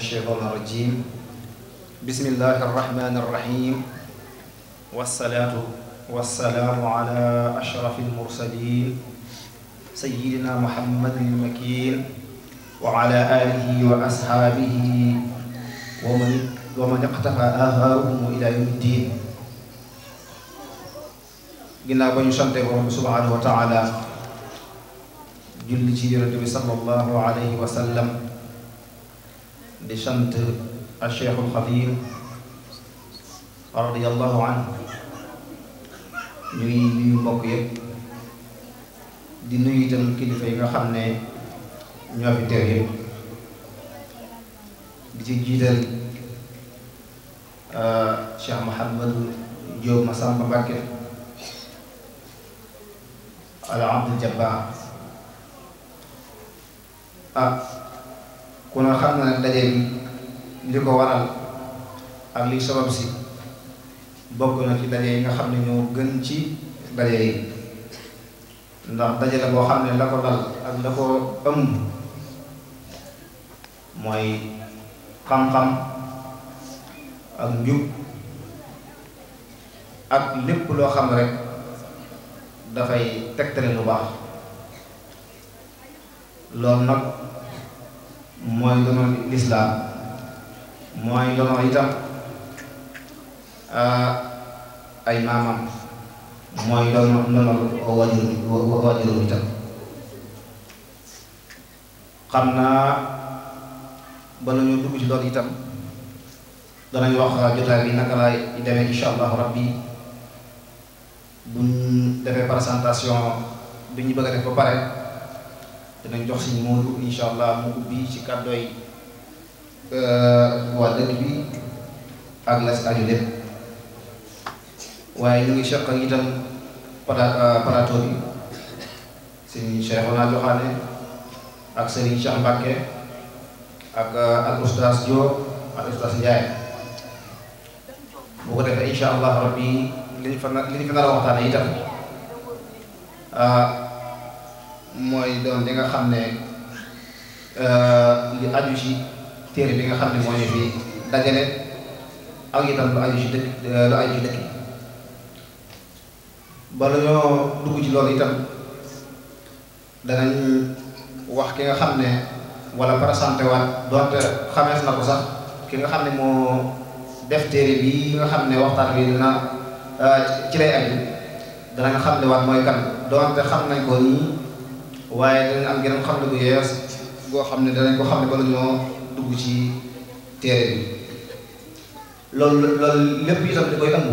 الشيطان الرجيم بسم الله الرحمن الرحيم والصلاة والسلام على أشرف المرسلين سيدنا محمد المكين وعلى آله وأصحابه ومن ومن اقتفى آثارهم إلى يوم الدين ginnaaw ba ñu sante borom bi subhanahu wa taala julli ci yonente bi sallallahu alayhi wa sallam di sant Cheikhul Xadim radiyallahu anhu ñuy nuyu mbokk yëpp di nuyu itam kilifa yi nga xam ne ñoo fi teew yëpp di ci jiital euh, Cheikh Mouhamadou Diop Massamba al Abdul Jabbar ku ne xam na ne daje bi li ko waral ak li sabab si bokk na ci daje yi nga xam ne ñoo gën ci daje yi ndax daje la boo xam ne la ko dal ak la ko ëmb mooy xam-xam ak njub ak lépp loo xam rek dafay tegtale lu baax loolu nag mooy ndono lislaam mooy ndono itam ah, ay maamam mooy ndono ndono waajur waajur itam xam naa bala ñu dugg ci loolu itam wax jotaay bi naka laay demee insha allahu rabbi buñ defee présentation bi ñu bëgg a def dinañ jox suñu Moodu incha allah mu ubbi ci kàddooy euh, waa dëkk bi ak las aju lépp waaye ñu ngi para parato euh, bi suñu Cheikhouna Joxaane ak sëriñ Cheikh Mbacke ak euh, ak oustaz Dio ak oustaz Ndiaye bu ko defee allah rabbi liñ fa liñ fa nar mooy doon li nga xam ne euh, li aju ci téere bi nga xam ne moo ñu fi dajale ak itam lu aju ci dëkk euh, lu aju ci dëkk bala ñoo dugg ci loolu itam danañ wax ki nga xam ne wala présenté waat donte xamees na ko sax ki nga xam ne moo def téere bi nga xam ne waxtaan bi dina euh, ci lay aju danañ xam ne waat mooy kan donte xam nañ ko nii waaye danañ am geneen xam ne bu yees goo xam ne danañ koo xam ne bala ñoo dugg ci téere bi loolu loolu lépp itam di koy ëmb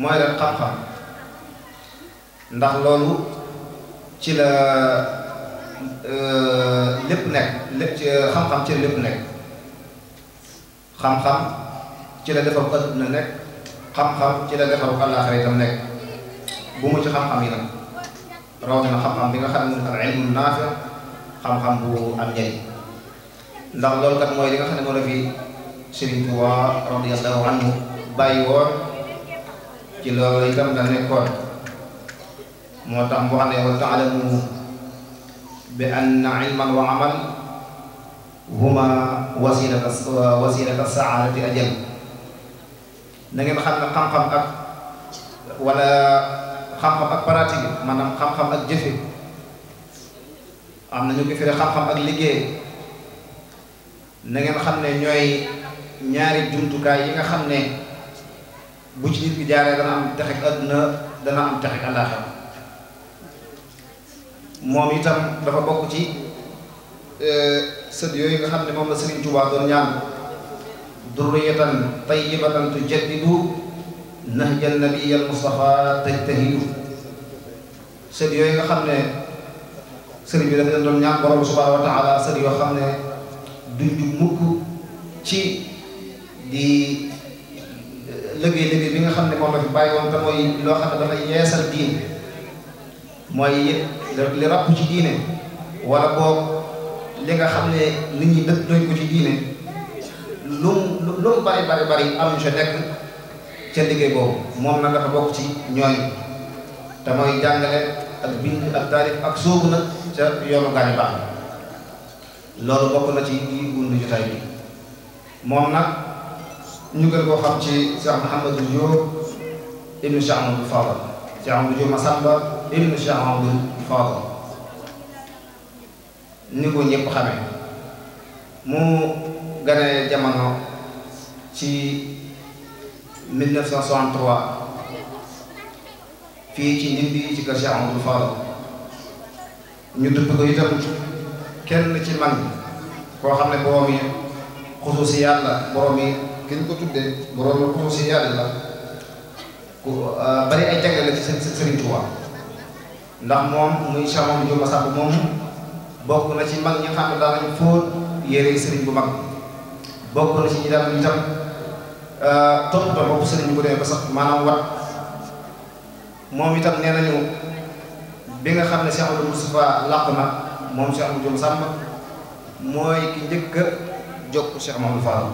mooy leen xam-xam ndax loolu ci la euh, lépp nekk lépp ci xam-xam ci la lépp nekk xam-xam ci la defaru nekk xam ci la defaru àllaaxira itam nekk bu mu ci xam-xam yi nag rawatina xam-xam bi nga xam ne moom al ilmu naafi xam-xam bu am njëriñ ndax loolu kat mooy li nga xam ne moo la fi Sëriñ Tuubaa radiyallahu anhu bàyyi woon ci loolu itam la nekkoon moo tax mu wax ne wa taalamu bi anna ilman wa amal huma wasilata wasilata saadati ajal na ngeen xam ne xam-xam ak wala xam-xam ak pratique maanaam xam-xam ak jëfe am nañu ko firi xam-xam ak liggéey na ngeen xam ne ñooy ñaari jumtukaay yi nga xam ne bu ci nit ki jaaree dana am texeg àdduna dana am texeg àllaaxira moom itam dafa bokk ci e, sët yooyu nga xam ne moom la Sëriñ Tuubaa doon ñaan durriyatan tayyibatan tujaddidu nahja nabiy al mustafa tajtahidu sët yooyu nga xam ne sëriñ bi dafa leen doon ñaan borom subhanahu wa xam ne duñ ju mukk ci di eh, liggéey liggéey bi nga xam ne moom la fi bàyyi woon te mooy loo xam ne dafay yeesal diin mooy li ràpp ci diine wala boog li nga xam ne nit ñi dëpp doy ko ci diine lu lu bari bari bari am ñu sa nekk ca liggéey boobu moom na dafa bokk ci ñooñu te mooy jàngale ak bind ak taarif ak sóobu nag ca yoonu gaañu baax loolu bokk na ci yi wund jotaay bi moom na ñu gën koo xam ci Cheikh Mouhamadou Diop ibnu Cheikh Amadou Fadal Cheikh Amadou ni ko ñëpp xamee mu gane jamono ci 1963 fii ci Ndindi ci kër Cheikh Amadou Fall ñu dund ko itam kenn ci man koo xam ne borom yi xususi yàlla borom yi ki ñu ko tuddee borom yi xususi yàlla la ku euh, bari ay jagle la ci seen Serigne ndax moom muy Cheikh Mamadou Diop Massamba moom bokk na ci mag ñi xam ne daanañ fóot yére Serigne bu bokk na ci ñi daan itam. Euh, topp ba boobu sëriñ bi bu demee ba sax maanaam wat moom itam nee nañu bi nga xam ne Cheikh Abdou Moustapha làqu na moom Cheikh Abdou Diom Sàmb mooy ki njëkk a jokk Cheikh Mamadou Fall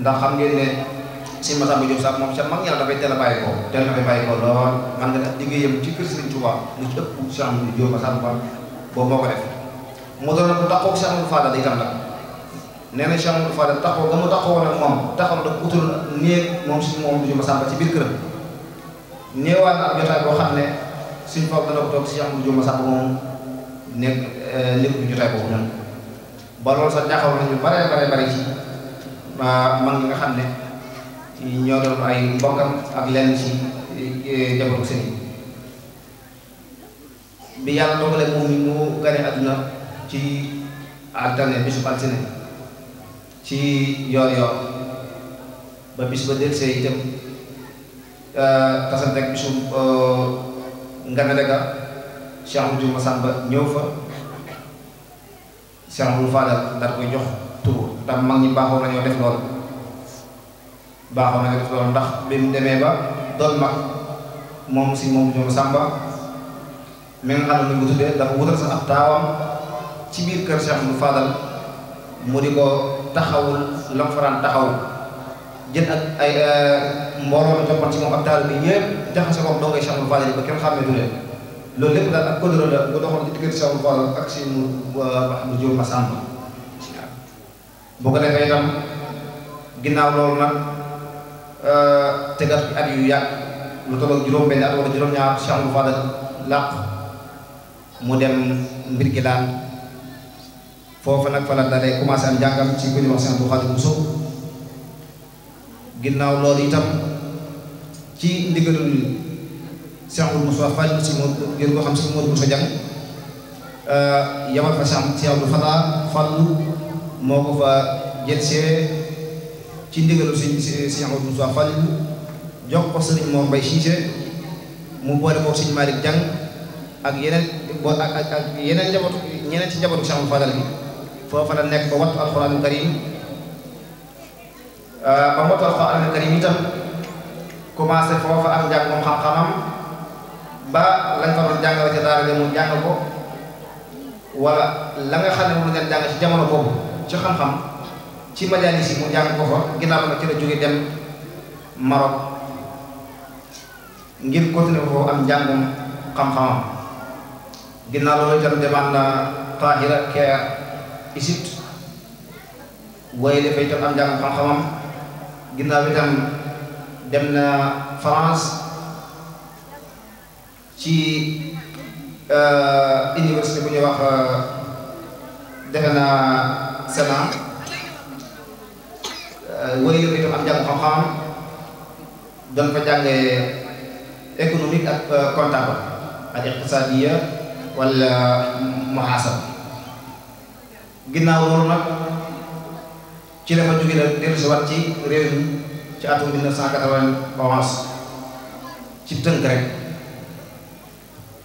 ndax xam ngeen ne si Masamba Diom Sàmb moom Cheikh mag dafay teel a bàyyi ko dafay bàyyi ko lool man nga ak liggéeyam ci kër Sëriñ Touba lu ci ëpp Cheikh Amadou Diom Sàmb boobu moo ko def moo doon ku taxaw Cheikh Mamadou Fall la itam nag nee na Cheikh Modou Fadal taxaw ba mu taxawoon ak moom taxaw dafa utul néeg moom suñu moom du ñu Masamba ci biir këram néewaan ak jotaay boo xam ne suñu foofu dana ko toog si nekk eh, lépp jotaay boobu noonu ba loolu sax jaaxal nañu bare bare bare ci mag ñi nga xam ne ñoo doon ay mbokkam ak lenn ci eh, jabaru sëñ bi yàlla doogalee moom mu gane àdduna ci alterne bisu altine ci yoor yoor ba bis ba delsee itam euh, tasante ak bisum euh, nganale ga Cheikh Amadou Massamba ñëw fa Cheikh Amadou Fadal daal koy jox tur ndax mag ñi baaxoo nañoo def loolu baaxoo nañoo def loolu ndax bi mu demee ba doon mag moom si moom ñoom Samba mi nga xam ne mu tuddee dafa wutal sax ab taawam ci biir kër Cheikh Amadou mu di ko taxawul lam faraan taxaw jël ak ay euh, mbooloo la toppoon ci moom ak taal bi ñëpp jaxase ko doo ngay Cheikh Abdou Fadel ba kenn xàmmee du leen loolu lépp boo ko defee itam ginnaaw loolu nag euh, tegaat bi yu yàgg lu toll ak juróom-benn at wala juróom-ñaar Cheikh Abdou Fadel làq mu dem mbir gi foofa nag fa la dalee commencé am njàngam ci ku ñuy wax Sëriñ Abdou Khadim Bousso ginnaaw loolu itam ci ndigalul Sëriñ Moussa Fall si moom ngeen ko xam si Modou Moussa Diagne euh, yamal fa Sëriñ Abdou Fatah Fall moo ko fa jëlsee ci ndigalul jox ko Sëriñ Mor Mbaye Cissé mu boole ko Sëriñ Malick Diagne ak yeneen ak ak yeneen njabootu ñeneen ci njabootu Sëriñ Fadal bi foofa la nekk ba wattu alxuraanul karim euh, ba wattu alxuraanul karim itam commencé foofa ak njàng xam-xamam ba lañ ko doon mu jàng ko wala la nga xam ci jamono boobu ci xam ci majalis yi mu jàng ko fa ci la jóge dem Maroc ngir continuer ko am njàngum xam-xamam ginnaaw loolu itam demaat na Taahira Caire isit waaye dafay itam am njàng xam-xamam ginnaaw itam dem na France ci euh, université bu ñuy wax euh, defe na Sénat euh, waaye dafay itam am njàng xam-xamam doon fa jàngee économique ak comptable ak iqtisadiya wala muhasaba ginnaaw loolu nag ci la fa jógee nag dellusiwaat ci réew mi ci atum 1991 ci tënk rek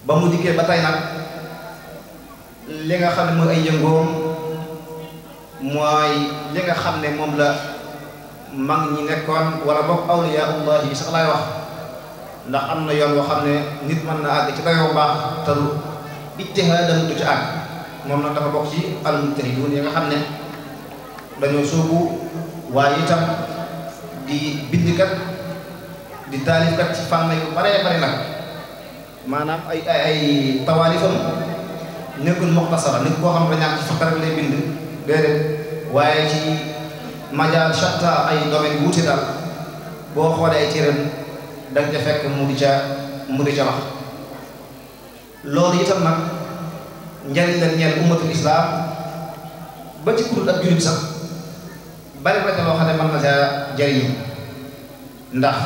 ba mu dikkee ba tey nag li nga xam ne mooy ay yëngoom mooy li nga xam ne moom la mag ñi nekkoon wala boog awliyaullah yi sax laay wax ndax am na yoon boo xam ne nit mën na àgg ci dayoo baax te lu ijtihaadam du ci àgg moom nag dafa bokk ci almutribun yi nga xam ne dañoo soobu waaye itam di bindkat di taalifkat ci fànn yu bare bare nag maanaam ay ay tawaalifam nekkul muxtasara nit koo xam ne ñaar ci fiqh lay bind déedéet waaye ci majaal shatta ay domaine wuute daal boo xoolee ay téeram da nga ca fekk mu di ca mu di ca wax loolu itam nag njariñ la ñeel ummatul islam ba ci kurut ak jullit sax bari ba ca xam ne mën na saa jariñu ndax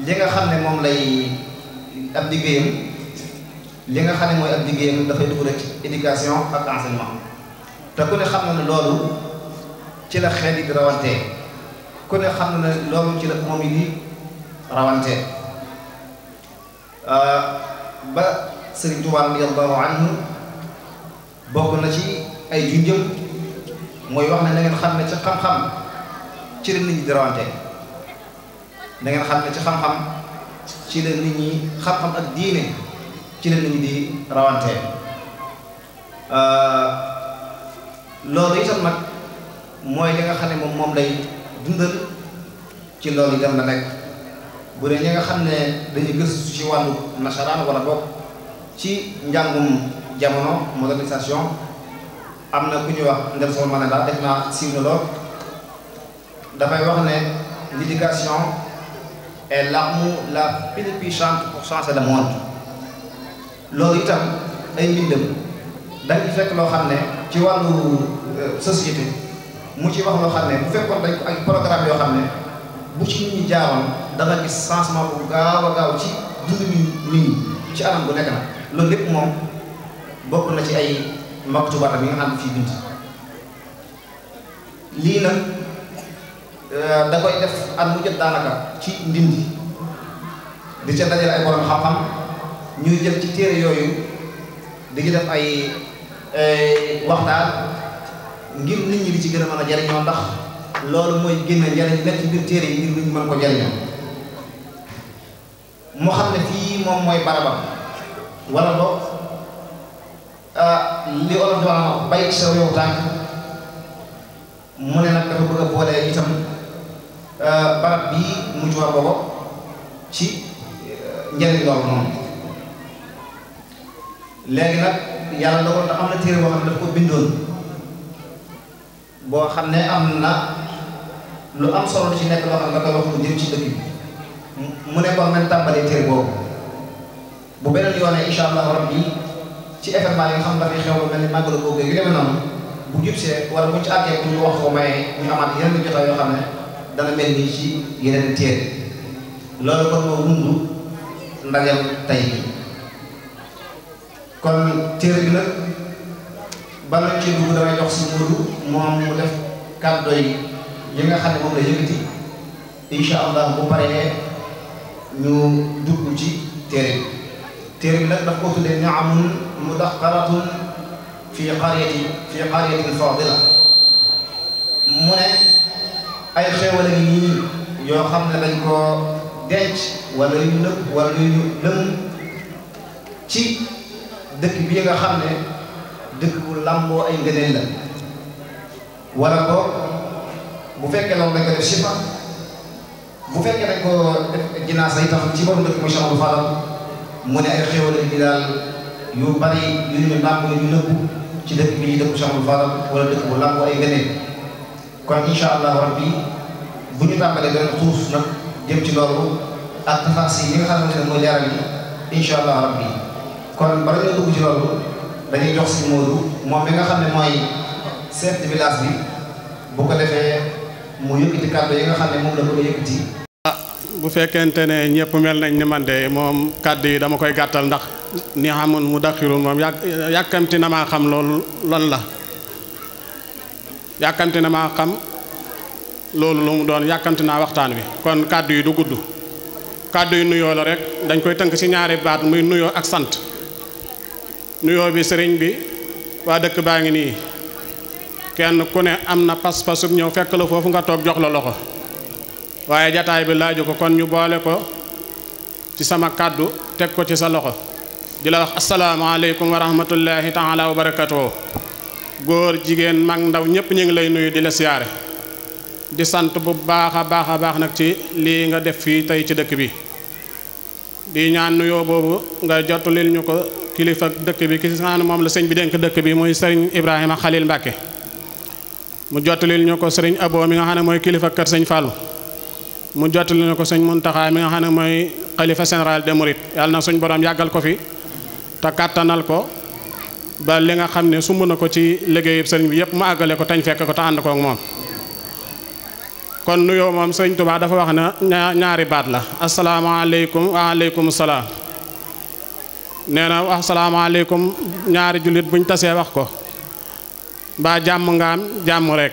li nga xam ne moom lay ab liggéeyam li nga xam ne mooy ab liggéeyam dafay dugg rek éducation ak enseignement te ku ne xam na ne loolu ci la xeet yi ku ne xam na ne loolu ci la moom yi di rawantee euh, ba Sëriñ Tuubaa radiyallaahu anhu bokk na ci ay junjëm mooy wax ne ngeen xam ne ci xam-xam ci la nit ñi di rawante na ngeen xam ne ci xam-xam ci la ni ñi xam ak diine ci la di rawante euh, loolu itam nag mooy li nga xam ne moom moom lay dundal ci loolu itam na nekk bu dee ñi nga xam ne dañuy gëstu ci wàllu nasaraan wala bokk ci njàngum jamono modernisation am na ku ñuy wax Nelson Mandela def naa siiw na lool dafay wax ne l'éducation est l'arme la plus puissante pour changer le monde loolu itam ay mbindam dañ ci fekk loo xam ne ci wàllu euh, société mu ci wax loo xam ne bu fekkoon dañ ko ay programme yoo xam ne bu ci nit ñi jaaroon da nga changement bu gaaw a gaaw ci dundu nit ñi ci anam bu nekk na loolu lépp moom bokk na ci ay maktubaat yi nga xam ne fii bind lii nag euh, da koy def at mu jot daanaka ci ndindi di ca dajale ay borom xam-xam ñuy jël ci téere yooyu di ci def ay waxtaan ngir nit li di ci gën a mën a jariñoo ndax loolu mooy génne njariñ nekk ci biir téere yi ngir nit ñi mën ko jariñoo mu xam ne fii moom mooy barabam wala boog Euh, li olof doon bay sa yow tànk mu ne nag dafa bëgg a boole itam euh, barab bii mu joor ci euh, njëriñ loolu léegi nag yàlla dogal na am na téere boo xam ne daf ko bindoon boo xam ne am na lu am solo ci nekk loo xam ne da koy wax lu ci dëkk mu ne ko am nañ tàmbalee boobu bu beneen yoonee incha allah rabbi ci événement yi nga xam dafay xew ba mel ni màggalu boog yu demee noonu bu jub see wala ci àggee bu ñu wax ko mayee ñu amaat yeneen jotaay yoo xam ne dana mel ni ci yeneen téere loolu kon moo wundu ndajem tey bi kon téere bi nag bala ci jox si Moodu moom mu def kàddu yi yi nga xam ne moom la yëkkati incha allah bu paree ñu dugg ci téere bi téere bi nag daf ko tuddee ñaamun mudaqaratun fi qaryatin fi qaryatin fadila mu ne ay xéewal a yoo xam ne dañ koo denc wala yu nëb wala yu lëm ci dëkk bii nga xam ne dëkk bu làmboo ay ngëneel la wala ko bu fekkee loolu dañ ko sifa bu fekkee dañ ko def jinaasa itam ci borom dëkk mu Cheikh Abdou mu ne ay xéewal a daal yu bari yu ñu làmb yu nëbbu ci dëkk bi dëkku Cheikhul Fadal wala dëkk bu làmb ay gënee kon incha allah rabbi bu ñu tàmbalee benn xuus nag jëm ci loolu ak tafaasi yi nga dañuy jox si Modou moom mi nga xam ne mooy chef de village bi bu ko defee mu yëkkati kàddu yi nga xam ne moom la bëgg a yëkkati. bu fekkente ne ñëpp mel nañ ni man de moom kàddu yi dama koy gàttal ndax ni xamul mu daxiru moom yàkkamti na maa xam loolu lan la yàkkamti na maa xam loolu lu mu doon yàkkamti naa waxtaan wi kon kàddu yi du gudd kàdd yi nuyoo la rek dañ koy tënk ci ñaari baat muy nuyoo ak sant nuyoo bi sëriñ bi waa dëkk baa ngi nii kenn ku ne am na pas-pasub ñëw fekk la foofu nga toog jox la loxo waaye jataay bi laaju ko kon ñu boole ko ci sama kàddu teg ko ci sa loxo di la wax asalaamaaleykum wa rahmatullahi taala wa barakatuhu góor jigéen mag ndaw ñëpp ñu ngi lay nuyu di la siyaare di sant bu baax a baax a baax nag ci lii nga def fii tey ci dëkk bi di ñaan nuyoo boobu nga jottulil ñu ko kilifa dëkk bi ki nga xam ne moom la sëñ bi denk dëkk bi muy sëriñ Ibrahima Khalil Mbacke mu jottulil ñu ko sëriñ Abo mi nga xam ne mooy kilifa kër sëñ Fallou mu jottali na ko sëñ Muntaxa mi nga xam ne mooy xalifa général des mourides yàlla na suñ borom yàggal ko fi te kàttanal ko ba li nga xam ne sumb na ko ci liggéeyu sëriñ bi yëpp mu àggale ko tañ fekk ko te ànd kook moom kon nuyoo moom sëñ Tuubaa dafa wax na ñaari baat la asalaamaaleykum waaleykum salaam nee na asalaamaaleykum ñaari jullit buñ tasee wax ko mbaa jàmm nga jàmm rek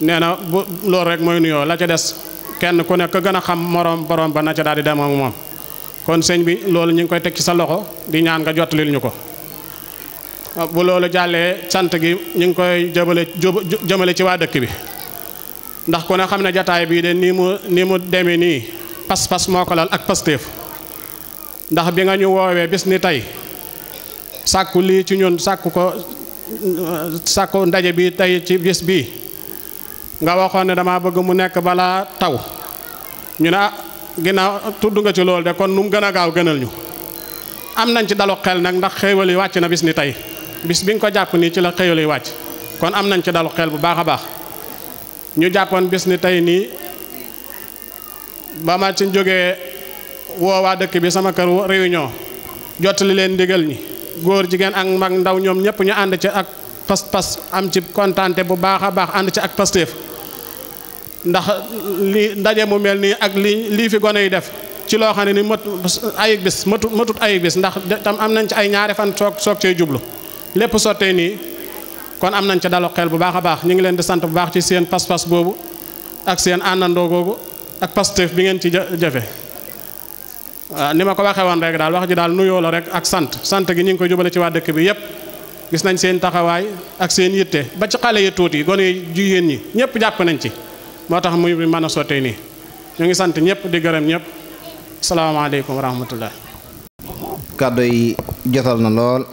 nee na bu loolu rek mooy nuyoo la ca des kenn ku nekk gën a xam moroom borom ba na ca daal di dem ak moom kon sëñ bi loolu ñu ngi koy teg ci sa loxo di ñaan nga jottalil ñu ko bu loolu jàllee sant gi ñu ngi koy jëmale jëmale ci waa dëkk bi ndax ku ne xam ne jataay bii de nii mu nii mu demee nii pas-pas moo ko lal ak pastéef ndax bi nga ñu woowee bis ni tey sàkku lii ci ñun sàkku ko sàkku ndaje bi tey ci bis bii nga waxoon ne damaa bëgg mu nekk balaa taw ñu ne ah ginnaaw tudd nga ci loolu de kon nu mu gën a gaaw gënal ñu am nañ ci dalu xel nag ndax xéewal wàcc na bis ni tey bis bi nga ko jàpp nii ci la xéewal wàcc kon am nañ ci dalu xel bu baax a baax ñu jàppoon bis ni tey nii ba ma ci jógee woo waa dëkk bi sama kër réunion jottali leen ndigal ñi góor jigéen ak mag ndaw ñoom ñëpp ñu ànd ci ak pas-pas am ci kontaante bu baax a baax ànd ci ak pasteef ndax lii ndaje mu mel nii ak lii lii fi gone yi def ci loo xam ne ni matu ayib bis matut matut ayib bis ndax tam am nañ ci ay ñaari fan soog soog cee jublu lépp sottee nii kon am nañ ca dalu xel bu baax a baax ñu ngi leen di sant bu baax ci seen pas-pas boobu ak seen àndandoo googu ak Pastef bi ngeen ci jafe waaw ni ma ko waxee woon rek daal wax ji daal nuyoo la rek ak sant sant gi ñu ngi koy jubale ci waa dëkk bi yépp gis nañ seen taxawaay ak seen yitte ba ci xale yi jigéen ñi ñëpp jàpp nañ ci moo tax muy man a sottee nii ñu ngi sant ñëpp di gërëm ñëpp salaamaaleykum wa rahmatullah kàddu yi jotal na lool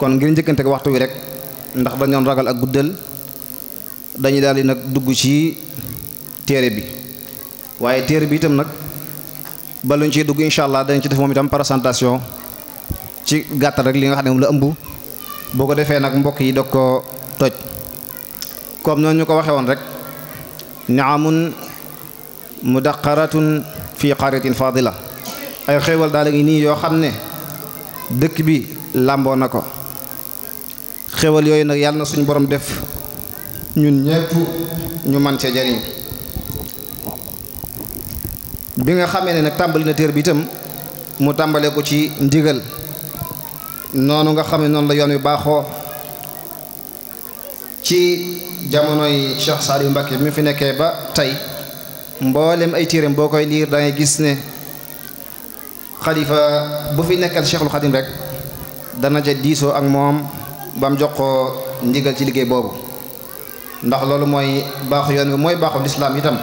kon ngir njëkkante ak waxtu wi rek ndax dañoon ragal ak guddal dañuy daal di nag dugg ci téere bi waaye téere bi itam nag ba luñ ciy dugg incha allah dañ ci def moom itam présentation ci gàttal rek li nga xam ne moom la ëmb boo ko defee nag mbokk yi dog ko toj comme noonu ñu ko waxee woon rek mu niamun mudaqaratun fi qariyatin fadila ay xéewal daal ngi nii yoo xam ne dëkk bi làmboo na ko xéewal yooyu nag yàlla na suñu borom def ñun ñépp ñu man cee jariñ bi nga xamee ne nag tàmbali na téer bi itam mu tàmbalee ko ci ndigal noonu nga xam ne noonu la yoon wi baaxoo ci jamonoy Cheikh Saliou Mbacké bi mu fi nekkee ba tey mboolem ay téeram boo koy liir dangay gis ne xalifa bu fi nekkal Cheikhul Khadim rek dana ja diisoo ak moom ba mu jox ko ndigal ci liggéey boobu ndax loolu mooy baax yoon wi mooy baaxu lislaam itam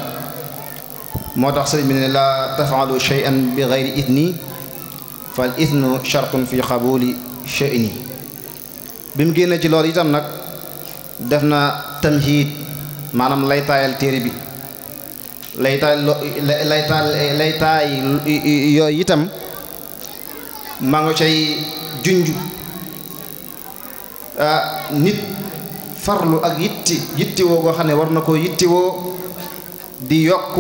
moo tax sëriñ bi ne laa tafaalu shay'an bi gayri idni fal idnu shartun fi qabuli shay'ini bi mu génnee ci loolu itam nag def na tamhiid maanaam laytaayal téere bi laytaay laytaay laytaay yooyu itam maa nga cay junj ah, nit farlu ak yitti yittiwoo goo xam ne war na koo yittiwoo di yokk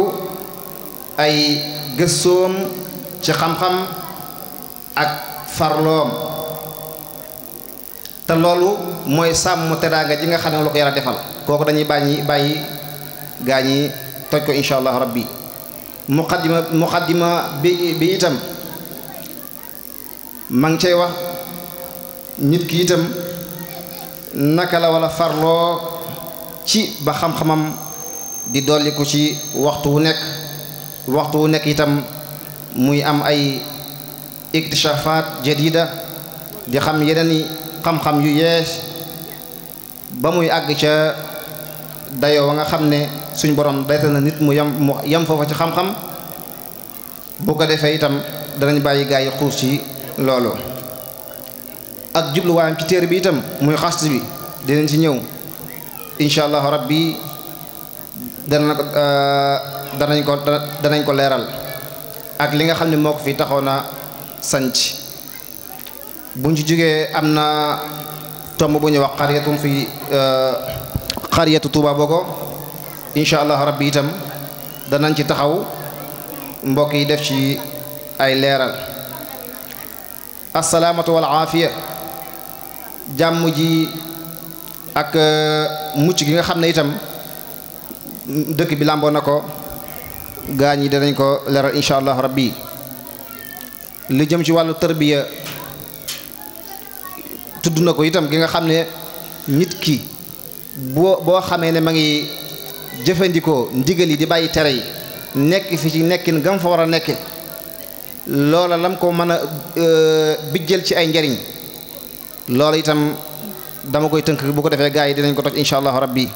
ay gëstoom ci xam-xam ak farloom loolu mooy sàmm teraanga ji nga xam ne lu ko yàlla defal kooku dañuy bàññi bàyyi gaa ñi toj ko incha allah rabbi muqaddima bi bi tam ma ngi cay wax nit ki itam naka la wala farloo ci ba xam-xamam di dolliku ci waxtu wu nekk waxtu wu nekk itam muy am ay iktishafaat jadida di xam yeneen xam-xam yu yees ba muy àgg ca dayoo wa nga xam ne suñ borom dayta na nit mu yam mu yam foofa ci xam-xam bu ko defee itam danañ bàyyi gaa yi xuus ci loolu ak jubluwaayam ci téere bi itam muy xast bi dinañ ci ñëw incha allah rabbi danañ ko danañ ko danañ ko leeral ak li nga xam ne moo ko fi taxaw na sanc buñ ci jógee am na tomb bu ñuy wax xariyatum fi euh, xariyatu Tuuba boo ko incha allah rabbi itam danañ ci taxaw mbokk yi def ci ay leeral asalaamatu wal aafiya jàmm ji ak euh, mucc gi nga xam ne itam dëkk bi làmboo na ko gaañ yi danañ ko leeral incha allah rabbi li jëm ci wàllu tërbiya tudd na ko itam gi nga xam ne nit ki boo boo xamee ne ma ngi jëfandikoo ndigal yi di bàyyi tere yi nekk fi ci nekkin gam fa war a nekke loola lam ko mën a e, bijjal ci ay njariñ loola yitam dama koy tënk bu ko defee gars yi dinañ ko toj allah rab rabbi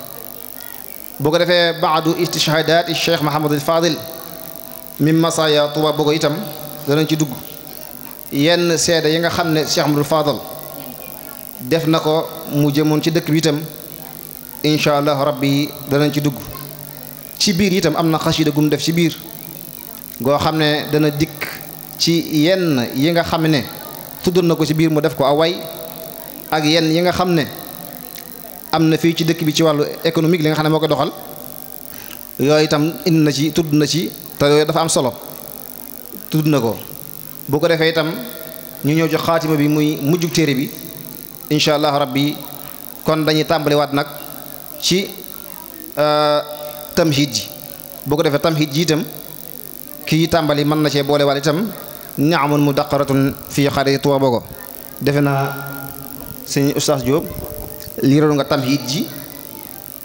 bu ko defee baadu istishhaadaat cheikh Mahamadul Fadil min masaaya Tuuba bu ko itam danañ ci dugg yenn seede yi nga xam ne cheikh Mahamadul Fadil def na ko mu jëmoon ci dëkk bi itam incha allah rab rabbi danañ ci dugg ci biir itam am na xasida gum def ci biir goo xam ne dana dikk ci yenn yi nga xam ne tudd na ko ci biir mu def ko aw way ak yenn yi nga xam ne am na fii ci dëkk bi ci wàllu économique li nga xam ne moo ko doxal yooyu itam indi na ci tudd na ci te yooyu dafa am solo tudd na ko bu ko defee itam ñu ñëw ci xaatima bi muy mujjug téere bi incha allah rabbi kon dañuy tàmbaliwaat nag ci euh, tamhid ji boo ko defee tamhid ji itam kii tàmbali mën na cee boole itam ni'amun mudaqaratun fii xari tuwa boo ko defe naa sëñ Oustaz Diop lii nga tamhid ji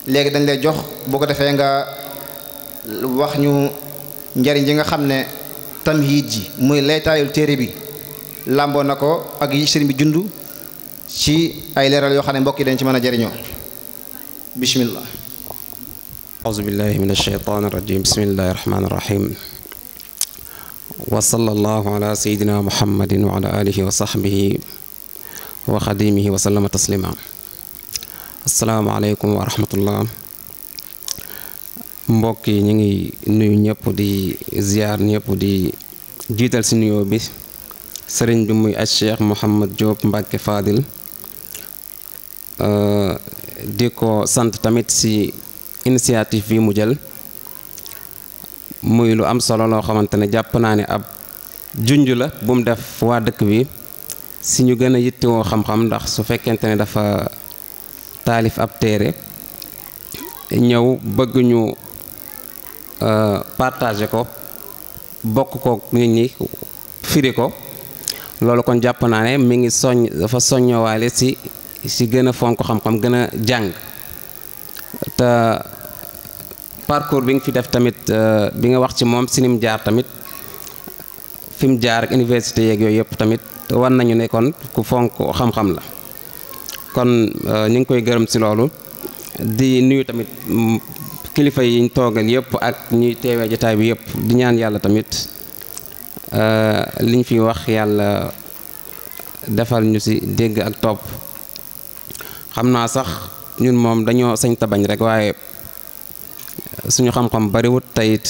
léegi dañ lay jox boo ko defee nga wax ñu njariñ ji nga xam ne tamhid ji muy laytaayul téere bi làmboo na ko ak yi sëriñ bi jundu ci ay leeral yoo xam ne mbokk yi dañ ci mën a jëriñoo bismillah auzu billahi min alsheytaan irrajim bismillahi irrahmani wa sallallahu ala sayidina muhammadin wa ala alihi wa sahbihi taslima assalaamu aleykum wa rahmatullah mbokk yi ñu ngi nuyu ñëpp di ziar ñëpp di jiital si nuyoo bi sëriñ bi muy aj Cheikh Mouhamad Diop Mbacke Euh, di ko sant tamit si initiative bi mu jël muy lu am solo loo xamante ne jàpp naa ne ab junj la bu mu def waa dëkk bi si ñu gën a yittewoo xam-xam ndax su fekkente ne dafa taalif ab téere ñëw bëgguñu ñu euh, partager ko bokk ko nit ñi firi ko loolu kon jàpp naa ne mi ngi soññ dafa soññowaale si si gën a fonk xam-xam gën a jàng te parcours bi nga fi def tamit euh, bi nga wax ci moom si mu jaar tamit fi mu jaar ak université yeeg yooyu yëpp tamit war nañu nekkoon ku fonk xam-xam la kon euh, ñu ngi koy gërëm si loolu di nuyu tamit kilifa yi ñu toogal yëpp ak ñuy teewee jataay bi yëpp di ñaan yàlla tamit euh, liñ fi wax yàlla defal ñu si dégg ak topp xam naa sax ñun moom dañoo sañ ta bañ rek waaye suñu xam-xam bariwut tayit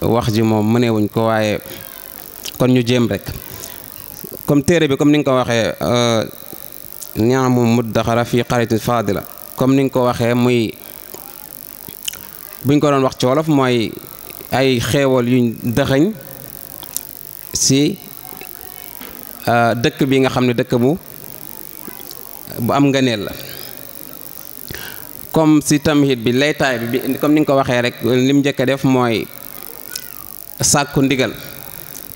wax ji moom mënewuñ ko waaye kon ñu jéem rek comme téere bi comme ni nga ko waxee euh, niamu daxara fi xaritin faadila comme ni nga ko waxee muy buñ ko doon wax ci wolof mooy ay xeewal yuñ dëxëñ si euh, dëkk bi nga xam ne dëkk bu bu am ngëneel la comme si tamhid bi laytaay bi comme ni nga ko waxee rek li mu njëkk a def mooy sàkku ndigal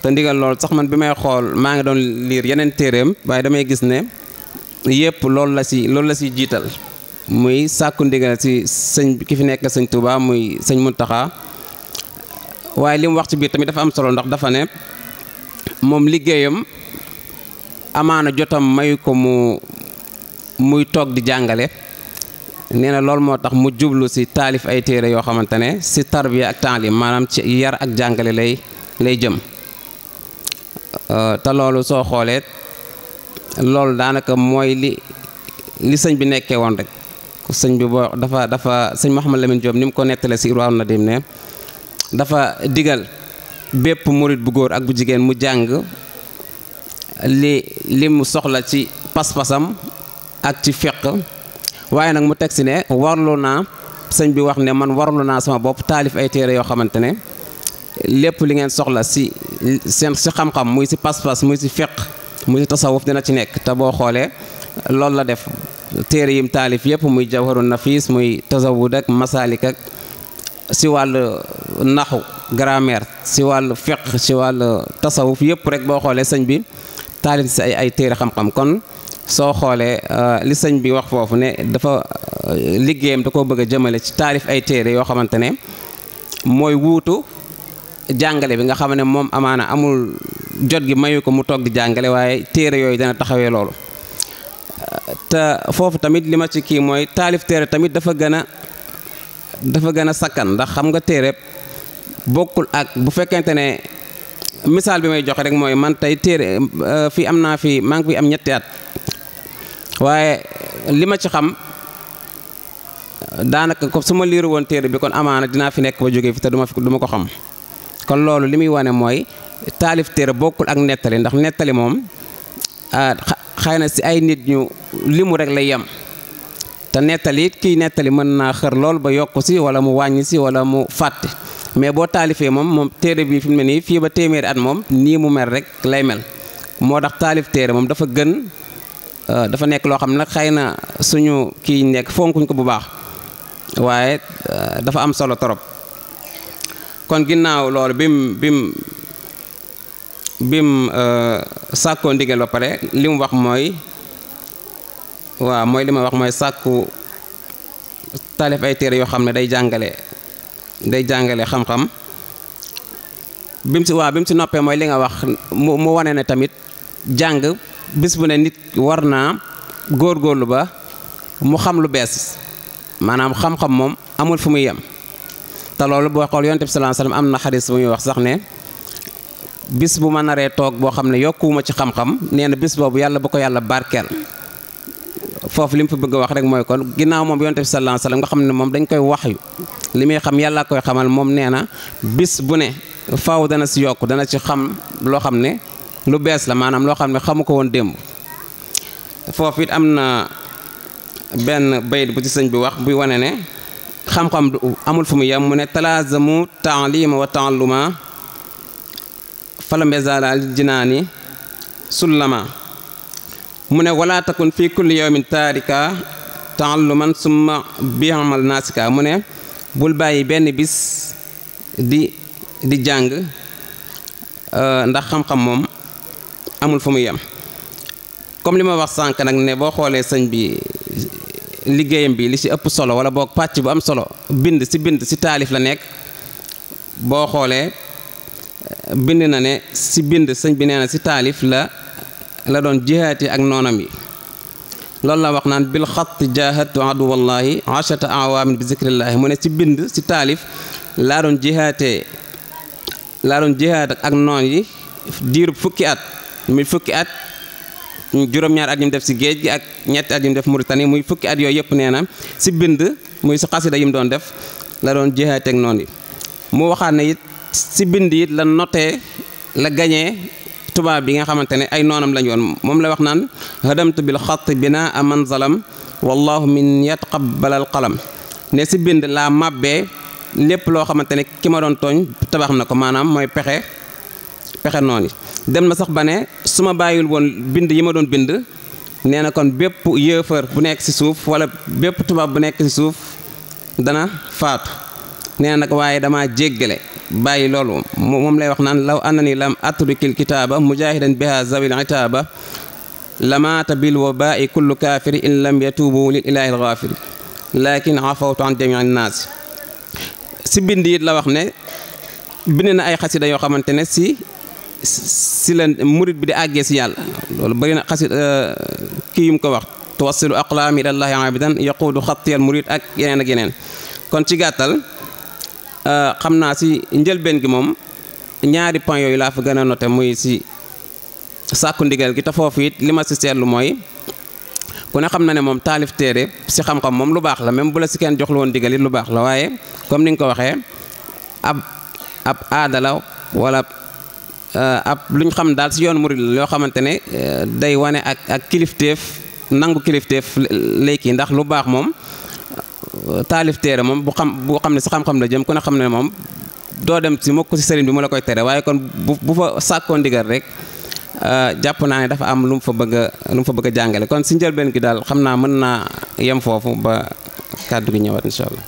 te ndigal loolu sax man bi may xool maa ngi doon liir yeneen téeréem waaye damay gis ne yépp loolu la si loolu la si jiital muy sàkku ndigal si sëñ ki fi nekk sëñ Touba muy sëñ Muntaxa waaye li mu wax ci biir tamit dafa am solo ndax dafa ne moom liggéeyam amaana jotam mayu ko mu muy toog di jàngale nee na loolu moo tax mu jublu si taalif ay téere yoo xamante ne si tarbiya ak taalim maanaam ci yar ak jàngale lay lay jëm euh, te loolu soo xoolee loolu daanaka mooy li li sëñ bi nekkee woon rek sëñ bi boo dafa dafa sëñ Mouhamed Lamine Diop ni mu ko nettalee si na dem ne dafa digal bépp murit bu góor ak bu jigéen mu jàng li li mu soxla ci pas-pasam ak ci fiq waaye nag mu teg si ne warlu naa sëñ bi wax ne man warlu naa sama bopp taalif ay téere yoo xamante ne lépp li ngeen soxla si seen si xam-xam muy si pas-pas muy si fiq muy si tasawuf dina ci nekk te boo xoolee loolu la def téere yim taalif yëpp muy jawharu nafis muy tasawud ak masaalik ak si wàllu naxu grammaire si wàllu fiq si wàllu tasawuf yëpp rek boo xoolee sëñ bi taalif si ay téere xam-xam kon soo xoolee euh, li sëñ bi wax foofu ne dafa euh, liggéeyam da koo bëgg a jëmale ci taalif ay téere yoo xamante ne mooy wuutu jàngale bi nga xam ne moom amaana amul jot gi mayu ko mu toog di jàngale waaye téere yooyu dana taxawee loolu te foofu tamit li ma ci kii mooy taalif téere tamit dafa gën a dafa gën a sakkan ndax xam nga téere bokkul ak bu fekkente ne misaal bi may jox rek mooy man tey téere euh, fii am naa fi maa ngi fi am ñetti at waaye li ma ci xam daanaka ko su ma liiru woon téere bi kon amaana dinaa fi nekk ba jógee fi te duma fi duma ko xam kon loolu li muy wane mooy taalif téere bokkul ak nettali ndax nettali moom ah, xëy na si ay nit ñu li mu rek lay yem te nettali it kiy nettali mën naa xër lool ba yokk si wala mu wàññi si wala mu fàtte mais boo taalifee moom moom téere bi fi mu ne nii fii ba téeméeri at moom nii mu mel rek lay mel moo tax taalif téere moom dafa gën Euh, dafa nekk loo xam ne nag xëy na suñu kii nekk fonkuñ ko bu baax waaye euh, dafa am solo torop kon ginnaaw loolu bim bim bim euh, sàkkoo ndigal ba pare li mu wax mooy waaw mooy li ma wax mooy sàkku taalif ay téere yoo xam ne day jàngale day jàngale xam-xam bim si waaw bim si noppee mooy li nga wax mu mu wane ne tamit jàng. bis bu ne nit war naa góor góorgóorlu ba mu xam lu bees maanaam xam-xam moom amul fu muy yem te loolu boo xool yonent bi sallallahu alayhi am na xadis bu ñuy wax sax ne bis bu ma naree toog boo xam ne yokkuwuma ci xam-xam nee na bis boobu yàlla bu ko yàlla barkeel foofu li mu fa bëgg a wax rek mooy kon ginnaaw moom yonent bi sallallahu alayhi wasallam nga xam ne moom dañ koy wax yu li muy xam yàlla koy xamal moom nee na bis bu ne faaw dana si yokk dana ci xam loo xam ne lu bees la maanaam loo xam ne xamu ko woon démb foofu it am na benn bayit bu ci sëñ bi wax buy wane ne xam-xam amul fu mu yem mu ne talaazamu taalima wa taaluma falam yazalal jinaani sullama mu ne wala takun fi kulli yawmin taarika taalluman summa biamal naasika mu ne bul bàyyi benn bis di di jàng euh, ndax xam-xam moom amul fu mu yem comme li ma wax sànq nag ne boo xoolee sëñ bi liggéeyam bi li ci ëpp solo wala boog pàcc bu am solo bind ci bind si taalif la nekk boo xoolee bind na ne ci bind sëñ bi nee na taalif la la doon jihaati ak noonam yi loolu la wax naan bil xatt jahatu adu wallahi achata awaamin ne ci bind ci taalif laa doon ak noon yi diirub fukki at muy fukki at juróom-ñaar at yu mu def si géej gi ak ñetti at yu mu def Mauritanie muy fukki at yooyu yëpp nee na si bind muy si xasida yu mu doon def la doon jeexateeg noonu yi mu waxaat ne it si bind it la notee la gañee tubaab bi nga xamante ne ay noonam lañu woon moom la wax naan hadamtu bil xat bina aman zalam wallahu min yataqabbal balal qalam ne si bind laa màbbee lépp loo xamante ne ki ma doon tooñ tabax na ko maanaam mooy pexe pexe noonu dem na sax ba ne su ma bàyyil woon bind yi ma doon bind nee na kon bépp yéefar bu nekk ci suuf walla bépp tubaab bu nekk ci suuf dana faatu nee na nag waaye dama jéggale bàyyi loolu moom lay wax naan law annani lam atrukil kitaaba mujahidan biha zawil itaaba lamaata bil wabai kullu kaafiri in lam yatuubu lil ilaahi alxaafiri lakin afawtu ne si si la murit bi di àggee si yàlla loolu bëri na xasit euh, kii yum ko wax tuwassilu aqlaam ilallaahi abidan yaquudu xattiyal murit ak yeneen ak yeneen kon ci gàttal euh, xam naa si njëlbeen gi moom ñaari point yooyu laa fa gën a noté muy si sàkku ndigal gi te foofu it li ma si seetlu mooy ku ne xam na ne moom taalif téere si xam-xam moom lu baax la même bu la si kenn jox la woon ndigal it lu baax la waaye comme ni nga ko waxee ab ab aada la Euh, ab lu ñu xam daal si yoon murid la yoo xamante ne euh, day wane ak ak kilifteef nangu kilifteef léegi ndax lu baax moom euh, taalif téere moom bu xam bu xam ne si xam-xam la jëm ku ne xam ne moom doo dem si mukk si sëriñ bi mu la koy tere waaye kon bu fa sàkkoo ndigal rek jàpp naa ne dafa am lu mu fa bëgg lu fa bëgg jàngale kon si njëlbeen gi daal xam naa mën naa yem foofu ba kàddu gi ñëwaat incha allah.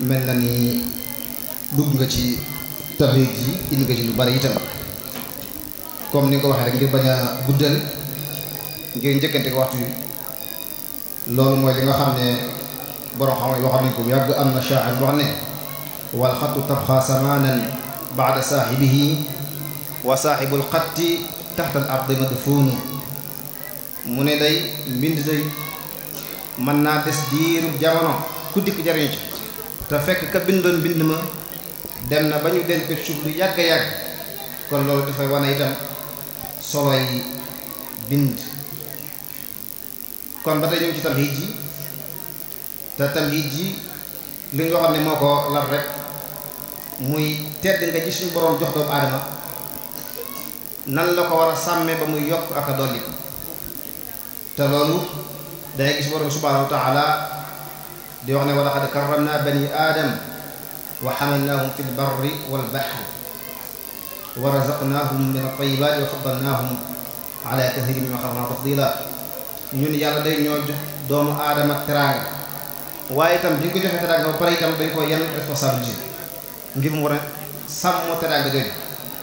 mel na ni dugg nga ci tabiig ji indi nga ci lu bari itam comme ni nga ko waxee rek ngir bañ a guddal ngir njëkkante ko waxtu yi loolu mooy li nga xam ne borom xam yi waxoon nañ bu yàgg am na shaa'ir wax ne wal xattu tabxaa samaanan baada saaxibihi wa saaxibul xatti taxta al ardi madfuunu mu ne day mbind day mën naa des diiru jamono ku dikk jariñu ci te fekk ka bindoon bind ma dem na ba ñu denc ko suuf lu yàgg yàgg kon loolu dafay wane itam solo yi bind kon ba tey ñëw ci tamhiid ji te tamhiid ji li nga xam ne moo ko lar rek muy tedd nga ji suñu boroom jox doomu aadama nan la ko war a sàmmee ba muy yokk ak a dolli te loolu day gis borom subhaanahu wa di wax ne wa laqad karramna bani aadam wa xamalnaahum fi lbarri walbaxri wa razaqnaahum min altayibaati wa faddalnaahum ala kathirin mimman xalaqnaa tafdiila ñun yàlla day ñoo jox doomu aadama teraanga waaye itam bi ñu ko joxee teraanga ba pare itam dañ ko yenn responsabilité ngir mu war a sàmm teraanga jooju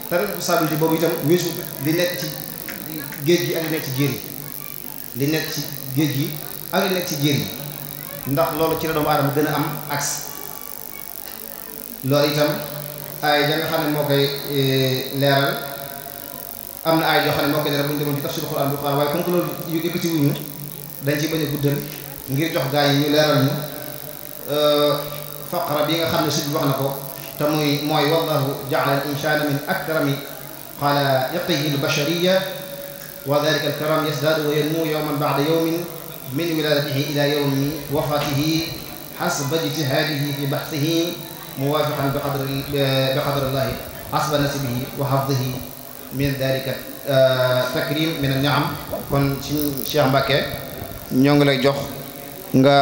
te responsabilité boobu itam weesu li nekk ci géej gi ak li nekk ci jéer yi li nekk ci géej gi ak li nekk ci jéer yi ndax loolu ci la doomu aadama gën am accès loolu itam ay ja nga xam ne moo e, am na ay yoo xam ne moo koy leeral bu ñu demoon ci tafsir Quran bu Quran waaye comme que loolu yëkkati wuñu dañ ci bañ a guddal ngir jox gaa yi ñu leeral ñu e, faqra bi nga xam ne suñ wax na ko te muy mooy wallahu jaala al insana min akrami xalaa'iqihi al bashariya wa dalika al karam yasdaadu wa yanmu yawman ba'da yawmin min wilaadatihi ila yawmi wafaatihi xasba ijtihaadihi fi baxsihi muwaafiqan bi qadri bi qadri llaahi xasba nasibihi wa xafdihi min dalika takrim min anniam kon ci Cheikh Mbacke ñoo ngi lay jox nga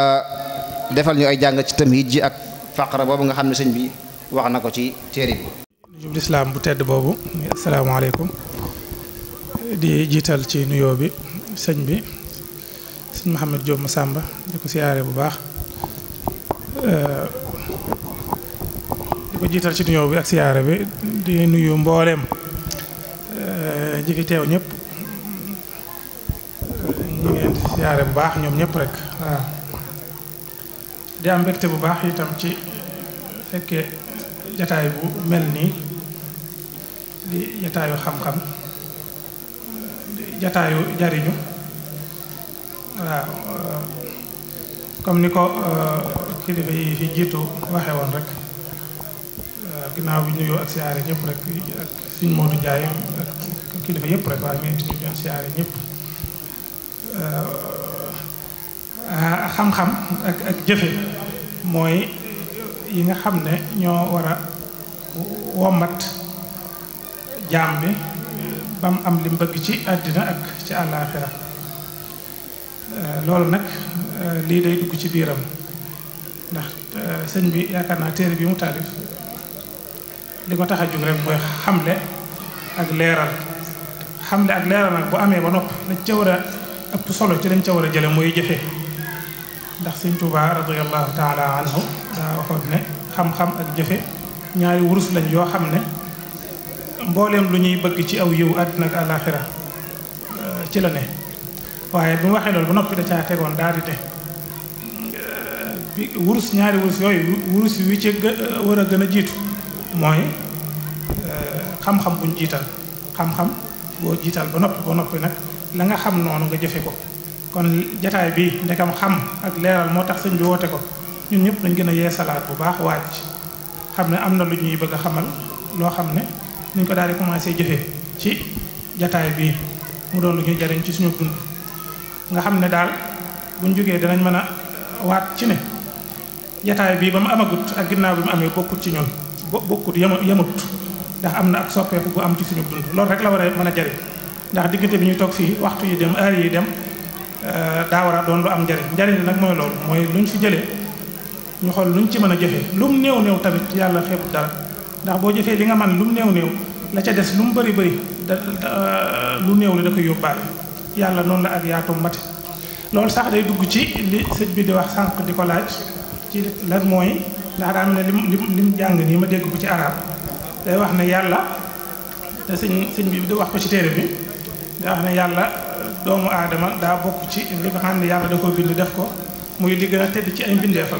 defal ñu ay jàng ci tamhid ji ak faqra boobu nga xam ne sëñ bi wax na ko ci téere bi jublu bu tedd boobu di jiital ci bi sëñ bi sëñ Mouhamed Diop Massamba di ko siyaare bu baax euh, di ko jiital ci nuyoo bi ak siyaare bi di nuyu mbooleem ji euh, teew ñëpp ñu siyaare bu baax ñoom ñëpp rek waaw di am mbégte bu baax itam ci fekkee jataay bu mel nii di jataayu xam-xam jataayu jariñu waaw euh, comme ni ko euh, kilifa yi fi jiitu waxe woon rek euh, ginnaaw bi nuyoo ak siyaare ñëpp rek ak suñ Modou Ndiaye ak kilifa yëpp rek waaye ñun ñu ak siyaare ñëpp xam-xam ak ak jëfe mooy yi nga xam ne ñoo war a wommat jaam bi ba am li mu bëgg ci àddina ak ci àllaaxira Euh, loolu nag euh, lii day dugg ci biiram ndax euh, sëñ bi yaakaar naa téere bi mu taalif li ko tax a jóg rek mooy xamle ak leeral xam le ak leeral nag bu amee ba nopp lañ ca war a ëpp solo ci lañ ca war a jële mooy jëfe ndax sëñ Tuubaa radiyallahu taala anhu daa waxoon ne xam-xam ak jëfe ñaari wurus lañ yoo xam ne mbooleem lu ñuy bëgg ci aw yiw àddina ak àllaaxira ci la ne waaye bu mu waxee loolu ba noppi da caa tegoon daal di te wurus ñaari wurus yooyu wurus wi ci war a gën a jiitu mooy euh, xam-xam buñ jiital xam-xam boo jiital ba noppi ba noppi nag la nga xam noonu nga jëfe ko kon jataay bi ndekam xam ak leeral moo tax sëñ bi woote ko ñun ñëpp nañ gën a yeesalaat bu baax waaj xam ne am na lu ñuy bëgg a xamal loo xam ne niñ ko daal di commencé jëfee ci jataay bi mu doon lu ñuy jariñ ci suñu dund nga xam ne daal buñ jógee danañ mën a waat ci ne jataay bii ba mu amagut ak ginnaaw bi mu amee bokkut ci ñun bokkut yama yemut ndax am na ak soppeeku bu am ci suñu dund loolu rek la war a mën a jariñ ndax diggante bi ñu toog fii waxtu yi dem heure dem euh, daa war doon lu am njariñ njariñ nag mooy loolu mooy lu ñu fi jëlee ñu xool ñu ci mën a jëfee lum néew néew tamit yàlla xeebut daal ndax boo jëfee li nga man lum néew néew la ca des lu mu bari bëri da euh, lu néew li da koy yóbbaale yàlla noonu la ak yaatu mbati loolu sax day dugg ci li sëñ bi di wax sànq di ko laaj ci lan mooy ndax daa mel ne lim lim jàng nii ma dégg ko ci arab day wax ne yàlla te sëñ sëñ bi di wax ko ci téere bi day wax ne yàlla doomu aadama daa bokk ci li nga xam ne yàlla da def ko muy li gën ci ay mbindeefam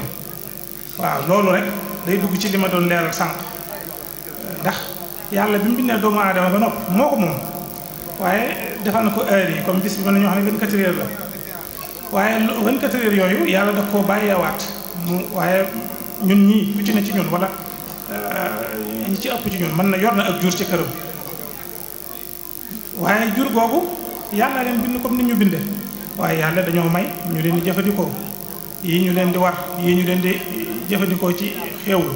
waaw loolu day dugg ci li ma doon leeral sànq ndax yàlla bi mu bindee doomu aadama ba nopp moo ko moom waaye defal na ko heure yi comme bis bi mën nañoo xam ne 24 heures la waaye 24 heures yooyu yàlla daf koo bàyyeewaat mu waaye ñun ñii ku ci ne ci ñun wala euh, ñi ci ëpp ci ñun mën na yor na ak jur ci këram waaye jur googu yàlla leen bind comme ni ñu binde waaye yàlla dañoo may ñu leen di jëfandikoo yii ñu leen di war yii ñu leen di jëfandikoo ci xéewlu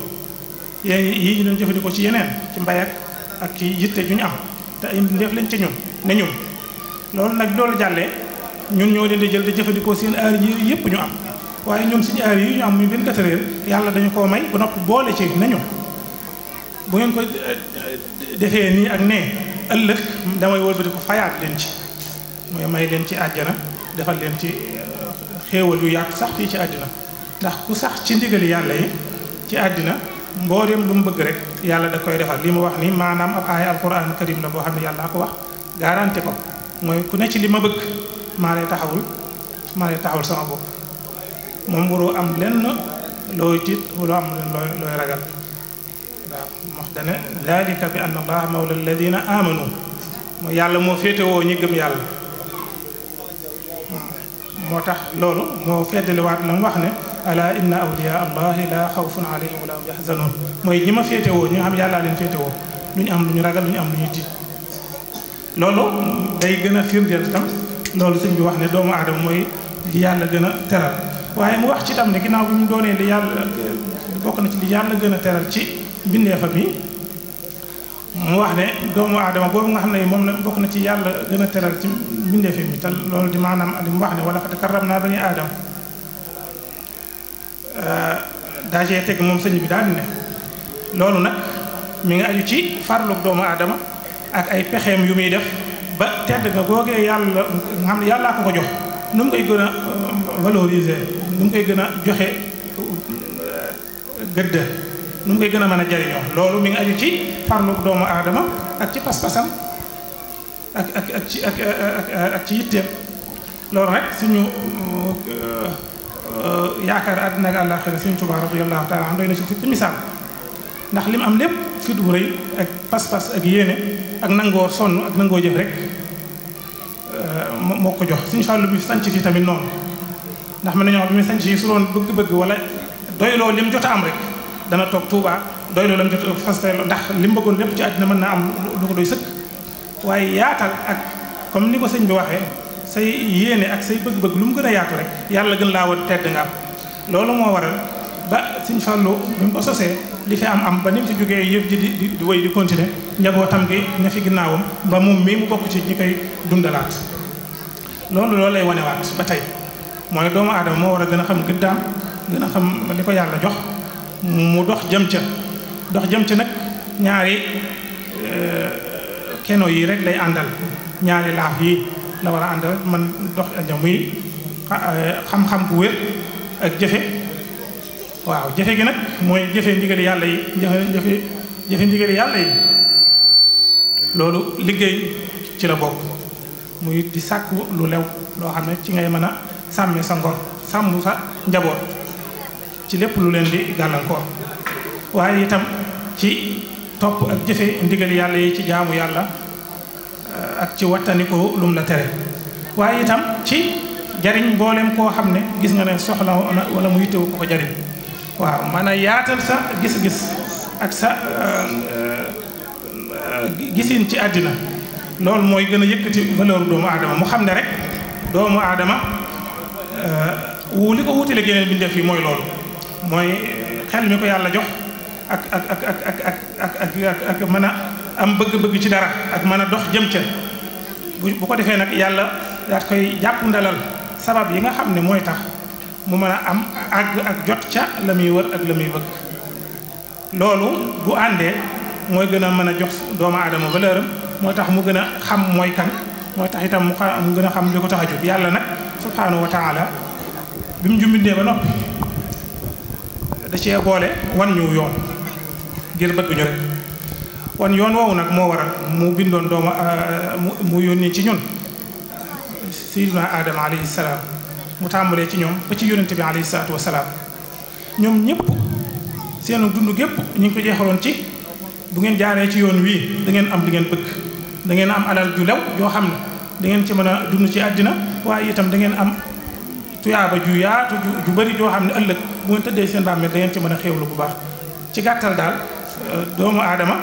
yii ñu leen jëfandikoo ci yeneen ci mbay ak ak ci yitte ju ñu am te ay mbindeef lañ ci ñun ne ñun loolu nag loolu jàlle ñun ñoo leen di jël di jëfandikoo seen aar yi yëpp ñu am waaye ñoom suñu aar yi ñu am muy 24 heures yàlla dañu koo may ba noppi boole ci nañu bu ngeen ko eh, eh, defee nii ak nee ëllëg damay wëlbati ko fayaat leen ci mooy may leen ci àjjana defal leen ci eh, xéewal yu yàgg sax fii ci àddina ndax ku sax ci ndigali yàlla yi ci àddina mbooleem lu mu bëgg rek yàlla da koy defal li mu wax nii maanaam ab aaya alquran karim na boo xam ne yàlla ko wax garanti ko mooy ku ne ci li ma bëgg maa lay taxawul maa lay taxawul sama bopp moom waroo am lenn looy tiit waroo am lenn looy looy ragal waaw wax dana dalika yàlla moo féete woo gëm yàlla moo tax loolu moo feddaliwaat la mu wax ne ala inna awliya allahi la xawfun alayhim wala hum yaxzanun mooy ñi ma féete woo ñi nga xam yàllaa leen féete woo am lu ñu ragal lu ñu am lu ñu tiit loolu day gën a firndeel tam loolu sëñ bi wax ne doomu aadama mooy li yàlla gën a teral waaye mu wax ci tam ne ginnaaw bi mu doonee li yàlla bokk na ci li yàlla gën a teral ci bindeefa bi mu wax ne doomu aadama boobu nga xam ne moom la bokk na ci yàlla teral ci bindeefa bi te loolu di maanaam li mu wax ne wala xat karram naa bani aadama daa cee teg moom sëñ bi daal ne loolu nag mu ngi aju ci farlu doomu aadama ak ay pexeem yu muy def ba tedd nga googee yàlla nga xam ne yàllaa ko ko jox nu mu koy gën a euh, nu mu koy gën a joxe euh, gëdd nu mu koy gën a mën a jariñoo loolu mi ngi aju ci farlu doomu aadama ak ci pas-pasam ak ak ak ci ak yitteem loolu rek suñu euh, yaakaar àddina ak àllaaxira suñu Tuubaa radiyallaahu taala am doy na ci ci misaal ndax li am lépp fit wu rëy ak pas-pas ak yéene ak nangoo sonn ak nangoo jëf rek euh, moo ko jox suñu fàllu bi sanc fii tamit noonu ndax man nañoo bi muy sanc fii su doon bëgg-bëgg wala doyloo lim jot am rek dana toog Touba doyloo lam jot a fastel ndax li mu bëggoon lépp ci àddina mën naa am lu ko doy sëkk waaye yaatal ak comme ni ko sëñ bi waxee say yéene ak say bëgg-bëgg lu mu gën a yaatu rek yàlla gën laa war tedd nga am loolu moo waral ba Sëñ Fallou bi mu ko sosee li fi am am ba ni mu fi jógee yëf di di wéy di continuer njabootam gi ña fi ginnaawam ba mu mii mu bokk ci ñi koy dundalaat loolu loolu lay wanewaat ba tey mooy doomu aadama moo war a gën a xam gëddaam gën a xam ko yàlla jox mu dox jëm ca dox jëm ca nag ñaari eh, keno yi rek lay àndal ñaari laaf yi la war a àndal man dox ja muy eh, xam-xam bu wér ak jëfe waaw jëfe gi nag mooy jëfe ndigali yàlla yi jëfe jëfe jëfe ndigali yàlla yi loolu liggéey ci la bokk muy di sàkku lu lew loo xam ne ci ngay mën a sàmme sa ngor sàmm sa njaboot ci lépp lu leen di gàllankoor waaye itam ci topp ak jëfe ndigali yàlla yi ci jaamu yàlla eh, ak ci wattaniko lum la tere waaye itam ci jariñ mboolem koo xam ne gis nga ne soxla na wala mu yittewu ko ko jariñ waaw mën a yaatal sa gis-gis ak sa euh, euh, gisin ci àddina loolu mooy gën a yëkkati valeur doomu aadama mu xam ne rek doomu aadama euh, wu li ko wutale geneen bindeef fii mooy loolu mooy xel mi ko yàlla jox ak ak ak ak ak ak ak ak mën a am bëgg-bëgg ci dara ak mën a dox jëm ca bu ko defee nag yàlla daat koy jàpp ndalal sabab yi nga xam ne mooy tax mu mën a am àgg jot ca la muy wër ak la bëgg loolu bu àndee mooy gën a mën a jox doomu aadama valeur am moo tax mu gën a xam mooy kan moo tax itam mu gën a xam li ko tax a jóg yàlla nag subhaanahu wa bi mu jumbindee ba noppi da cee boole wan ñu yoon ngir bëgg ñu wan yoon woowu nag moo waral mu bindoon doomu mu yónni ci ñun sayyidina Aadama alayhi salaam mu tàmbalee ci ñoom ba ci yónnente bi alayhi salaatu wasalaam ñoom ñëpp seen dund gépp ñu ngi ko jeexaloon ci bu ngeen jaaree ci yoon wii dangeen am li ngeen bëgg da ngeen am alal ju lew yoo xam ne da ngeen ci mën a dund ci àddina waaye itam da ngeen am tuyaaba ju yaatu ju bëri joo xam ne ëllëg bu ngeen tëddee seen bàmmeel da ngeen ci mën a xéewlu bu baax ci gàttal daal euh, doomu aadama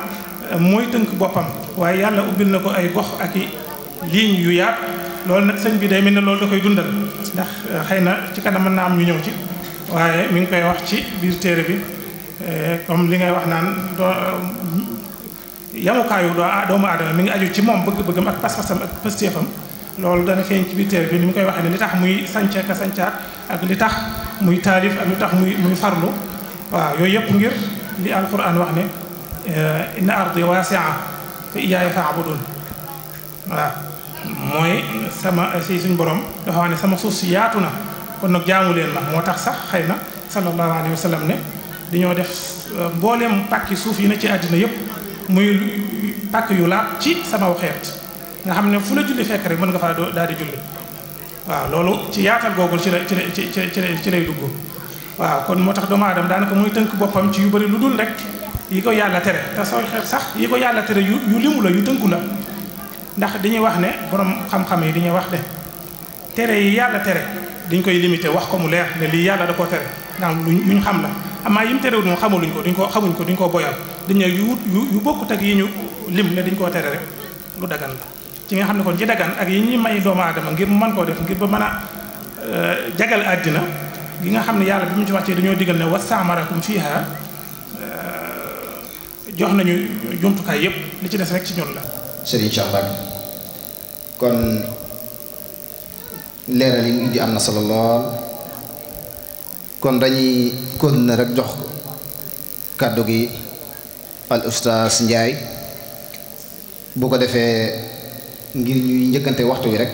euh, mooy tënk boppam waaye yàlla ubbil na ko ay gox ak i ligne yu yaat loolu nag sëñ bi day mel ne loolu da koy dundal ndax euh, xëy na ci kanam mën naa am ñu ñëw ci waaye mi ngi koy wax ci biir téere bi euh, comme li ngay wax naan doo euh, yamukaayu doo ah, doomu aadama mi ngi aju ci moom bëgg-bëggam ak pas-pasam ak pëstéefam loolu dana feeñ ci biir téere bi ni mu koy waxee ne li tax muy sanca ak li tax muy taalif ak li tax muy muy farlu waaw yooyu yëpp ngir li alquran wax ne inna ardi waasi'a fa iyaaya fa'budun waaw mooy sama si suñ borom dafa ne sama suuf si yaatu na kon nag jaamu leen la moo tax sax xëy na sallallahu alayhi wa sallam ne dañoo def euh, mbooleem pàkki suuf yi na ci àddina yëpp muy pàkk yu laab ci sama xeet nga xam ne fu la julli fekk rek mën nga faa daal di julli waaw loolu ci yaatal googu ci la ci la ci ci ci lay dugg waaw kon moo tax doomu aadama ko muy tënk boppam ci yu bëri lu dul rek yi ko yàlla tere te sooy xeet sax yi ko yàlla tere yu yu limu la tënku la ndax dañuy wax ne borom xam-xam yi dañuy wax de tere yi yàlla tere dañ koy limité wax ko mu leer ne lii yàlla da koo tere ndax luñ xam la amaa yim terewul moom xamaluñ ko duñ ko xamuñ ko duñ ko boyal dañ ne yu yu bokkut ak yi ñu lim ne dañ koo tere rek lu dagan la nga xam ne kon ci ak yi ñuy may doomu aadama ngir mu mën koo def ngir ba mën a euh, jagal àddina gi nga xam ne yàlla bi mu ci wàccee dañoo digal ne wasaamarakum fiiha euh, jox nañu jumtukaay yëpp li ci des rek ci ñun la Serigne Cheikh Mbacke kon leeral yi mu indi am na solo lool kon dañuy continuer rek jox kàddu gi al oustaz njaay boo ko defee ngir ñuy njëkkante waxtu wi rek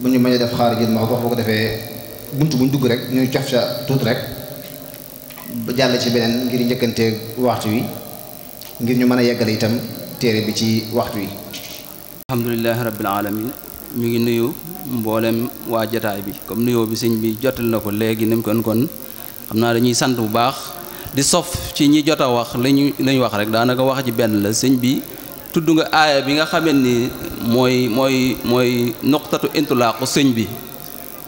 bu ñu mën a def xaar jël ma wax ko defee bunt bu ñu dugg rek ñuy cof ca tuut rek jàll ci beneen ngir njëkkante waxtu wi ngir ñu mën a yeggale itam téere bi ci waxtu yi alhamdulilahi rabbil alamin ñu ngi nuyu mboolem waa jataay bi comme nuyoo bi sëñ bi jotal na ko léegi ni mu kon kon xam naa dañuy sant bu baax di sof ci ñi jot a wax lañu lañu wax rek daanaka wax ji benn la sëñ bi tudd nga aaya bi nga xamee ni mooy mooy mooy nuqtatu intulaaqu sëñ bi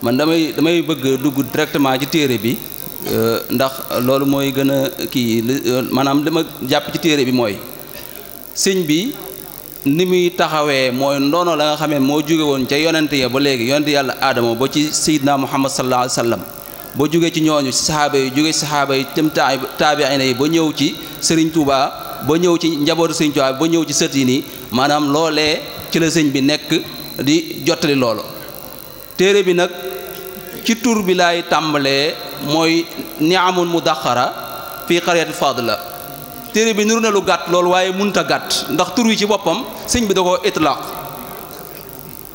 man damay damay bëgg dugg directement ci téere bi euh, ndax loolu mooy gën a kii maanaam dama jàpp ci téere bi mooy sëñ bi ni muy taxawee mooy ndono la nga xamee moo jóge woon ca yonent ya ba léegi yonent yàlla aadama ba ci naa muhammad sallallahu alayhi wa sallam ba jóge ci ñooñu ci saxaaba yi jóge ci saxaaba yi tam taabiina yi ba ñëw ci sëriñ Touba ba ñëw ci njabootu sëriñ Touba ba ñëw ci sët yi nii maanaam loolee ci la sëñ bi nekk di jottali loolu téere bi nag ci tur bi laay tàmbalee mooy niamun mudaxara fii xariyati la téere bi nuru na lu gàtt loolu waaye munta gàtt ndax tur wi ci boppam sëñ bi da koo itlaaq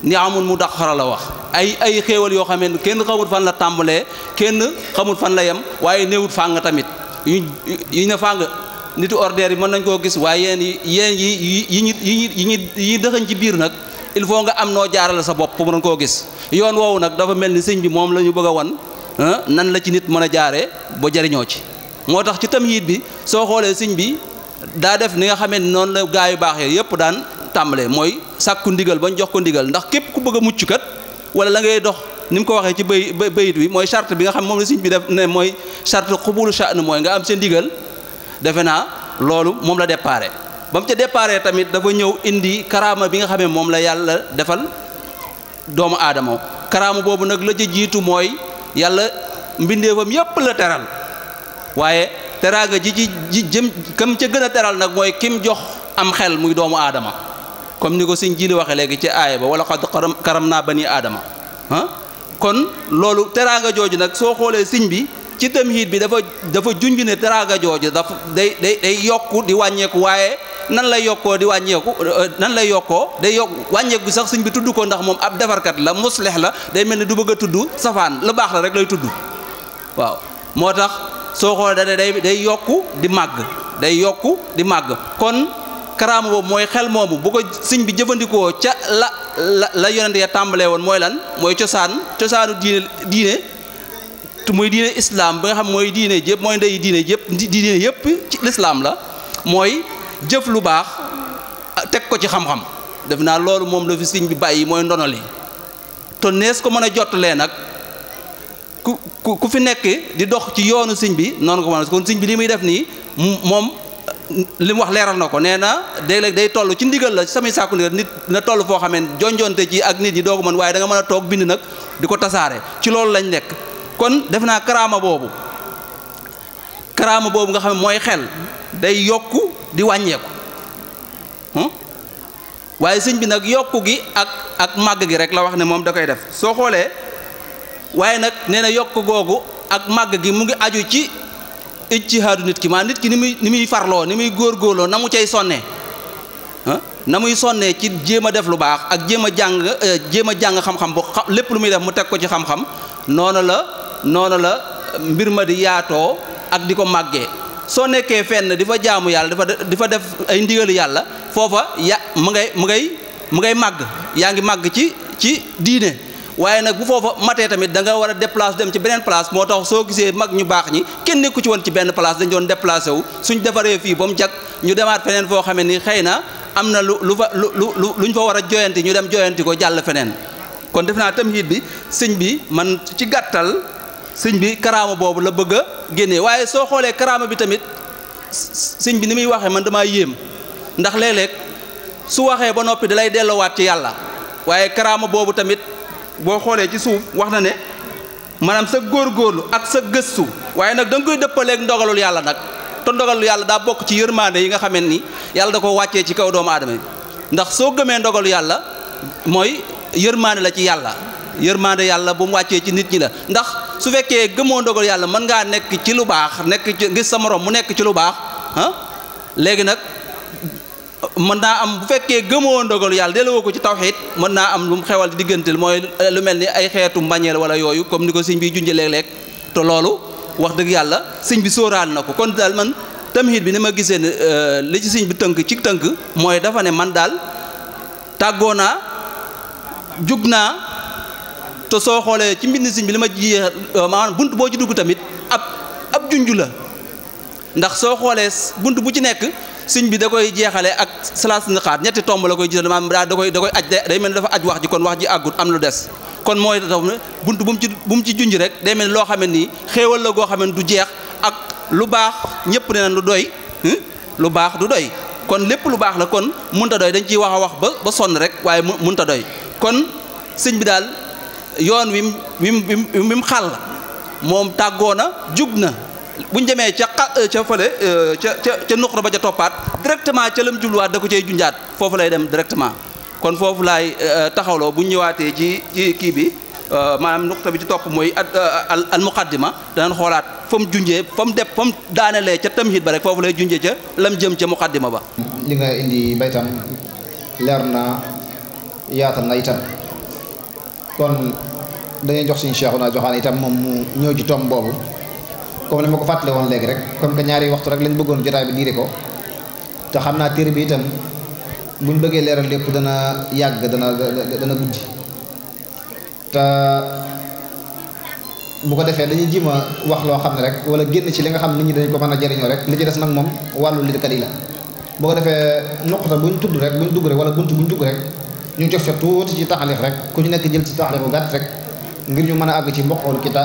ni amul mu dax xara la wax ay ay xéewal yoo xam ne kenn xamut fan la tàmbalee kenn xamut fan la yem waaye néewut fàng tamit yu yu fàng nitu ordinaire yi mën nañ koo gis waaye yéen yi yi yi ñu yi ñu ci biir nag il faut nga am noo jaarale sa bopp pour mën koo gis yoon woowu nag dafa mel ni sëñ bi moom la ñu bëgg a wan ah, nan la ci nit mën a jaare ba jariñoo ci moo tax ci tamhiid bi soo xoolee sëñ bi daa def ni nga xamee ni noonu la gaa yu baax yëpp daan tàmbalee mooy sàkku ndigal bañ jox ko ndigal ndax képp ku bëgg a mucc kat wala la ngay dox ni mu ko waxee ci bay bayit bi mooy charte bi nga xam moom la sëñ bi def ne mooy charte xubulu sha'n mooy nga am sa ndigal defe naa loolu moom la déparé ba mu ca déparé tamit dafa ñëw indi karaama bi nga xamee moom la yàlla defal doomu aadama karaama boobu nag la ca jiitu mooy yàlla mbindeefam yëpp la teral waaye teraanga ji ci ji jëm kam ca gën teral nag mooy kim jox am xel muy doomu aadama comme ni ko sëñ jili waxee léegi ci aaya ba wala xad karam naa bani aadama kon loolu teraanga jooju nag soo xoolee sëñ bi ci tamhiid bi dafa dafa junj ne teraanga jooju dafa day day day yokku di wàññeeku waaye nan lay yokkoo di wàññeeku euh, nan lay yokkoo day yokk wàññeeku sax sëñ bi tudd ko ndax moom ab defarkat la muslih la day mel ni du bëgg a tudd safaan lu baax la rek lay tudd waaw moo tax soo xoolee da day day yokku di màgg day yokku di màgg kon karaam boobu mooy xel moomu bu ko sëñ bi jëfandikoo ca la la la yonent ya tàmbalee woon mooy lan mooy cosaan cosaanu diine diine muy diine islaam ba nga xam mooy diine jëpp mooy ndey diine di diine yëpp ci lislaam la mooy jëf lu baax teg ko ci xam-xam def naa loolu moom la fi sëñ bi bàyyi mooy ndono li to nees ko mën a jottalee nag ku ku ku fi nekk di dox ci yoonu sëñ bi noonu ko mën kon sëñ bi li muy def nii moom li mu wax leeral na ko nee na léeg day toll ci ndigal la samay sàkku ndigal nit na toll foo xamee jonjonte ci ak nit ñi doo ko mën waaye danga mën a toog bind nag di ko tasaare ci loolu lañ nekk kon def naa karaama boobu karaama boobu nga xam ne mooy xel day yokku di wàññeeku hmm? waaye sëñ bi nag yokk gi ak ak màgg gi rek la wax ne moom da koy def soo xoolee waaye nag nee na yokk googu ak màgg gi mu ngi aju ci ijtihaadu nit ki maanaam nit ki ni muy ni muy farloo ni muy góorgóorloo na mu cay sonne ah, na muy sonne ci jéem a def lu baax ak jéem a jàng euh, jéem a jàng xam-xam bu lépp lu muy def mu teg ko ci xam-xam noonu la noona la mbir ma di yaatoo ak di ko màggee soo nekkee fenn di fa jaamu yàlla di dafa def ay ndigalu yàlla foofa ya mu ngay mu ngay mu ngay màgg yaa ngi màgg ci ci diine waaye nag bu foofa matee tamit da nga war a déplacer dem ci beneen place moo tax soo gisee mag ñu baax ñi kenn nekku ci woon ci benn place dañ doon déplacé wu suñ defaree fii ba mu jag ñu demaat feneen foo xamee ni xëy na am na lu lu fa lu lu ñu fa war a joyanti ñu dem joyanti ko jàll feneen kon def naa tamit bi sëñ bi man ci gàttal sëñ bi karaama boobu la bëgg a génnee waaye soo xoolee karaama bi tamit sëñ bi ni muy waxee man damaa yéem ndax léeg su waxee ba noppi dalay delloowaat ci yàlla waaye karaama boobu tamit. boo xoolee ci suuf wax na ne maanaam sa góor góorlu ak sa gëstu waaye nag da nga koy dëppaleeg ndogalul yàlla nag te ndogalul yàlla daa bokk ci yërmande yi nga xamee ni yàlla da ko wàccee ci kaw doomu aadama yi ndax soo gëmee ndogalu yàlla mooy yërmande la ci yàlla yërmande yàlla bu mu wàccee ci nit ñi la ndax su fekkee gëmoo ndogalu yàlla mën ngaa nekk ci lu baax nekk ci sa moroom mu nekk ci lu baax ah, léegi nag mën naa am bu fekkee gëmoo ndogalu yàlla delloo ko ci tawxiid mën naa am lu mu xewal diggantel mooy lu mel ni ay xeetu mbañeel wala yooyu comme ni ko siñ bi junje léeg-léeg te loolu wax dëgg yàlla sëñ bi sóoraal na ko kon daal man tamhid bi ni ma gisee ne euh, li ci sëñ bi tënk ci tënk mooy dafa ne man daal tàggoo naa jug naa te soo xoolee ci mbind sëñ bi li ma jiyee euh, maanaam bunt boo ci dugg tamit ab ab junj la ndax soo xoolee bunt bu ci nekk sëñ bi da koy jeexale ak salaas naqaat ñetti tomb la koy jiital maanaam daa da koy da koy aj day mel dafa aj wax ji kon wax ji àggut am lu des kon mooy tax ne bunt bu mu ci bu mu ci junj rek day mel loo xam ne nii xéewal la goo xam ne du jeex ak lu baax ñëpp ne lu doy lu baax du doy kon lépp lu baax la kon munta doy dañ ciy wax a wax ba ba sonn rek waaye munta doy kon sëñ bi daal yoon wi mu wi mu wi mu xàll moom tàggoo na jug na buñ demee ca xa euh, ca fële euh, ca ca ca ba ca toppaat directement ca lam jubluwaat da ko cay junjaat foofu lay dem directement kon foofu laay euh, taxawloo bu ñëwaatee ci ci kii bi maanaam nuqta bi ci topp mooy al al muqaddima danañ xoolaat fa mu junjee fa mu def fa mu daanelee ca tamhid ba rek foofu lay junjee ca lam jëm ca muqaddima ba. li nga indi baytam leer na yaatal na itam kon dañuy jox suñu Cheikh naa joxaan itam moom mu ñëw ji tom boobu. comme ni ma ko fàttale woon léegi rek comme que ñaari waxtu rek lañ bëggoon jotaay bi diire ko te xam naa téere bi itam buñ bëggee leeral lépp dana yàgg dana dana guddi te bu ko defee dañuy jima wax loo xam ne rek wala génn ci li nga xam ni ñi dañ ko mën a jëriñoo rek li ci des nag moom wàllu li liggéeykat yi la bu ko defee nuqta buñ tudd rek buñ dugg rek wala bunt buñ dugg rek ñu cof ca tuuti ci taxalix rek ku ñu nekk jël ci taxalix bu gàtt rek ngir ñu mën a àgg ci mboqoolu kita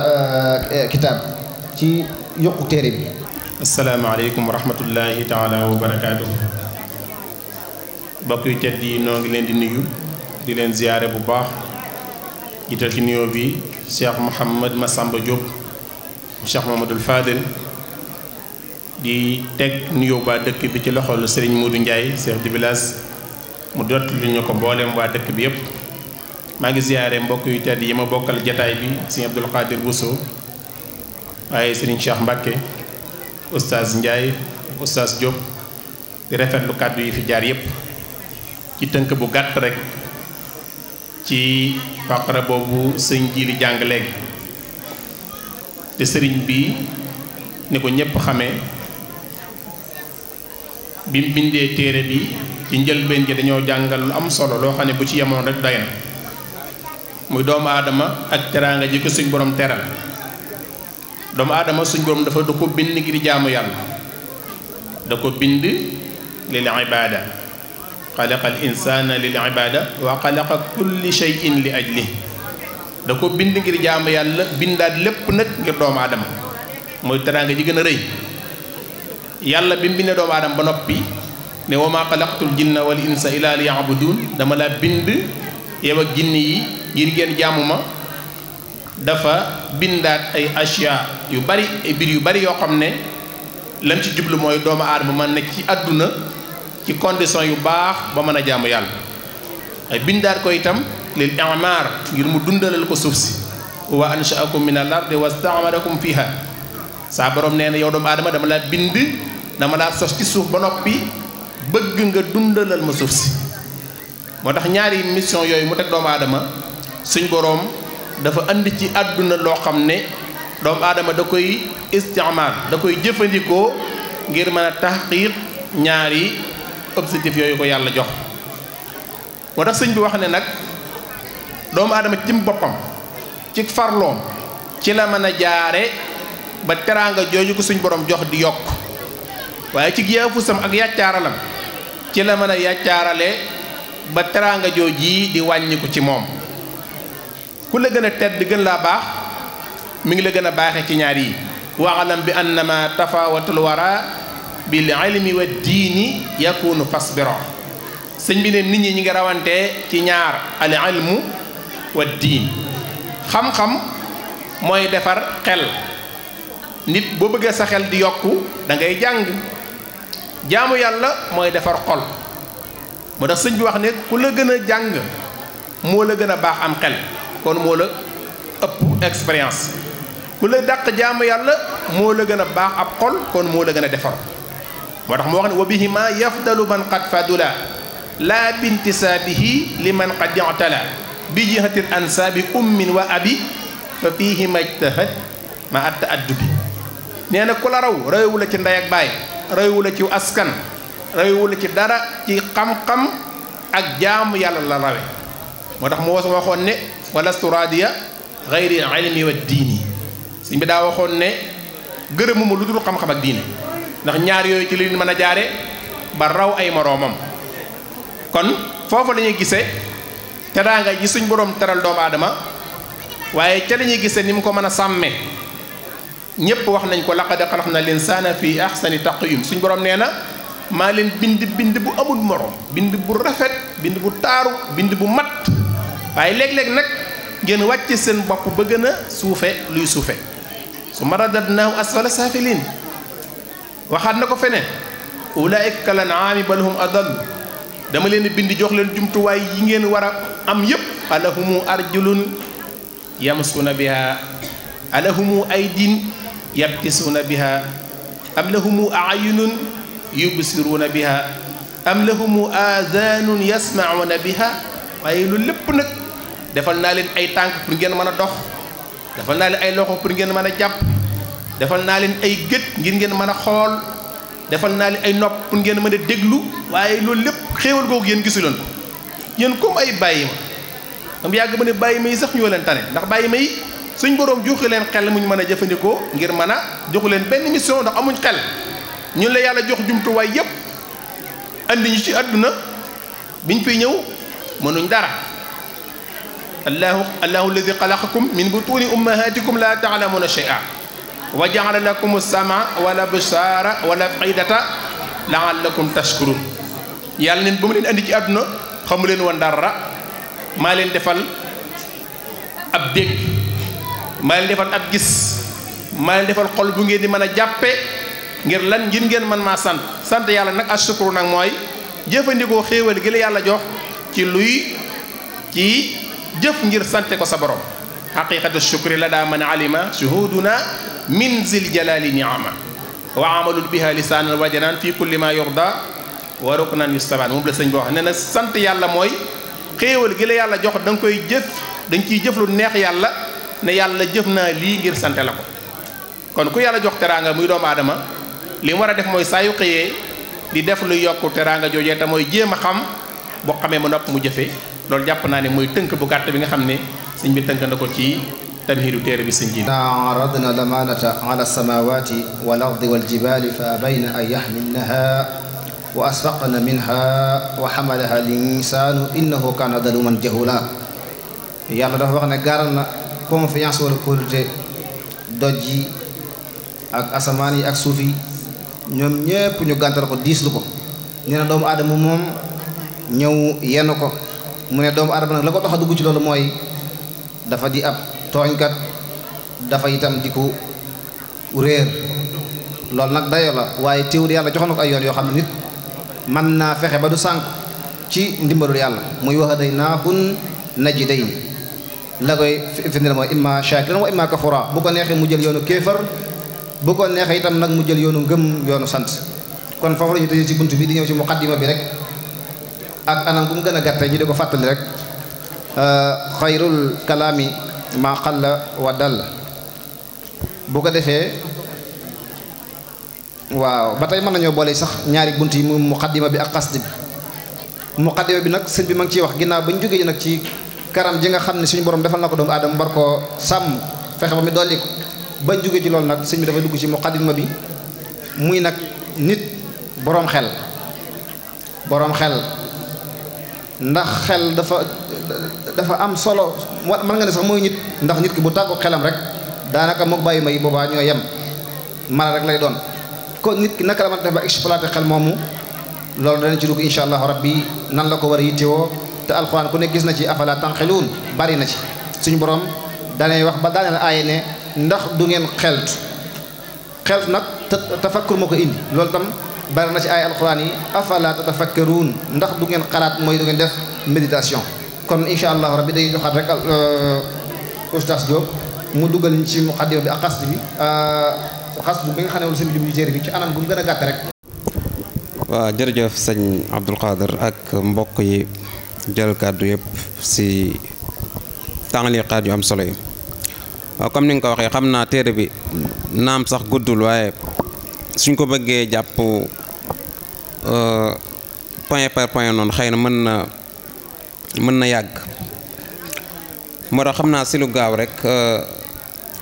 euh, kitaab ci yokku téere bi asalaamaaleykum wa rahmatullahi taala wa barakaatu mbokk yu tedd yi noo ngi leen di nuyu di leen ziyaare bu baax jiital ci nuyoo bi cheikh Mouhamad Massamba Diop cheikh Mamadul Fadel di teg nuyoo waa dëkk bi ci loxo loxol Serigne Modou Ndiaye chef de village mu dot li ñu ko mbooleem waa dëkk bi yëpp maa ngi ziyaare mbokk yu tedd yi ma bokkal jataay bi sëñ Abdul Qadir Bousso waaye sëriñ Cheikh Mbacke oustaz Ndiaye oustaz Diop di rafetlu kàddu yi fi jaar yépp ci tënk bu gàtt rek ci fàqara boobu sëñ ji li jàng leegi te sëriñ bi ni ko ñépp xame bi mu bindee téere bi ci njëlbeen gi dañoo jàngal lu am solo loo xam ne bu ci yemoon rek day na muy doomu aadama ak teraanga ji ko suñ teral doomu aadama suñ borom dafa da ko bind ngir jaamu yàlla da ko bind lil ibada xalaqa al insana lil ibada wa xalaqa kulli shay'in li ajli da ko bind ngir jaamu yàlla bindaat lépp nag ngir doomu aadama mooy teraanga ji gën a rëy yàlla bi mu bindee doomu aadama ba noppi ne wa maa xalaqtul jinna wal insa illa liya'budun dama laa bind yow ak yi ngir ngeen jaamu ma dafa bindaat ay ashya yu bari ay mbir yu bari yoo xam ne lam ci jublu mooy doomu aadama mën nekk ci àdduna ci condition yu baax ba mën a jàmm yàlla ay bindaat ko itam lil i'mar ngir mu dundalal ko suuf si wa ansha'akum min al-ardi wasta'marakum fiha saa borom nee na yow doomu aadama dama laa bind dama laa sos ci suuf ba noppi bëgg nga dundalal ma suuf si moo tax ñaari mission yooyu mu teg doomu aadama suñ boroom dafa andi ci àdduna loo xam ne doomu aadama da koy istimaal da koy jëfandikoo ngir mën a tax taxqiq ñaari objectif yooyu ko yàlla jox moo tax sëñ bi wax ne nag doomu aadama ci boppam ci farloom ci la mën a jaare ba teraanga jooju ko suñ borom jox di yokk waaye ci yaafusam ak yàccaaralam ci la mën a yàccaarale ba teraanga jooj yi di wàññiku ci moom ku la gën a tedd gën laa baax mu ngi la gën a baaxee ci ñaar yi waalam bi na annama tafawatul wara bil ilmi wa diini yakunu fasbiro sëñ bi ne nit ñi ñu ngi rawantee ci ñaar al ilmu wa diin xam-xam mooy defar xel nit boo bëggee sa xel di yokku dangay jàng jaamu yàlla mooy defar xol moo tax sëñ bi wax ne ku la gën a jàng moo la gën a baax am xel kon moo la ëpp expérience ku la dàq jaamu yàlla moo la gën a baax ab xol kon moo la gën a defar moo tax moo wax ne wa bihima yafdalu man qad fadula laa bintisaabihi li man qad yatala bi jihatil ansaabi ummin wa abi fa fihima ijtahad ma atta addubi nee na ku la raw rawewu ci ndey ak baay rawewu la ci askan rawewu ci dara ci xam-xam ak jaamu yàlla la rawe moo tax mu waxoon ne wala sturaadiya xayri ilmi wa diini sëñ bi daa waxoon ne gërëmuma lu dul xam-xam ak diine ndax ñaar yooyu ci li mën a jaare ba raw ay moroomam kon foofu lañuy gise gisee teraanga ji suñ boroom teral doomu aadama waaye ca lañuy gise ni mu ko mën a sàmmee ñépp wax nañ ko laqad xalaqna linsaana fi ahsani taqwim suñ boroom nee na maa leen bind bind bu amul moroom bind bu rafet bind bu taaru bind bu mat waaye léeg-léeg nag ngeen wàcc seen bopp ba gën a suufe luy suufe su ma radadnaahu asfala saafiliin waxaat na ko feneen ulaa'ika kal an'aami bal hum adall dama leen di bind jox leen jumtuwaay yi ngeen war a am yëpp alahumu arjulun yamsuuna biha alahumu aydin yabtisuuna biha am lahumu ayunun yubsiruuna biha am lahumu aadaanun yasmacuuna biha waaye loolu lépp nag defal naa leen ay tànk pour ngeen mën a dox defal naa leen ay loxo pour ngeen mën a jàpp defal naa leen ay gët ngir ngeen mën a xool defal naa leen ay nopp pour ngeen mën a déglu waaye loolu lépp xéewal googu yéen gisuloon ko yéen comme ay bàyyi ma dam yàgg ba ne bàyyi ma yi sax ñoo leen tane ndax bàyyi ma yi suñ boroom joxu leen xel muñ mën a jëfandikoo ngir mën a joxu leen benn mission ndax amuñ xel ñun la yàlla jox jumtuwaay yépp andi ñu ci àdduna biñ fiy ñëw mënuñ dara allahu allahu alladi xalaqakum min butuni ummahatikum la taalamuna shay'a wa jaala lakum sama wala busaara wala fidata laallakum tashkurun yàlla neen ba mu leen indi ci àdduna xamuleen leen woon dara maa leen defal ab dégg maa leen defal ab gis maa leen defal xol bu ngeen di mën a jàppe ngir lan ngir ngeen mën maa sant sant yàlla nag ashukru nag mooy jëfandikoo xéewal gi yàlla jox ci luy ci jëf ngir sante ko sa borom xaqiqatu shukri la daa man alima shuhuduna min zil jalali niama wa amalul biha lisaanan wa janaan fi kulli ma yurda wa ruknan yustabaan moom la sëñ bi wax ne na sant yàlla mooy xéewal gi la yàlla jox danga koy jëf dañ koy jëf lu neex yàlla ne yàlla jëf naa lii ngir sante la ko kon ku yàlla jox teraanga muy doomu aadama li war a def mooy saa yu xëyee di def lu yokk teraanga joojee te mooy jéem a xam boo xamee mu nopp mu jëfe loolu jàpp naa ne mooy tënk bu gàtt bi nga xam ne sëñ bi tënk na ko ci tamhiidu tere bi sëñ ji aradna lamaanata ala samawati wal ardi wal jibali fa abayna an yaxmilnaha wa asfaqna minha wa xamalaha al insaanu innahu kaana daluman jahula yàlla dafa wax ne gaaral na confiance wala kóolute doj yi ak asamaan yi ak suuf yi ñoom ñépp ñu gàntal ko diislu ko nee na doomu aadama moom ñëw yenn ko mu ne doomu aadama nag la ko tax dugg ci loolu mooy dafa di ab tooñkat dafa itam di ko réer loolu nag dayoo la waaye teewul yàlla joxoon na ko ay yoon yoo xam ne nit mën naa fexe ba du sànq ci ndimbalul yàlla muy wax day naahun naji day la koy firndeel mooy imma shakiran wa imma bu ko neexee mu jël yoonu kéefar bu ko neexee itam nag mu jël yoonu ngëm yoonu sant kon foofu la ñu tëjee ci bunt bi di ñëw ci muqaddima bi rek ak anam bu mu gën a gàtte ñu di ko fàttali rek euh, xayrul kalaami maa xalla wa dal bu ko defee waaw ba tey mën nañoo boole sax ñaari bunt yi mu muqaddima bi ak xasd bi muqaddima bi nag sëñ bi ma ngi ciy wax ginnaaw ba ñu jógee nag ci karam ji nga xam ne suñu borom defal na ko doon aadama mbar koo sàmm fexe ba mu dolli ko ba ñu jógee ci loolu nag sëñ bi dafay dugg ci muqaddima bi muy nag nit boroom xel boroom xel ndax xel dafa dafa am solo mën nga ne sax mooy nit ndax nit ki bu tàggu xelam rek daanaka mook bàyyi ma yi boobaa ñoo yem mala rek lay doon kon nit ki naka la mën a ba exploité xel moomu loolu danañ ci dugg incha allahu rabbi nan la ko war a yittewoo te alxuraan ku ne gis na ci afala tanqiluun bari na ci suñu borom danay wax ba daaneel aaye ne ndax du ngeen xeltu xeltu nag tafakkur moo ko indi loolu tam bari na ci ay alxuraan yi afala tatafakkaruun ndax du ngeen xalaat mooy du ngeen def méditation kon incha allah rabbi day joxaat rek euh, oustaz Diop mu dugal ñu ci muqaddima bi euh, ak bi ci anam bu mu gën rek. waaw jërëjëf sañ Abdul Qadir ak mbokk yi jël kàddu yëpp si taaliqaat yu am solo yi waaw comme ni nga ko waxee xam naa téere bi naam sax guddul waaye. suñ ko bëggee jàpp euh, point par point noonu xëy na mën na mën na yàgg moo tax xam naa si lu gaaw rek euh,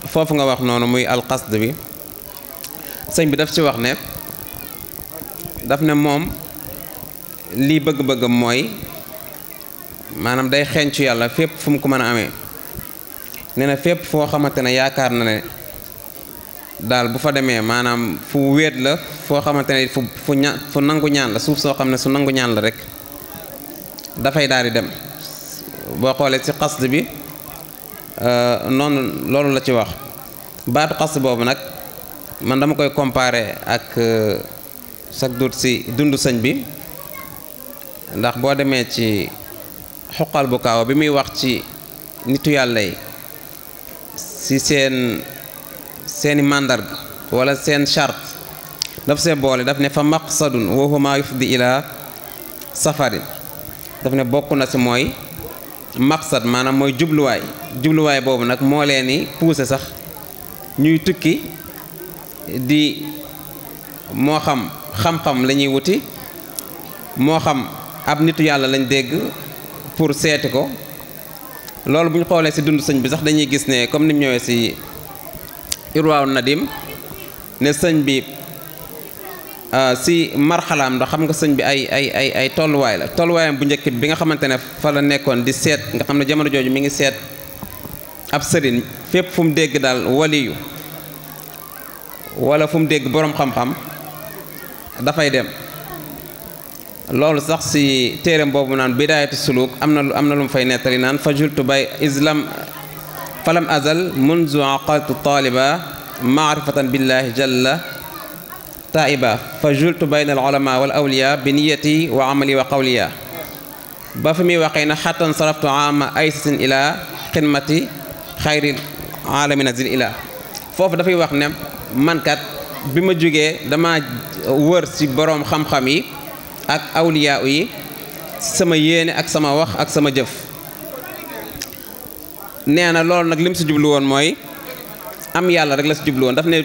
foofu nga wax noonu muy alqasd bi sëñ bi daf si wax ne daf ne moom lii bëgg-bëggam mooy maanaam day xencu yàlla fépp fu mu ko mën a amee nee fépp foo xamante ne yaakaar na ne daal bu fa demee maanaam fu wéet la foo xamante ne fu fu ña fu nangu ñaan la suuf soo xam ne su nangu ñaan la rek dafay daal di dem boo xoolee si xasd bi euh, noonu loolu la ci wax baatu xasd boobu nag man dama koy compare ak sag dut si dundu sëñ bi ndax boo demee ci xuqal bu kaaw bi muy wax ci nitu yàlla yi si seen seeni màndarga wala seen charte daf seen boole daf ne fa maqsadun wa huwa maa yufdi ilaa safarin daf ne bokk na ci mooy maqsad maanaam mooy jubluwaay jubluwaay boobu nag moo leen ni poussé sax ñuy tukki di moo xam xam-xam la wuti moo xam ab nit yàlla lañ dégg pour seeti ko loolu bu xoolee si dund sëñ bi sax dañuy gis ne comme ni mu ñëwee irwaaw nadim ne sëñ bi ah, si marxalaam ndax xam nga sëñ bi ay ay ay ay tolluwaay la tolluwaayam bu njëkk bi nga xamante ne fa la nekkoon di seet nga xam ne jamono jooju mu ngi seet ab sëriñ fépp fu dégg daal waliyu wala fu mu dégg boroom xam-xam dafay dem loolu sax si téereem boobu naan bidaayatu suluk am na lu am na lu mu fay nettali naan fajultu bay islam falam azal munzu aqaltu taaliba maarifatan billahi jalla taiba fa jultu bayna al ulama wal awliya bi niyati wa amali wa qawliya ba fi muy waxee na xattan saraftu ama aysasin ila xidmati xayril alamina zil ila foofu dafay wax ne mankat bi ma jógee dama wër ci boroom xam-xam yi ak awliya yi sama yéene ak sama wax ak sama jëf nee na loolu nag lim si jublu woon mooy am yàlla rek la si jublu woon daf ne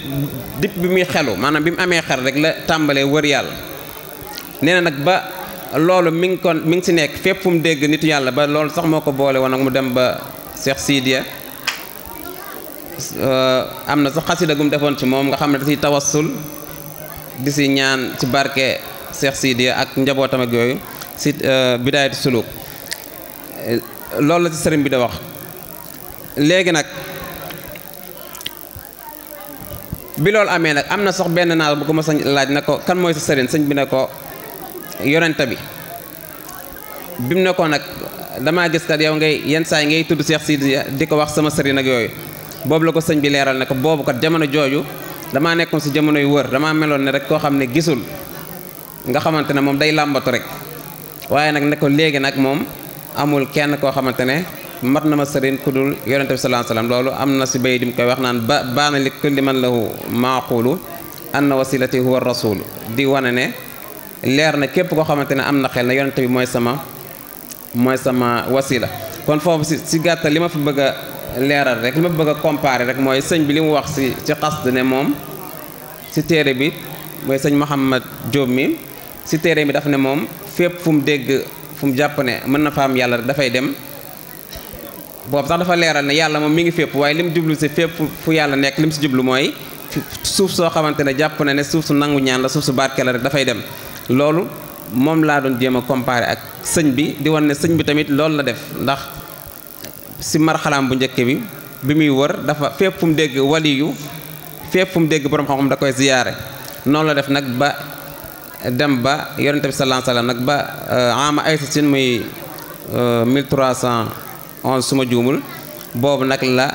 dip bi muy xelu maanaam bi mu amee xel rek la tàmbalee wër yàlla nee na nag ba loolu mi ngi kon mi ngi si nekk fépp fu mu dégg nit yàlla ba loolu sax moo ko boole woon mu dem ba Cheikh Sidiya euh, am na sax xasida gum defoon ci moom nga xam ne da si tawassul di si ñaan ci barke Cheikh Sidiya ak njabootam yooyu si euh, bidaayatu suluk euh, loolu la si sëriñ bi da wax léegi nag bi loolu amee nag am na sox benn naar bu ko ma sañ laaj na ko kan mooy sa sëriñ sëñ bi ne ko yonente bi bi mu ne ko nag damaa gis kat yow ngay yenn saa yi ngay tudd Cheikh Sidi di ko wax sama sëriñ ak yooyu boobu la ko sëñ bi leeral ne ko boobu kat jamono jooju damaa nekkoon si jamono yu wër damaa meloon ne rek koo xam ne gisul nga xamante ne moom day làmbatu rek waaye nag ne ko léegi nag moom amul kenn koo xamante ne mat na ma sëriñ ku dul yonente bi salaa salaam loolu am na si bay dim koy wax naan ba baana li kulli man lahu maaqulu anna wasilati huwa rasul di wane ne leer na képp koo xamante ne am na xel na yonente bi mooy sama mooy sama wasila kon foofu si si gàttal li ma fi bëgg a leeral rek bëgg a comparer rek mooy sëñ bi li mu wax si ci xasd ne moom si téere bi mooy sëñ Mouhamad Diop mi si téere bi daf ne moom fépp fu mu dégg fu jàpp ne mën na fa am yàlla dafay dem boobu sax dafa leeral ne yàlla moom mi ngi fépp waaye lim jublu si fépp fu yàlla nekk lim si jublu mooy suuf soo xamante ne jàpp na ne suuf su nangu ñaan la suuf su barke la rek dafay dem loolu moom laa doon jéem a comparé ak sëñ bi di wan ne sëñ bi tamit loolu la def ndax si marxalaam bu njëkk bi bi muy wër dafa fépp fu dégg waliyu fépp fu dégg borom xam-xam da koy ziyaare noonu la def nag ba dem ba yonente bi sallallahu alayhi wasallam nag ba euh, ama aysasin muy 1300 euh, onze suma juumul boobu nag la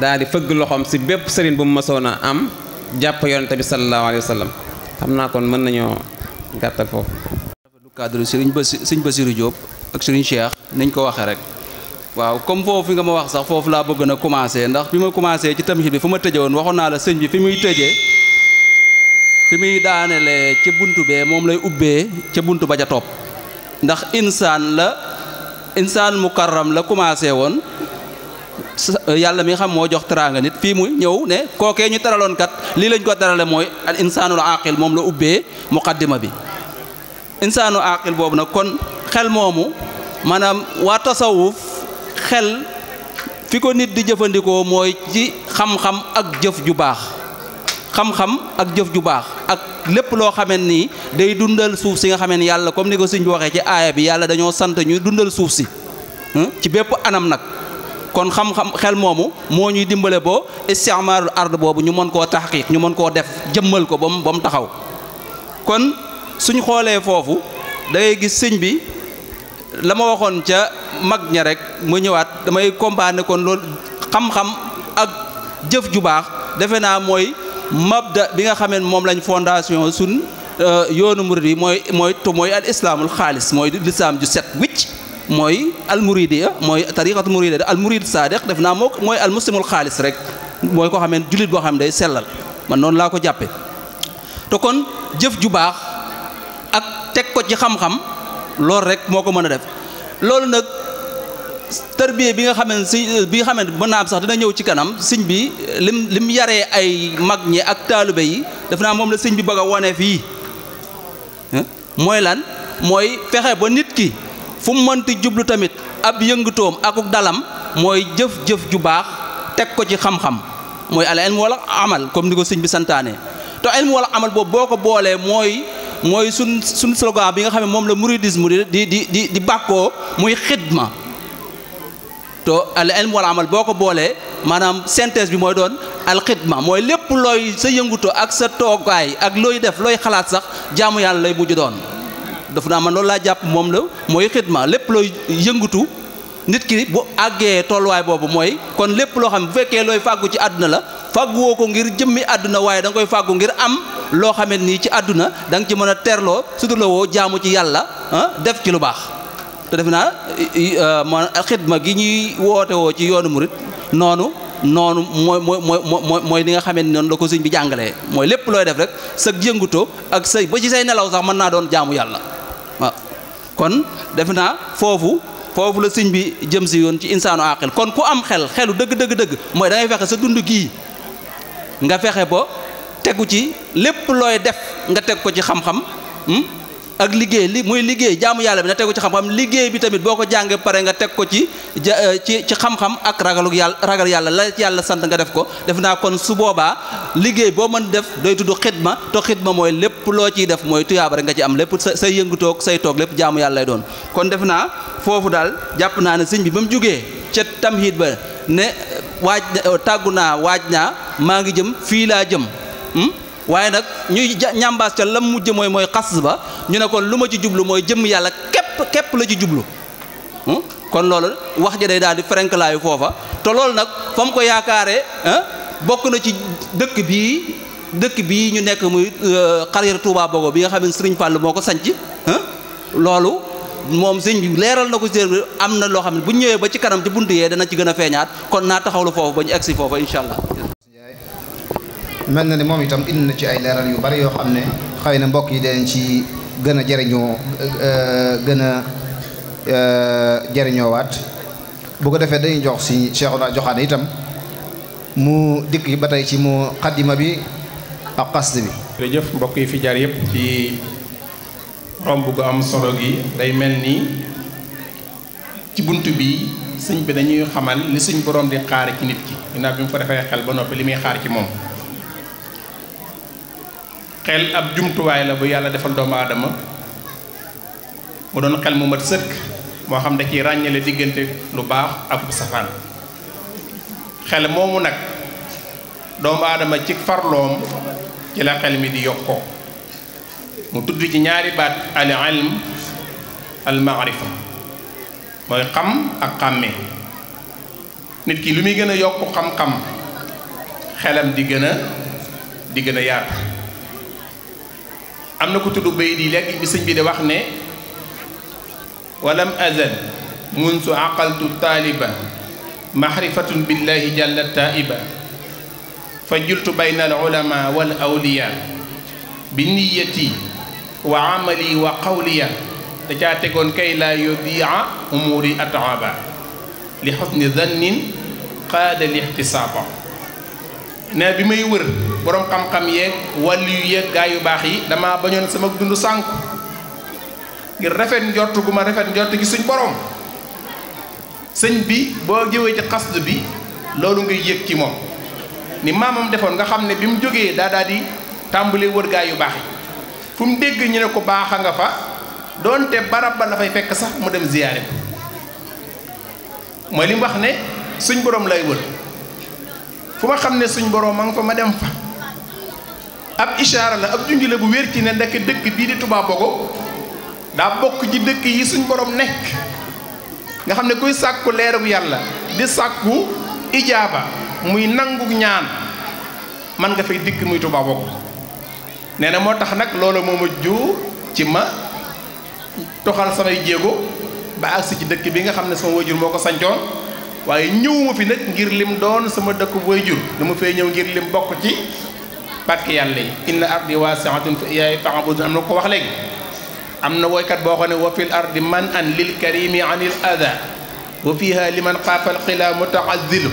daal di fëgg loxoom si bépp sëriñ bu mu mësoon a am jàpp yonente bi sallallahu alayhi wa sallam xam naa kon mën nañoo gàttal foofu lu cadre sëriñ ba sëriñ Basiru Jóob ak sëriñ Cheikh niñ ko waxee rek waaw comme foofu nga ma wax sax foofu laa bëgg na commencé ndax bi ma commencé ci tamit bi fu ma tëjewoon waxoon naa la sëñ bi fi muy tëjee fi muy daaneele ca buntu bee moom lay ubbee ca bunt ba ca topp ndax insaan la insaan mukarram la commencé woon euh, yàlla mi xam moo jox teraanga nit fii mu ñëw ne kookee ñu teraloon kat lii lañ ko terale mooy al insaanul aqil moom la ubbee muqaddima bi insaanu aqil boobu nag kon xel moomu maanaam waa tasawuf xel fi ko nit di jëfandikoo mooy ci xam-xam ak jëf ju baax xam-xam ak jëf ju baax ak lépp loo xameen nii day dundal suuf si nga xamee ni yàlla comme ni ko sëñ bi waxee ci aaya bi yàlla dañoo sant ñuy dundal suuf si hmm? ci bépp anam nag kon xam-xam xel moomu moo ñuy dimbale boo istimaarul ard boobu ñu mën koo taxqiq ñu mën koo def jëmmal ko ba mu ba taxaw kon suñ xoolee foofu da gis sëñ bi la ma waxoon ca mag ña rek ma ñëwaat damay comparer kon loolu xam-xam ak jëf ju baax defe naa mooy mabda bi nga xamee moom lañ fondation sun euh, yoonu murid yi mooy mooy to mooy al islaamul xaalis mooy lislaam ju set wicc mooy al muridiya mooy tariqatu murida al murid sadiq def naa moo mooy al muslimul xaalis rek mooy koo xamee jullit boo xam ne day sellal ma noonu laa ko jàppe te kon jëf ju baax ak teg ko ci xam-xam loolu rek moo ko mën a def loolu nag tërbiye bi nga xam ne si bi nga xam ne mën sax dina ñëw ci kanam sëñ bi lim lim yaree ay mag ñi ak taalibe yi def naa moom la sëñ bi bëgg a wone fii mooy lan mooy fexe ba nit ki fu mënti jublu tamit ab yëngatoom akuk dalam mooy jëf-jëf ju baax teg ko ci xam-xam mooy al ilm wala amal comme ni ko sëñ bi santaane te ilm wala amal boobu boo ko boolee mooy mooy sun sun slogan bi nga xam ne moom la mouridisme di di di di bàkkoo muy xidma to al ilm wal amal boo ko boolee maanaam synthèse bi mooy doon alxidma mooy lépp looy sa yëngutoo ak sa toogaay ak looy def looy xalaat sax jaamu yàlla lay mujj doon daf naa man loolu laa jàpp moom la mooy xidma lépp looy yëngutu nit ki bu àggee tolluwaay boobu mooy kon lépp loo xam ne bu fekkee looy fàggu ci àdduna la fàgguwoo ko ngir jëmmi àdduna waaye danga koy fàggu ngir am loo xamante nii ci àdduna da nga ci mën a terloo suturlawoo jaamu ci yàlla ah, def ci lu baax te def naa euh, man xidma gi ñuy woote woo ci yoonu murit noonu noonu mooy mooy mooy mooy li nga xamee ni noonu la ko sëñ bi jàngalee mooy lépp looy def rek sa yëngutoo ak say ba ci say nelaw sax mën naa doon jaamu yàlla waaw kon def naa foofu foofu la sëñ bi jëm si yoon ci insaanu aqil kon ku am xel xelu dëgg dëgg dëgg mooy da ngay fexe sa dund gii nga fexe ba tegu ci lépp looy def nga teg ko ci xam-xam hmm? ak liggéey li muy liggéey jaamu yàlla bi na tegu ci xam-xam liggéey bi tamit boo ko jàngee pare nga teg ko ci ja euh, ci ci xam-xam ak ragalu yàlla ragal yàlla la yàlla sant nga def ko def naa kon su boobaa liggéey boo mën def doy tudd xidma te xidma mooy lépp loo ciy def mooy tuyaaba nga ci am lépp sa say yëngutoog say toog lépp jaamu yàlla lay doon kon def naa foofu daal jàpp naa ne sëñ bi ba mu jógee ca tamhid ba ne waaj tàggu naa waaj naa maa ngi jëm fii laa jëm hmm? waaye nag ñuy ñambaas ca lam mujj mooy mooy xas ba ñu ne kon lu ma ci jublu mooy jëmm yàlla képp képp la ci jublu hm? kon loolu wax ja de daal di frenklaayu foofa te loolu nag fa mu ko yaakaaree hm? bokk na ci dëkk bii dëkk bii ñu nekk muy euh, xariyar Touba Bogo bi nga xam ne Serigne Fall moo ko sanc hm? loolu moom sëñ bi leeral na ko si am na loo xam ne bu ñëwee ba ci kanam ci buntu yee dana ci gën a feeñaat kon naa taxawlu foofu ba ñu egsi foofa incha allah. mel na ne moom itam indi na ci ay leeral yu bari yoo xam ne xëy na mbokk yi danañ ci gën a jëriñoo euh, gën a euh, jëriñoowaat bu ko defee dañuy jox si Cheikhouna Joxaane itam mu dikk ba tey ci mu xaddima bi ak xasd bi. jërëjëf mbokk yi fi jaar yëpp ci romb gu am solo gi day mel ni ci bunt bi suñ bi dañuy xamal li suñ borom di xaar ci nit ki ginnaaw bi mu ko defee xel ba noppi li muy xaar ci moom. xel ab jumtuwaay la bu yàlla defal doomu aadama mu doon xel mu mat sëkk moo xam ne ciy ràññale diggante lu baax ak bu safaan xel moomu nag doomu aadama ci farloom ci la xel mi di yokkoo mu tudd ci ñaari baat al ilm al mooy xam ak xàmmee nit ki lu muy gën a yokk xam-xam xelam di gën a di gën a yaatu am na ko tudd bayit yi léegi bi sëñ bi di wax ne walam azal munsu aqaltu taaliba maxrifatun billahi jalla taiba fa jultu bayna al ulama wal awliya bi niyati wa amali wa qawliya da caa tegoon kay laa yudia umuri ataaba li xusni zannin qaada li ixtisaaba ne bi may wër boroom xam-xam yeeg wàllu yu yeeg gaa yu baax yi dama bañoon sama dund sànq ngir rafet njort gu ma rafet njort gi suñ borom sëñ bi boo jëwee ci xasd bi loolu ngay yëg ci moom ni maamam defoon nga xam ne bi mu jógee daa daa di tàmbali wër gaa yu baax yi fu mu dégg ñu ne ko baax a nga fa doonte barab ba la fay fekk sax mu dem ziyaare mooy li mu wax ne suñ borom lay wër fu ma xam ne suñ borom ma nga fa ma dem fa ab ishaara la ab junj bu wér ci ne ndekk dëkk bii di Touba Bogo daa bokk ci dëkk yi suñ borom nekk nga xam ne kuy sàkku leerug yàlla di sàkku ijaaba muy nangu ñaan man nga fay dikk muy Touba Bogo nee na moo tax nag loolu moo ma ci ma toxal samay jéego ba agsi ci dëkk bi nga xam ne sama wajur moo ko sancoon waaye ñëwuma fi nag ngir lim doon sama dëkk booy jur dama fee ñëw ngir lim bokk ci pàkk yàlla yi inna ardi waasi'atun fa iyyaaya fa'budun am na ko wax léegi am na woykat boo xam ne wa fil ardi man an lil karimi anil ada wa fiha liman xaafal xila mutaazilu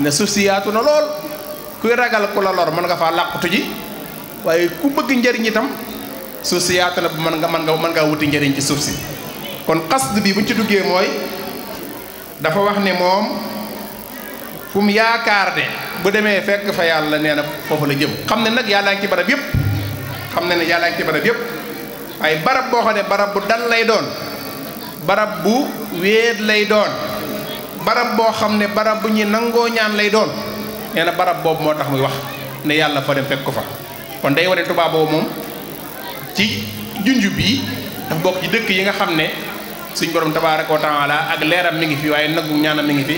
ne suuf si yaatu na lool kuy ragal ku la lor mën nga fa làqutu ji waaye ku bëgg njariñ itam suuf si yaatu na bu mën nga mën nga mën ngaa wuti njëriñ ci suuf si kon xasd bi buñ ci duggee mooy dafa wax ne moom fu yaakaar ne bu demee fekk fa yàlla nee na foofu la jëm xam ne nag yàlla ngi ci barab yëpp xam ne ne yàlla ngi ci barab yëpp waaye barab boo xam ne barab bu dal lay doon barab bu wéet lay doon barab boo xam ne barab bu ñu nangoo ñaan lay doon nee na barab boobu moo tax muy wax ne yàlla fa dem fekk fa kon day wane Tuubaa moom ci junj bi dafa bokk ci dëkk yi nga xam ne suñ borom tabaaraka wa taala ak leeram mi ngi fi waaye naggu ñaanam mi ngi fi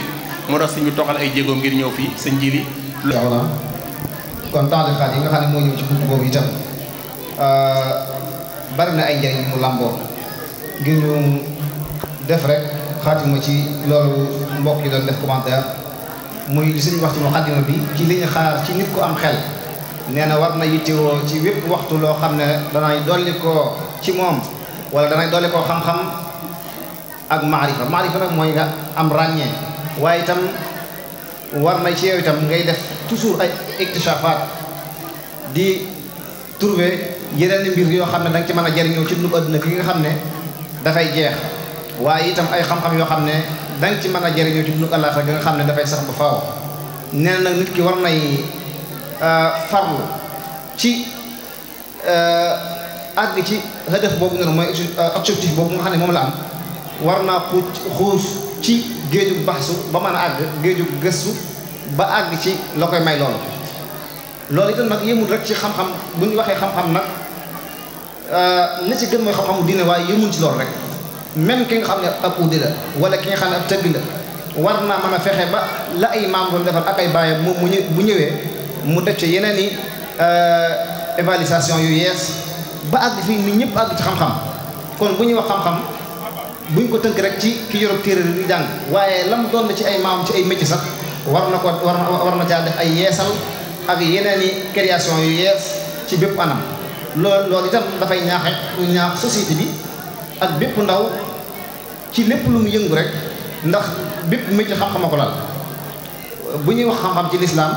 moo tax sëñ ñu toxal ay jéego ngir ñëw fii sëñ ji li kon taxalixaat yi nga xam ne moo ñëw ci buntu boobu itam euh, bari na ay njëriñ mu làmboo ngir ñu def rek xaatima ci loolu mbokk yi doon def commentaire muy li suñu waxtu mu xaddima bi ci li ñu xaar ci nit ku am xel nee na war na yittewoo ci wépp waxtu loo xam ne danay dolli koo ci moom wala danay dolli koo xam-xam ak maarifa maarifa nag mooy nga am ràññee waaye itam war na ci yow itam ngay def toujours ay iktishafaat di trouver yeneen di mbir yoo xam ne da ci mën a jëriñoo ci lu adduna ki nga xam ne dafay jeex waaye itam ay xam yoo xam ne da nga ci mën a jëriñoo ci lu àllaaxira nga xam ne dafay sax ba faaw nee na nag nit ki war may euh, farlu ci euh, àgg ci hadaf boobu noonu mooy objectif boobu nga xam ne moom la am. war naa xuuc xuus ci géejug baxsu ba mën a àgg géejug gëstu ba àgg ci la koy may loolu loolu itam nag yëmul rek ci xam-xam bu ñu waxee xam-xam nag euh, li ci gën mooy xam-xamu diine waaye yëmul ci loolu rek même ki nga xam ne ab uddi la wala ki nga xam ne ab tëbbi la war naa mën a fexe ba la ay maam doon defar ak ay bàyyam moom mu bu ñëwee mu def ci yeneen i euh, évaluation yu yees ba àgg fii ni ñëpp àgg ci xam-xam kon bu ñuy wax xam-xam buñ ko tënk rek ci ki yorob téere di jàng waaye lam doon na ci ay maam ci ay métier sax war na ko war na war na caa def ay yeesal ak yeneen i création yu yees ci bépp anam lool loolu itam dafay ñaax rek ñaax société bi ak bépp ndaw ci lépp lu mu yëngu rek ndax bépp métier xam-xama ko laal bu ñuy wax xam-xam ci lislaam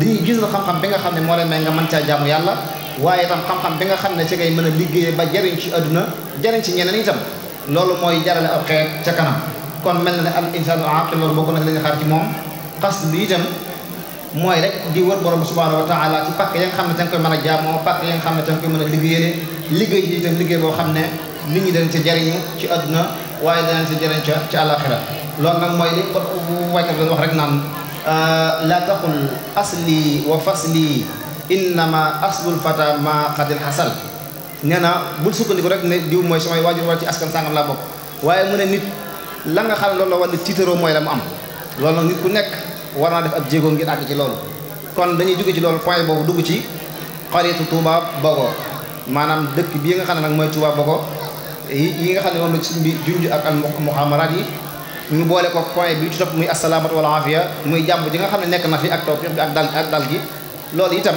dañuy gis la xam-xam bi nga xam ne moo lay may nga mën caa jàmm yàlla waaye itam xam-xam bi nga xam ne ci ngay mën a liggéeyee ba jariñ ci àdduna jariñ ci ñeneen itam loolu mooy jarale ab xeet ca kanam kon mel na ne al insaanu aqil loolu bokk na lañu xaar ci moom xas bi itam mooy rek di wër borom subhanahu wa taala ci pàkk ya nga xam ne ca koy mën a jaamoo pàkk ya nga xam a liggéeyee liggéey ji itam liggéey boo xam ne nit ñi dañ ca jariñu ci àdduna waaye danañ ca jariñ ca ci àllaaxira loolu nag mooy li waykat doon wax rek naan laa taqul asli wa fasli innama aslul fata ma qadil xasal nee na bul sukkandiku rek ne diw mooy samay waajur wala ci askan sàngam laa bokk waaye mu ne nit la nga xam ne loolu la war di tiitaroo mooy la mu am loolu nag nit ku nekk war naa def ab jéego ngir àgg ci loolu kon dañuy jóge ci loolu point boobu dugg ci xaritu Touba Bogo maanaam dëkk bii nga xam ne nag mooy Touba Bogo yi nga xam ne moom la suñ bi junj ak al muhamaraat yi ñu boole ko point bi ci topp muy asalaamatu wal aafiya muy jàmm ji nga xam ne nekk na fi ak tawfiq bi ak dal ak dal gi loolu itam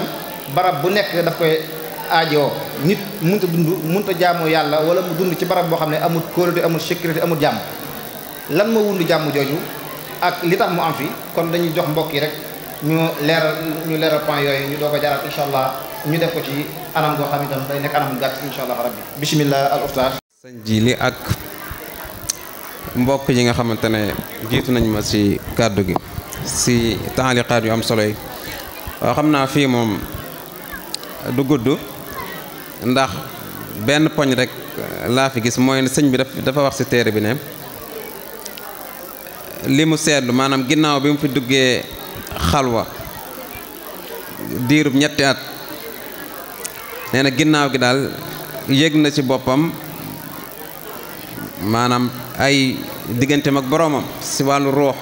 barab bu nekk daf koy aajoo nit mënut dund mënut a yàlla wala mu dund ci barab boo xam ne amul kóolute amul sécurité amul jàmm lan ma wund jàmm jooju ak li tax mu am fi kon dañuy jox mbokk yi rek ñu leeral ñu leeral point yooyu ñu a jaraat allah ñu def ci anam goo xam itam gàtt incha allah rabbi bismillah al ustaas sëñ ji li ak mbokk yi nga xamante ne jiitu nañ ma si kàddu gi si taaliqaat yu am solo yi xam naa fii moom du gudd ndax benn poñ rekk laa fi gis mooy sëñ bi dafa wax ci téere bi ne li mu seetlu maanaam ginnaaw bi mu fi duggee xalwa diirub ñetti at nee na ginnaaw gi daal yëg na ci boppam maanaam ay digganteem ak boroomam si wàllu ruux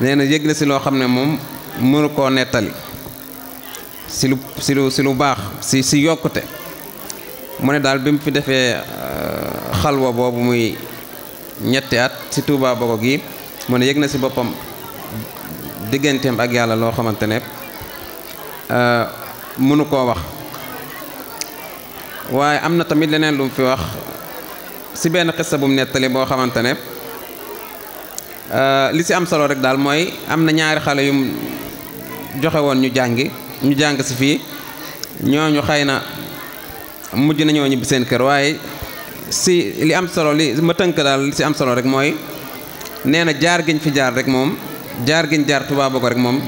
nee na yëg na si loo xam ne moom mënu koo nettali ci lu ci lu ci lu baax si si yokkute mu ne daal bi mu fi defee euh, xalwa boobu muy ñetti at ci Touba Bogo gi mu ne yëg na ci boppam digganteem ak yàlla loo xamante ne euh, mënu koo wax waaye am na tamit leneen lu mu fi wax ci benn xissa bu mu nettali boo xamante ne euh, li ci am solo rek daal mooy am na ñaari xale yum joxe woon ñu jàngi ñu jàng ci fii ñooñu xay na mujj nañoo ñibbi seen kër waaye si li am solo li ma tënk daal si am solo rek mooy nee na jaar giñ fi jaar rek moom jaar giñ jaar tubaaba ko rek moom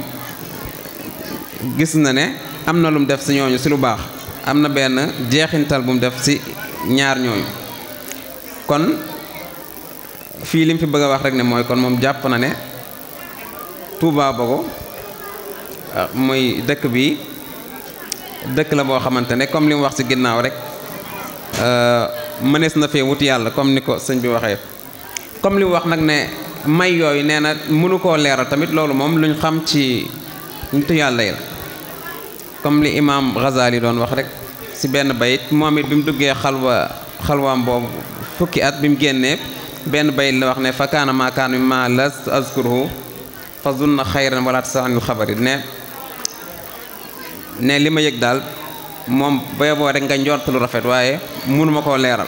gis na ne am na lu mu def si ñooñu si lu baax am na benn jeexintal bu mu def si ñaar ñooñu kon fii li mu fi bëgg a wax rek ne mooy kon moom jàpp na ne Touba Bogo ah, muy dëkk bi dëkk la boo xamante ne comme li mu wax ci ginnaaw rek euh, mënees na fee wut yàlla comme ni ko sëñ bi waxee comme li mu wax nag ne may yooyu nee na mënu koo leeral tamit loolu moom luñ xam ci nitu yàlla yi la comme li imaam Ghazali doon wax rek ci benn bayit moom it bi mu duggee xalwa xalwaam boobu fukki at bi mu génnee benn bayit la wax ne fa kaana maa kaana ma las azkuruhu fa zunna xayran wala tasaanil xabari ne ne li ma yëg daal moom ba boo nga njort lu rafet waaye mënuma koo leeral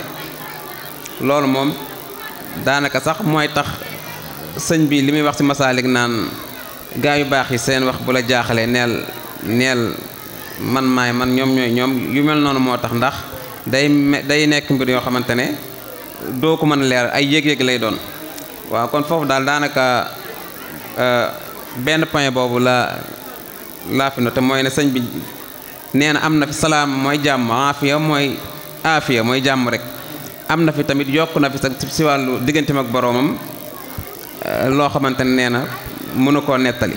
loolu moom daanaka sax mooy tax sëñ bii li muy wax ci masaalik naan gaa yu baax yi seen wax bu la jaaxalee neel neel man maay man ñoom ñooy ñoom yu mel noonu moo tax ndax day day nekk mbir yoo xamante ne doo ko mën a leer ay yëg-yëg lay doon waaw kon foofu daal daanaka euh, benn point boobu la laafi na te mooy ne sëñ bi nee am na fi salaam mooy jàmm aafiya mooy aafiya mooy jàmm rek am na fi tamit yokk na fi sa si wàllu digganteem ak boroomam eh, loo xamante ne nee na mënu koo nettali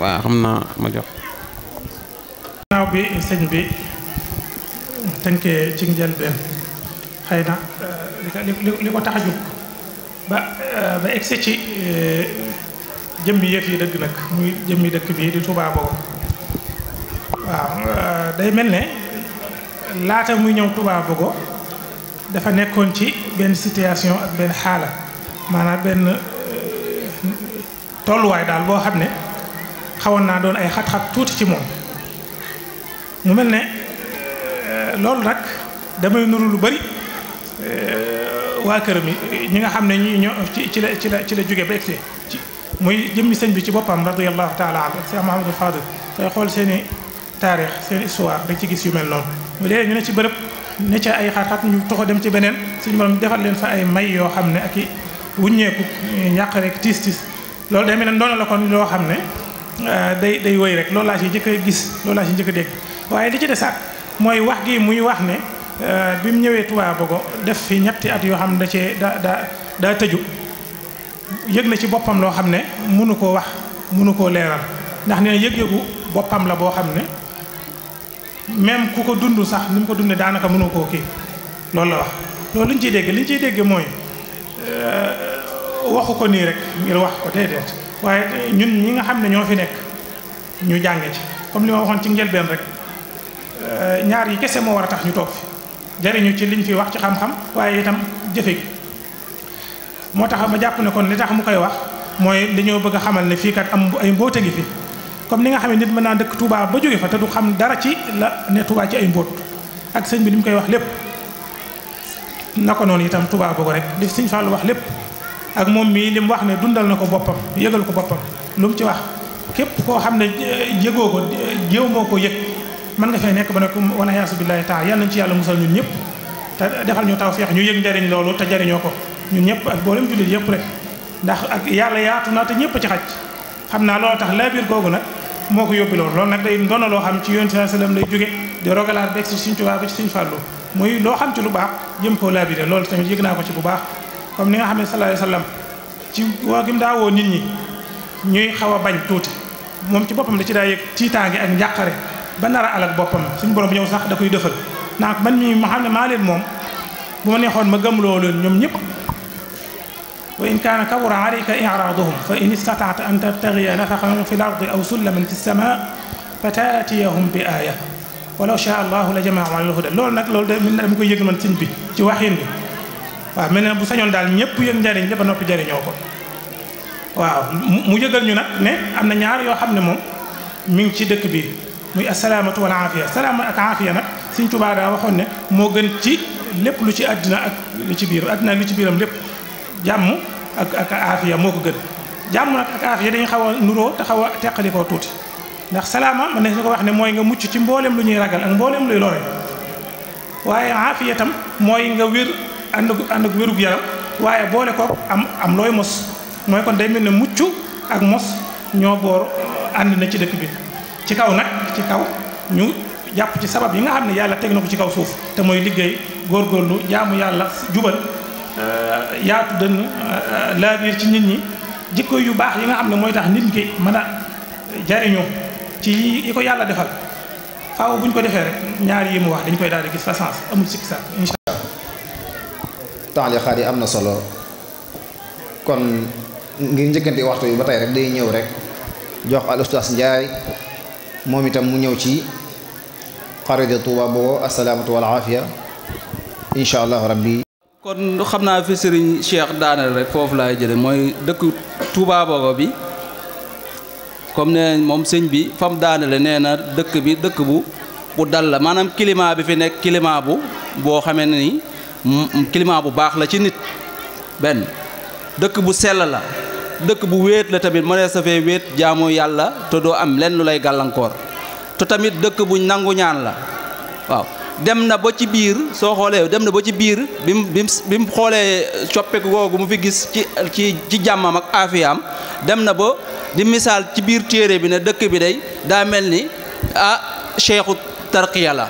waaw xam naa ma jox naaw bi sëñ bi tënkee ci njëlbeen xëy na eh, li ko tax ba eh, ba ci jëmmi yëf yi dëgg nag muy jëmmi dëkk bii di Touba boobu waaw euh, day mel ne laata muy ñëw Touba Bogo dafa nekkoon ci benn situation ak benn xaala maanaam benn euh, tolluwaay daal boo xam ne xawoon naa doon ay xat-xat tuuti ci moom mu mel ne euh, loolu nag damay nuru lu bari waa këram mi ñi nga xam ne ñi ñoo ci la ci la ci la jóge ba egsi muy jëmmi sëñ bi ci boppam radiallahu taala anhu Cheikh Mahamadou Fadil tey xool seen i taarix seen histoire da ci gis yu mel noonu mu ñu ci bërëb ne ca ay xat ñu toxo dem ci beneen suñu defal leen fa ay may yoo xam ne ak i wuññeeku ñàq rek tiis tiis loolu day mel ne la kon loo xam ne euh, day day woy rek loolu laa ci njëkk gis loolu laa ci njëkk a dégg waaye li ci desaat mooy wax gi muy wax ne euh, bi mu ñëwee Touba Bogo def fi ñetti at yoo xam ne da cee da daa daa tëju yëg na ci boppam loo xam ne mënu koo wax mënu koo leeral ndax nee na yëg-yëgu boppam la boo xam ne même ku ko dundu sax ni mu ko dundee daanaka mënu koo kii loolu la wax. loolu liñ ci dégg li ñu ciy dégg mooy euh, waxu ko nii rek ngir wax ko déedéet waaye ñun ñi nga xam ne ñoo fi nekk ñu jànge ci comme li ma waxoon ci njëlbeen rek euh, ñaar yi kese moo war a tax ñu toog fi jariñu ci liñ fi wax ci xam-xam waaye itam jëfe gi moo tax ma jàpp ne kon li tax mu koy wax mooy dañoo bëgg a xamal ne fii kat am ay mbóote ngi fi comme ni nga xam ne nit mën naa dëkk Touba ba jóge fa te du xam dara ci la ne Touba ci ay mbóot ak sëñ bi ni mu koy wax lépp na ko noonu itam Touba boobu rek li sëñ Fallou wax lépp ak moom mii li mu wax ne dundal na ko boppam yëgal ko boppam lu mu ci wax képp koo xam ne eh, yëgoo ko eh, jéew moo ko yëg mën nga fee nekk ba nekk wala yaasu billaahi taala yal nañ ci yàlla musal ñun ñëpp te ñu tawfeex ñu yëg njëriñ loolu te jëriñoo ko ñun ñëpp ak mboolem jullit yëpp rek ndax ak yàlla yaatu na te ñëpp ci xaj xam naa loolu tax laa biir googu nag moo ko yóbbi lool loolu nag day doona loo xam ci yonent saa sallam lay jóge di rogalaat beg si suñ Tuubaa ba ci suñ Fàllu muy loo xam ci lu baax jëm koo laabire loolu tamit yëg naa ko ci bu baax comme ni nga xam ne sallallahu alayhi wasallam ci waa gi mu daa woo nit ñi ñuy xaw a bañ tuuti moom ci boppam da ci daa yëg tiitaange ak njàqare ba nar a alal boppam suñ borom bu ñëw sax da koy defal naa man mii ma xam ne leen moom bu neexoon ma gëm loolu ñoom ñëpp wa in kaana kabura alayka iraaduhum fa in istataata an tabtagiya nafaxan fi l ardi aw loolu nag loolu de mel na dama koy bi ci waxin waaw mel bu sañoon daal ñëpp yëg njariñ la ba noppi jariñoo ko waaw mu yëgal ñu nag ne am na ñaar yoo xam ne moom mi ngi ci dëkk bi muy asalaamatu wal aafiya salaama ak aafiya nag sëñ Tuubaa daa waxoon ne moo gën ci lépp lu ci àddina ak lu ci biir àddina lu ci biiram lépp jàmm ak ak aafiya moo ko gën jàmm nag ak aafiya dañu xaw a nuroo te xaw a teqalikoo tuuti ndax salaama mën nañu ko wax ne mooy nga mucc ci mboolem lu ñuy ragal ak mboolem luy lore waaye aafiya tam mooy nga wér ànd ànd ak wérug yaram waaye boole ko am am looy mos mooy kon day mel ne mucc ak mos ñoo boor ànd na ci dëkk bi ci kaw nag ci kaw ñu jàpp ci sabab yi nga xam ne yàlla teg na ko ci kaw suuf te mooy liggéey góorgóorlu jaamu yàlla jubal Euh, yaatu dënn euh, laa ci nit ñi jikko yu baax yi nga xam ne mooy tax nit ki mën a jariñoo ci yi ko yàlla defal faaw buñ ko defee rek ñaar yi mu wax dañ koy daal di gis amul sikki sàkk incha allah yi am na solo kon ngir njëkkante waxtu yi ba tey day ñëw rek jox al ustaas Njaay moom itam mu ñëw ci xarida Tuuba boobu asalaamatu wal aafiya incha allah rabbi kon xam naa fi sëriñ Cheikh daaneel rek foofu laay jële mooy dëkk Touba Bogo bi comme nee moom sëñ bi fam daanele nee na dëkk bi dëkk bu bu dal la maanaam climat bi fi nekk climat bu boo xamee ni climat bu baax la ci nit benn dëkk bu sell la dëkk bu wéet la tamit mënee sa fee wéet jaamu yàlla te doo am lenn lu lay gàllankoor te tamit dëkk bu nangu ñaan la waaw dem na ba ci biir soo xoolee dem na ba ci biir bi mu bi mu xoolee coppeeku googu mu fi gis ci ci ci jàmmam ak aafiyaam dem na ba di misaal ci biir téere bi ne dëkk bi day daa mel ni ah cheikhu tarqiya la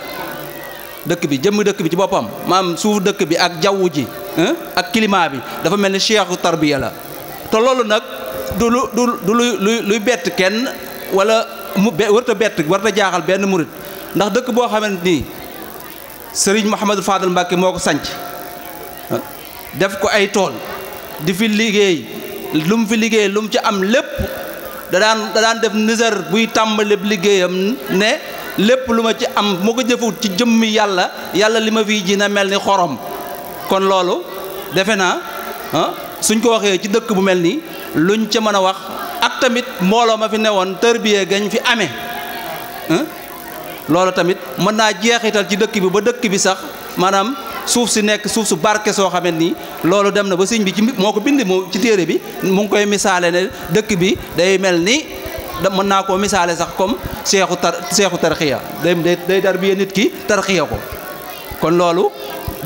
dëkk bi jëmm dëkk bi ci boppam maam suuf dëkk bi ak jaww ji ak climat bi dafa mel ni cheikhu tarbiya la te loolu nag du lu du luy bett kenn wala mu be warta bett warta jaaxal benn murit ndax dëkk boo xamante nii sëriñ Mouhamadou Fadal Mbacke moo ko sanc def ko ay tool di fi liggéey lu mu fi liggéey lu ci am lépp da daan da daan def nisar buy tàmbali liggéeyam ne lépp lu ma ci am mu ko jëfewut ci jëmmi yàlla yàlla li ma fi ji na mel ni xorom kon loolu defe naa ah, suñ ko waxee ci dëkk bu mel nii luñ ca mën a wax at tamit mbooloo ma fi newoon tërbiyee gañ fi amee ah, loolu tamit mën naa jeexital ci dëkk bi ba dëkk bi sax maanaam suuf si nekk suuf su barke soo xamante ni loolu dem na ba sëñ bi ci moo ko bind mu ci téere bi mu ngi koy misaale ne dëkk bi day mel ni da mën naa koo misaale sax comme seexu tar seexu tarxiya day day tarbiya nit ki tarxiya ko kon loolu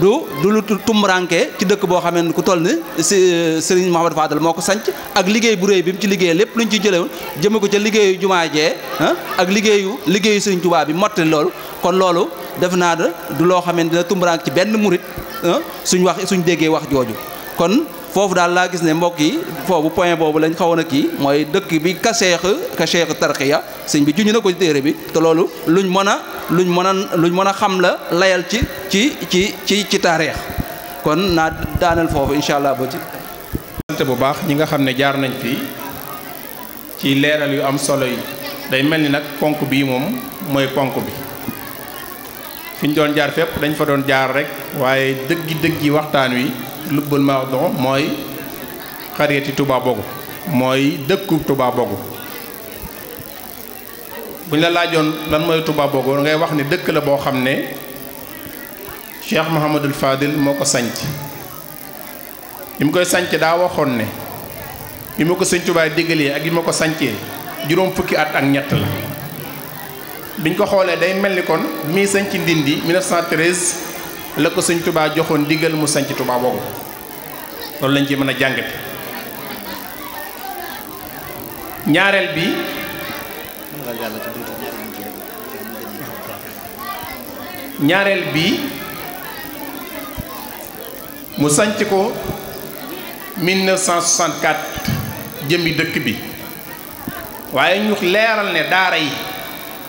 du du lu tumuranke ci dëkk boo xamee ne ku toll ni eh, Serigne Mouhamadou Fadal moo ko sanc ak liggéey bu réy bi mu ci liggéey lépp luñ ci jëlewoon jëme ko ca liggéeyu jumaa jee ah, ak liggéeyu liggéeyu Serigne Touba bi mottali loolu kon loolu def naa du loo xamee ne dina tumuranke ci benn murit ah, suñ wax suñ déggee wax jooju kon foofu daal laa gis ne mbokk yi foofu point boobu lañ xawoon a kii mooy dëkk bi ka seex ka seex tarxiya sëñ bi juñu na ko ci téere bi te loolu luñ mën a luñ mën a luñ mën a xam la layal ci ci ci ci ci kon naa daaneel foofu incha allah ba ci. sant bu baax ñi nga xam ne jaar nañ fii ci leeral yu am solo yi day mel ni nag ponk bii moom mooy ponk bi fi ñu doon jaar fépp dañ fa doon jaar rek waaye dëggi dëggi waxtaan wi. lubbul mawdoo mooy xariyati tubaab Bogo mooy dëkku Touba Bogo bu ñu la laajoon lan mooy tubaab Bogo ngay wax ni dëkk la boo xam ne Cheikh Mouhamadul Fadil moo ko sañc bi mu koy sanc daa waxoon ne bi ma ko sëñ Touba diggalee ak bi ma ko sañcee juróom fukki at ak ñett la biñ ko xoolee day mel ni kon mi sanc Ndindi 1913 la ko sëñ tubaa joxoon diggal mu sanc tubaa boobu loolu lañ ci mën a jàngat ñaareel bi ñaareel bi mu sanc ko 1964 jëmmi dëkk bi waaye ñu leeral ne daara yi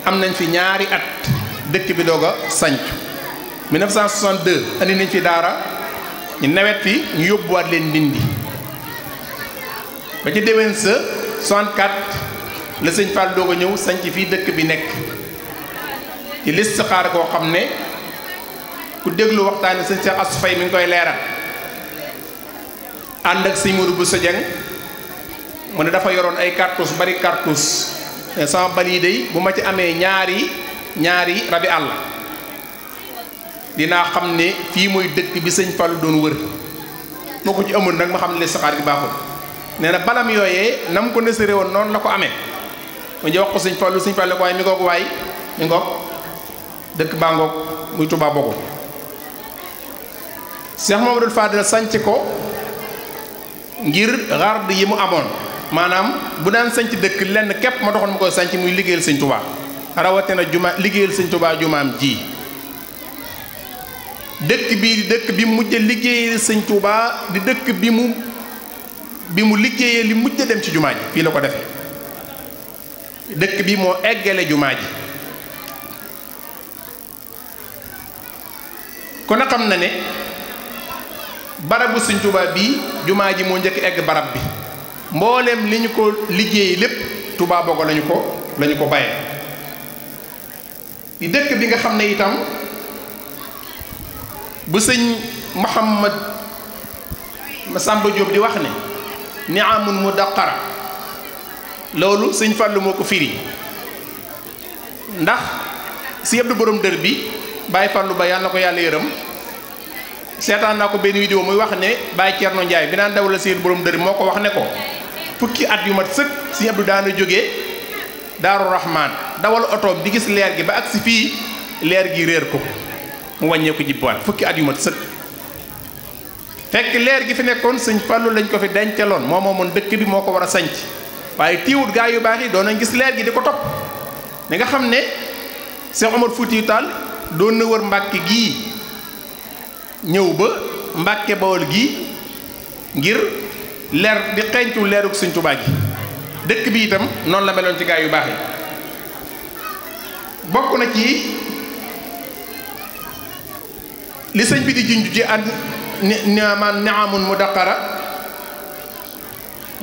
am nañ fi ñaari at dëkk bi doog a sanc 1962 andi nañ fi daara ñu nawet fi ñu yóbbuwaat leen ndindi ba ci déwén sa 64 la sëñ Fall doog a ñëw sanc fii dëkk bi nekk ci listixaar koo xam ne ku déglu waxtaani sëñ Cheikh Assou Faye mi ngi koy leeral ànd ak sëñ Modou Bousso Dieng mu ne dafa yoroon ay cartouches bari cartouches sama bal yi day bu ma ci amee ñaari ñaari rabi àll dinaa xam ne fii mooy dëkk bi sëñ Fallou doon wër moo ko ci amul nag ma xam ne listixaar gi baaxul nee na balam yooyee na mu ko nësëree woon noonu la ko amee mu jox ko sëñ Fallou sëñ Fallou ko waaye mi ngoog waay mi ngoog dëkk baa ngoog muy Touba Bogo Cheikh Mamadou Fadel sanc ko ngir garde yi mu amoon maanaam bu daan sanc dëkk lenn képp ma doxoon ma koy sanc muy liggéeyal sëñ Touba rawatina juma liggéeyal sëñ tubaa jumaam jii dëkk bii di dëkk bi mu mujj liggéeyee sëñ Touba di dëkk bi mu bi mu liggéeyee li mujj dem ci jumaa ji fii la ko defe dëkk bi moo eggale jumaa ji kon a xam na ne barabu sëñ Touba bii jumaa ji moo njëkk egg barab bi mbooleem li ñu ko liggéeyee lépp Touba Bogo lañu ko lañu ko bàyyee di dëkk bi nga xam ne itam bu sëñ Mouhamad Masamba Diop di wax ne niamun mu daqara loolu sëñ Fàllu moo ko firi ndax si yëpp borom dër bi Baye Fàllu ba yàlla na ko yàlla yërëm seetaan naa ko benn vidéo muy wax ne Baye Thierno Ndiaye bi naan daw la seen borom dër moo ko wax ne ko fukki at yu mat sëkk si yëpp daana jóge Daaru Rahman dawal otoom di gis leer gi ba agsi fii leer gi réer ko. mu wàññeeku jibbaat fukki at yu mat sëkk fekk leer gi fi nekkoon sëñ Fallou lañ ko fi denceloon moo moomoon dëkk bi moo ko war a sanc waaye tiiwut gaa yu baax yi doon nañ gis leer gi di ko topp li nga xam ne Cheikh Omar Foutiyou Tall doon na wër Mbàkke gi ñëw ba Mbàkke Bawol gi ngir leer di xencu leeruk sëñ Tuubaa gi dëkk bi itam noonu la meloon ci gaa yu baax yi li sëñ bi di junj ji ak niamaan niamun mu daqara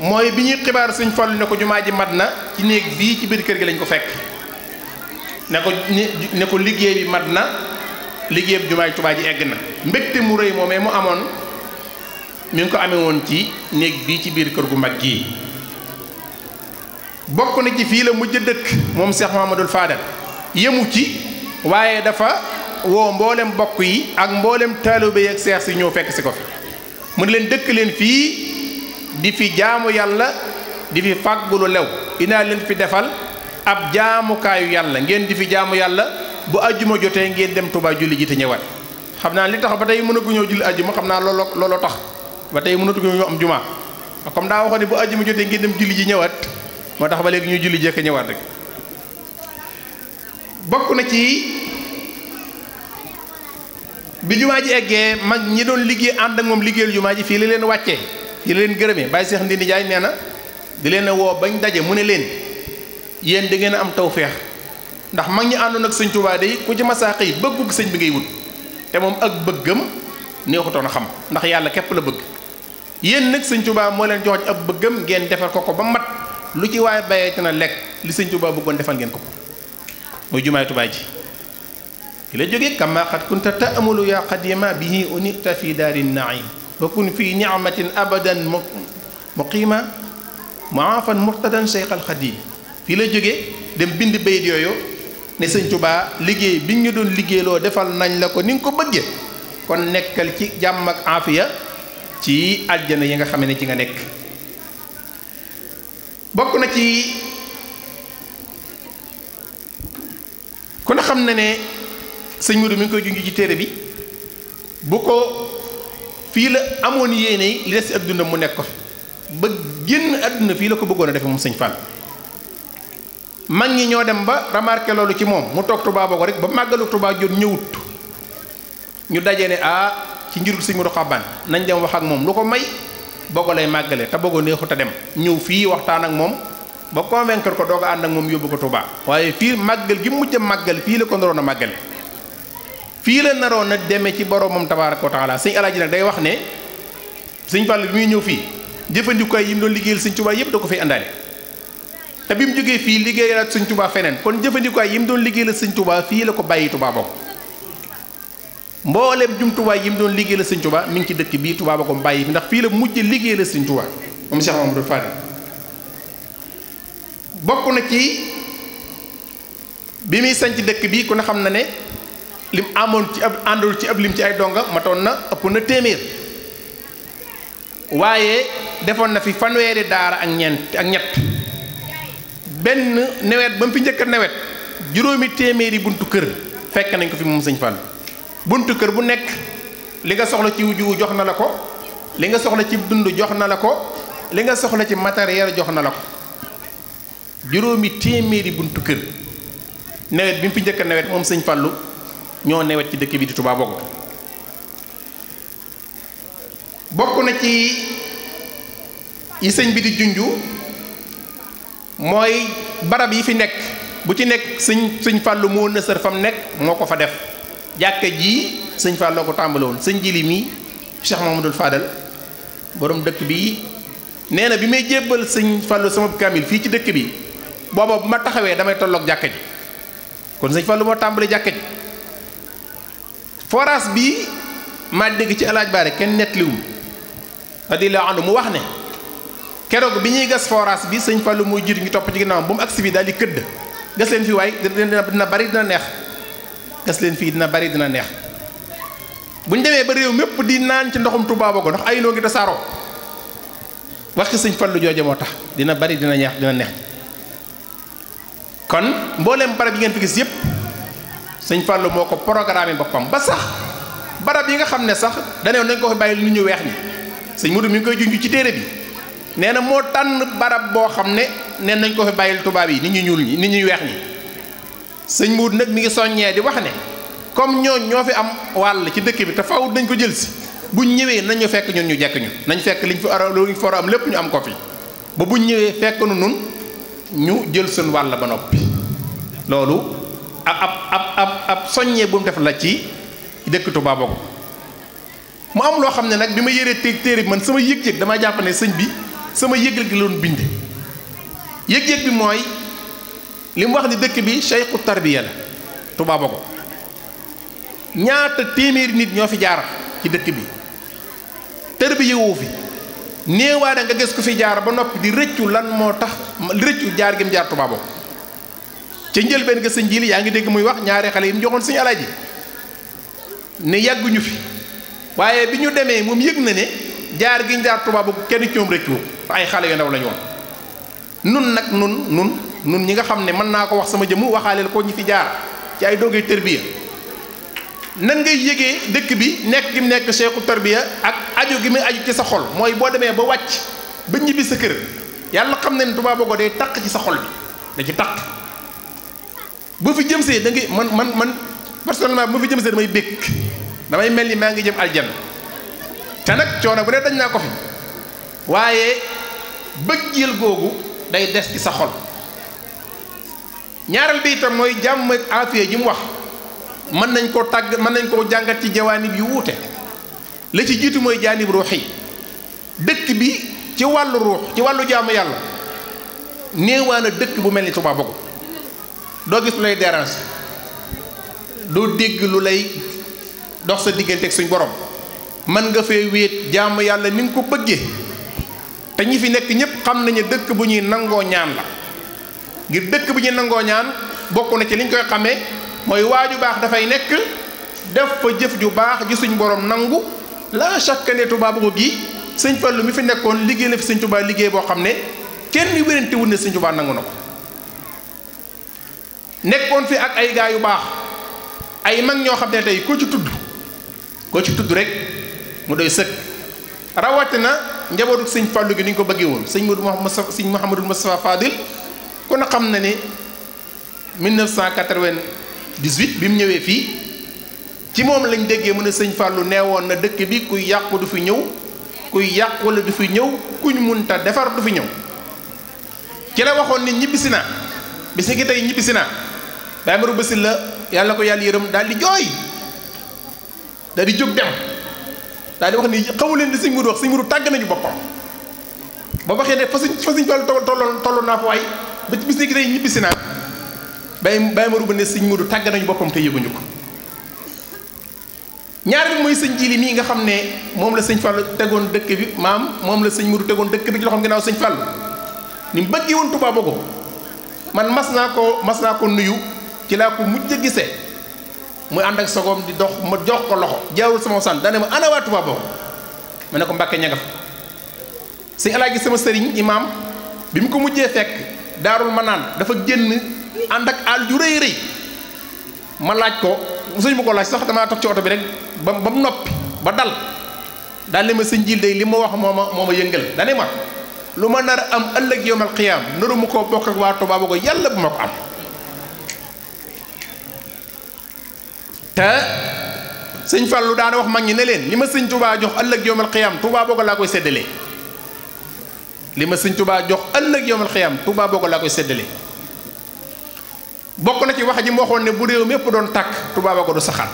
mooy bi ñuy xibaar sëñ fol ne ko jumaa ji mat na ci néeg bii ci biir kër gi lañ ko fekk ne ko ne ko liggéey bi mat na liggéey bi jumaay tubaa ji egg na mbégte mu rëy moomee mu amoon mi ngi ko amee woon ci néeg bii ci biir kër gu mag gii bokk na ci fii la mujj dëkk moom Cheikh Mouhamadoul Fadal yemu ci waaye dafa woo mbooleem bokk yi ak mboolem taalibe ak seex si ñëw fekk si ko fi mën ne leen dëkk leen fii di fi jaamu yàlla di fi fàggu lu lew dinaa leen fi defal ab jaamukaayu yàlla ngeen di fi jaamu yàlla bu ajjuma jotee ngeen dem Tuubaa julli ji te ñëwaat xam naa li tax ba tey mënaguñoo julli ajjuma xam naa looloo looloo tax ba tey mënatuguñoo am jumaa comme daa waxoon ne bu ajjuma jotee ngeen dem julli ji ñëwaat moo tax ba léegi ñuy julli jekk ñëwaat rek bokk bi jumaa ji eggee mag ñi doon liggéey ànd ak moom liggéeyal jumaa ji fii la leen wàccee fii la leen gërëmee bàyyi seex ndindi jaay nee na di leen woo bañ daje mu ne leen yéen da ngeen a am tawféex ndax mag ñi àndoon nag sëñ Tuubaa day ku ci masaa xëy bëggug sëñ bi ngay wut te moom ak bëggam neexutoon a xam ndax yàlla képp la bëgg yéen nag sëñ Tuubaa moo leen joxoñ ab bëggam ngeen defal ko ko ba mat lu ci waaye bayee te na lekk li sëñ Tuubaa bëggoon defal ngeen ko ko muy jumaay ji ci la jógee kama xat kunta taamulu yaa qadima bihi unita fi daari naim wa kun fi nicmatin abadan muqima muaafan murtadan cheikh alxadim fii la jógee dem bind bayit yooyu ne sëñ Tubaa liggéey bi ñu doon liggéeyloo defal nañ la ko ni nga ko bëggee kon nekkal ci jàmm ak aafiya ci àjjana yi nga xam ne ci nga nekk bokk na ci kon xam na ne sëñ Modou mi ngi koy junj ci téere bi bu ko fii la amoon yéene yi li des si ak mu nekk ko ba génn àdduna fii la ko bëggoon a defe moom sëñ Fall mag ñi ñoo dem ba remarqué loolu ci moom mu toog Touba ko rek ba màggalu Touba jot ñëwut ñu dajee ne ah ci njurul sëñ Modou Xaban nañ dem wax ak moom lu ko may bogo lay màggale te bogo neexut a dem ñëw fii waxtaan ak moom ba convaincre ko doog a ànd ak moom yóbbu ko Touba waaye fii màggal gi mujj a màggal fii la ko ndoroon a màggale fii la naroon nag demee ci boromam tabaaraka wa taala sëñ alaaji nag day wax ne sëñ Fall bi muy ñëw fii jëfandikuwaay yi mu doon liggéeyal sëñ Tuubaa yëpp da ko fay àndaale te bi mu jógee fii liggéeyalaat sëñ Tuubaa feneen kon jëfandikuwaay yi mu doon liggéeyal sëñ fii la ko bàyyi Tuubaa bokk mbooleem jumtuwaay yi mu doon liggéeyal sëñ Tuubaa mi ngi ci dëkk bi Tuubaa ba ko bàyyi ndax fii la mujj liggéeyal sëñ Tuubaa moom Cheikh Mamadou Fadil bokk na ci bi muy sanc dëkk bi ku ne xam na ne lim amoon ci ab àndul ci ab lim ci ay donga matoon na ëpp na téeméer waaye defoon na fi fanweeri daara ak ñeent ak ñett benn nawet ba mu fi njëkk nawet juróomi téeméeri buntu kër fekk nañ ko fi moom sëñ Fall buntu kër bu nekk li nga soxla ci wuju jox na la ko li nga soxla ci dund jox na la ko li nga soxla ci matériel jox na la ko juróomi téeméeri buntu kër nawet bi mu fi njëkk nawet moom sëñ Fallu ñoo newet ci dëkk bi di Touba Bongo bokk na ci yi sëñ bi di junju mooy barab yi fi nekk bu ci nekk sëñ sëñ fàllu moo nësër fam nekk moo ko fa def jàkka ji sëñ fàlloo ko tàmbale woon sëñ jili mii Cheikh Mamadou Fadal borom dëkk bi nee na bi may jébbal sëñ fàllu sama kamil fii ci dëkk bi booba bu ma taxawee damay tolloog jàkka ji kon sëñ fàllu moo tàmbale jàkka ji forage bii maa dégg ci alaaj baare kenn di radiyallahu anhu mu wax ne keroog bi ñuy gas forage bi sëñ Fallou muy jiitu ngi topp ci ginnaawam ba mu agsi bi daal di këdd gas leen fii waaye dina bari dina neex gas leen fii dina bari dina neex bu ñu demee ba réew mépp di naan ci ndoxum Tuubaa ba ko ndox ay noo ngi tasaaroo waxi sëñ Fallou jooje moo tax dina bari dina neex dina neex kon mbooleem barab bi ngeen fi gis yëpp. sëñ Fallou moo ko programme boppam ba sax barab yi nga xam ne sax daneew nañ ko fi bàyyi lu ñu weex ni sëñ Modou mi ngi koy junj ci téere bi nee na moo tànn barab boo xam ne nee nañ ko fi bàyyil tubaab yi ni ñu ñuul ñi ni ñuy weex ñi sëñ muut nag mi ngi soññee di wax ne comme ñooñ ñoo fi am wàll ci dëkk bi te faw dañ ko jël si buñ ñëwee nañ ñu fekk ñun ñu jekk ñu nañ fekk liñ fi war lu ñu for lépp ñu am ko fi ba buñ ñëwee fekk nu nun ñu jël suñ wàll ba noppi soññee bu mu def la ci dëkk Touba boobu mu am loo xam ne nag bi ma yëree teg téere man sama yëg-yëg damay jàpp sëñ bi sama yëgal gi loon bind yëg-yëg bi mooy li mu wax ni dëkk bi cheiku tarbiya la Touba boobu ñaata téeméeri nit ñoo fi jaara ci dëkk bi tarbiya wu fi néewaare nga gis ku fi jaar ba noppi di rëccu lan moo tax rëccu jaar gi mu jaar Touba boobu ca njëlbeen ga sëñ jili yaa ngi dégg muy wax ñaari xale yi mu joxoon sëñ alaaji ne yàgguñu fi waaye bi ñu demee moom yëg na ne jaar gi ñu jaar Tuubaa bu kenn ci ñoom ay xale yu ndaw lañu ñu woon nun nag nun nun nun ñi nga xam ne mën naa ko wax sama jëmu waxaaleel ko ñi fi jaar ci ay doogee tërbiya nan ngay yëgee dëkk bi nekk gi mu nekk seexu tarbiya ak ajo gi muy aju ci sa xol mooy boo demee ba wàcc ba ñibbi sa kër yàlla xam na ne tubaab boo ko dee ci sa xol da ci taq boo fi jëm see da ngay man man man personnellement bu ma fi jëm see damay bég damay mel ni maa ngi jëm aljan te nag coono ba ne dañ naa ko fi waaye bëggeel googu day des ci sa xol ñaareel bi itam mooy jàmm ak aafiya mu wax mën nañ koo tàgg mën nañ koo jàngat ci jawaanib yu wuute la ci jiitu mooy jaanib ruux yi dëkk bi ci wàllu ruux ci wàllu jaamu yàlla néewaana dëkk bu mel ni Tuubaa bokk doo gis lu lay dérange doo dégg lu lay dox sa diggante ak suñ borom mën nga fee wéet jàmm yàlla ni nga ko bëggee te ñi fi nekk ñëpp xam nañu dëkk bu ñuy nangoo ñaan la ngir dëkk bu ñuy nangoo ñaan bokk na ci liñ koy xamee mooy waaju baax dafay nekk def fa jëf ju baax ji suñ borom nangu laa chaque année Touba Bogo gi sëñ lu mi fi nekkoon liggéey la fi sëñ Touba liggéey boo xam ne kenn wérante wut ne sëñ Touba nangu na ko. nekkoon fii ak ay gaa yu baax ay mag ñoo xam ne tey ko ci tudd ko ci tudd rek mu doy sëkk na njabootu sëñ Fallou gi niñ ko bëggee woon sëñ Modou Moustapha sëñ Mouhamadou Moustapha Fadil ku ne xam na ni 1998 bi mu ñëwee fii ci moom lañ déggee mu ne sëñ Fallou nee woon na dëkk bi kuy yàqu du fi ñëw kuy yàq wala du fi ñëw kuñ munta defar du fi ñëw ci la waxoon ni ñibbisi na bis ni ki tey ñibbisi naa Baye Marou Bassil la yàlla ko yàlla yërëm daal di jooy daal di jóg dem daal di wax ni xamu leen di sëñ Mourou wax sëñ Mourou tàgg nañu boppam ba waxee ne fa suñ fa suñ toll tolloon tolloon naa fa waay ba ci bis ni ki tey ñibbisi naa Baye Baye Marou ba ne sëñ Mourou tàgg nañu boppam te yëguñu ko ñaar bi mooy sëñ jili nii nga xam ne moom la sëñ Fallou tegoon dëkk bi maam moom la sëñ Mourou tegoon dëkk bi ci loxoom ginnaaw sëñ Fallou ni mu bëggee woon Touba Bogo man mas naa ko mas naa ko nuyu ci laa ko mujj a gisee muy ànd ak sagoom di dox ma jox ko loxo jaarul sama sant daane ma ana waa Tuubaa boobu ma ne ko Mbàkke ña nga fa sëñ alaaji sama sëriñ imaam bi mu ko mujjee fekk daarul ma naan dafa génn ànd ak àll ju rëy rëy ma laaj ko suñ bu ko laaj sax damaa toog ci oto bi rek ba ba mu noppi ba dal daal ma sëñ jil day li ma wax moo ma moo ma yëngal dane ma lu ma nar am ëllëg yowmal xiyaam naru mu koo bokk ak waa Tuubaa ko yàlla bu ma am te sëñ Fallou daana wax mag ñi ne leen li ma sëñ Touba jox ëllëg yowmal xiyam Touba booga laa koy séddale li ma sëñ Touba jox ëllëg yowmal xiyam Touba booga laa koy séddale bokk na ci wax ji mu waxoon ne bu réew mépp doon tàkk Touba booga du saxaat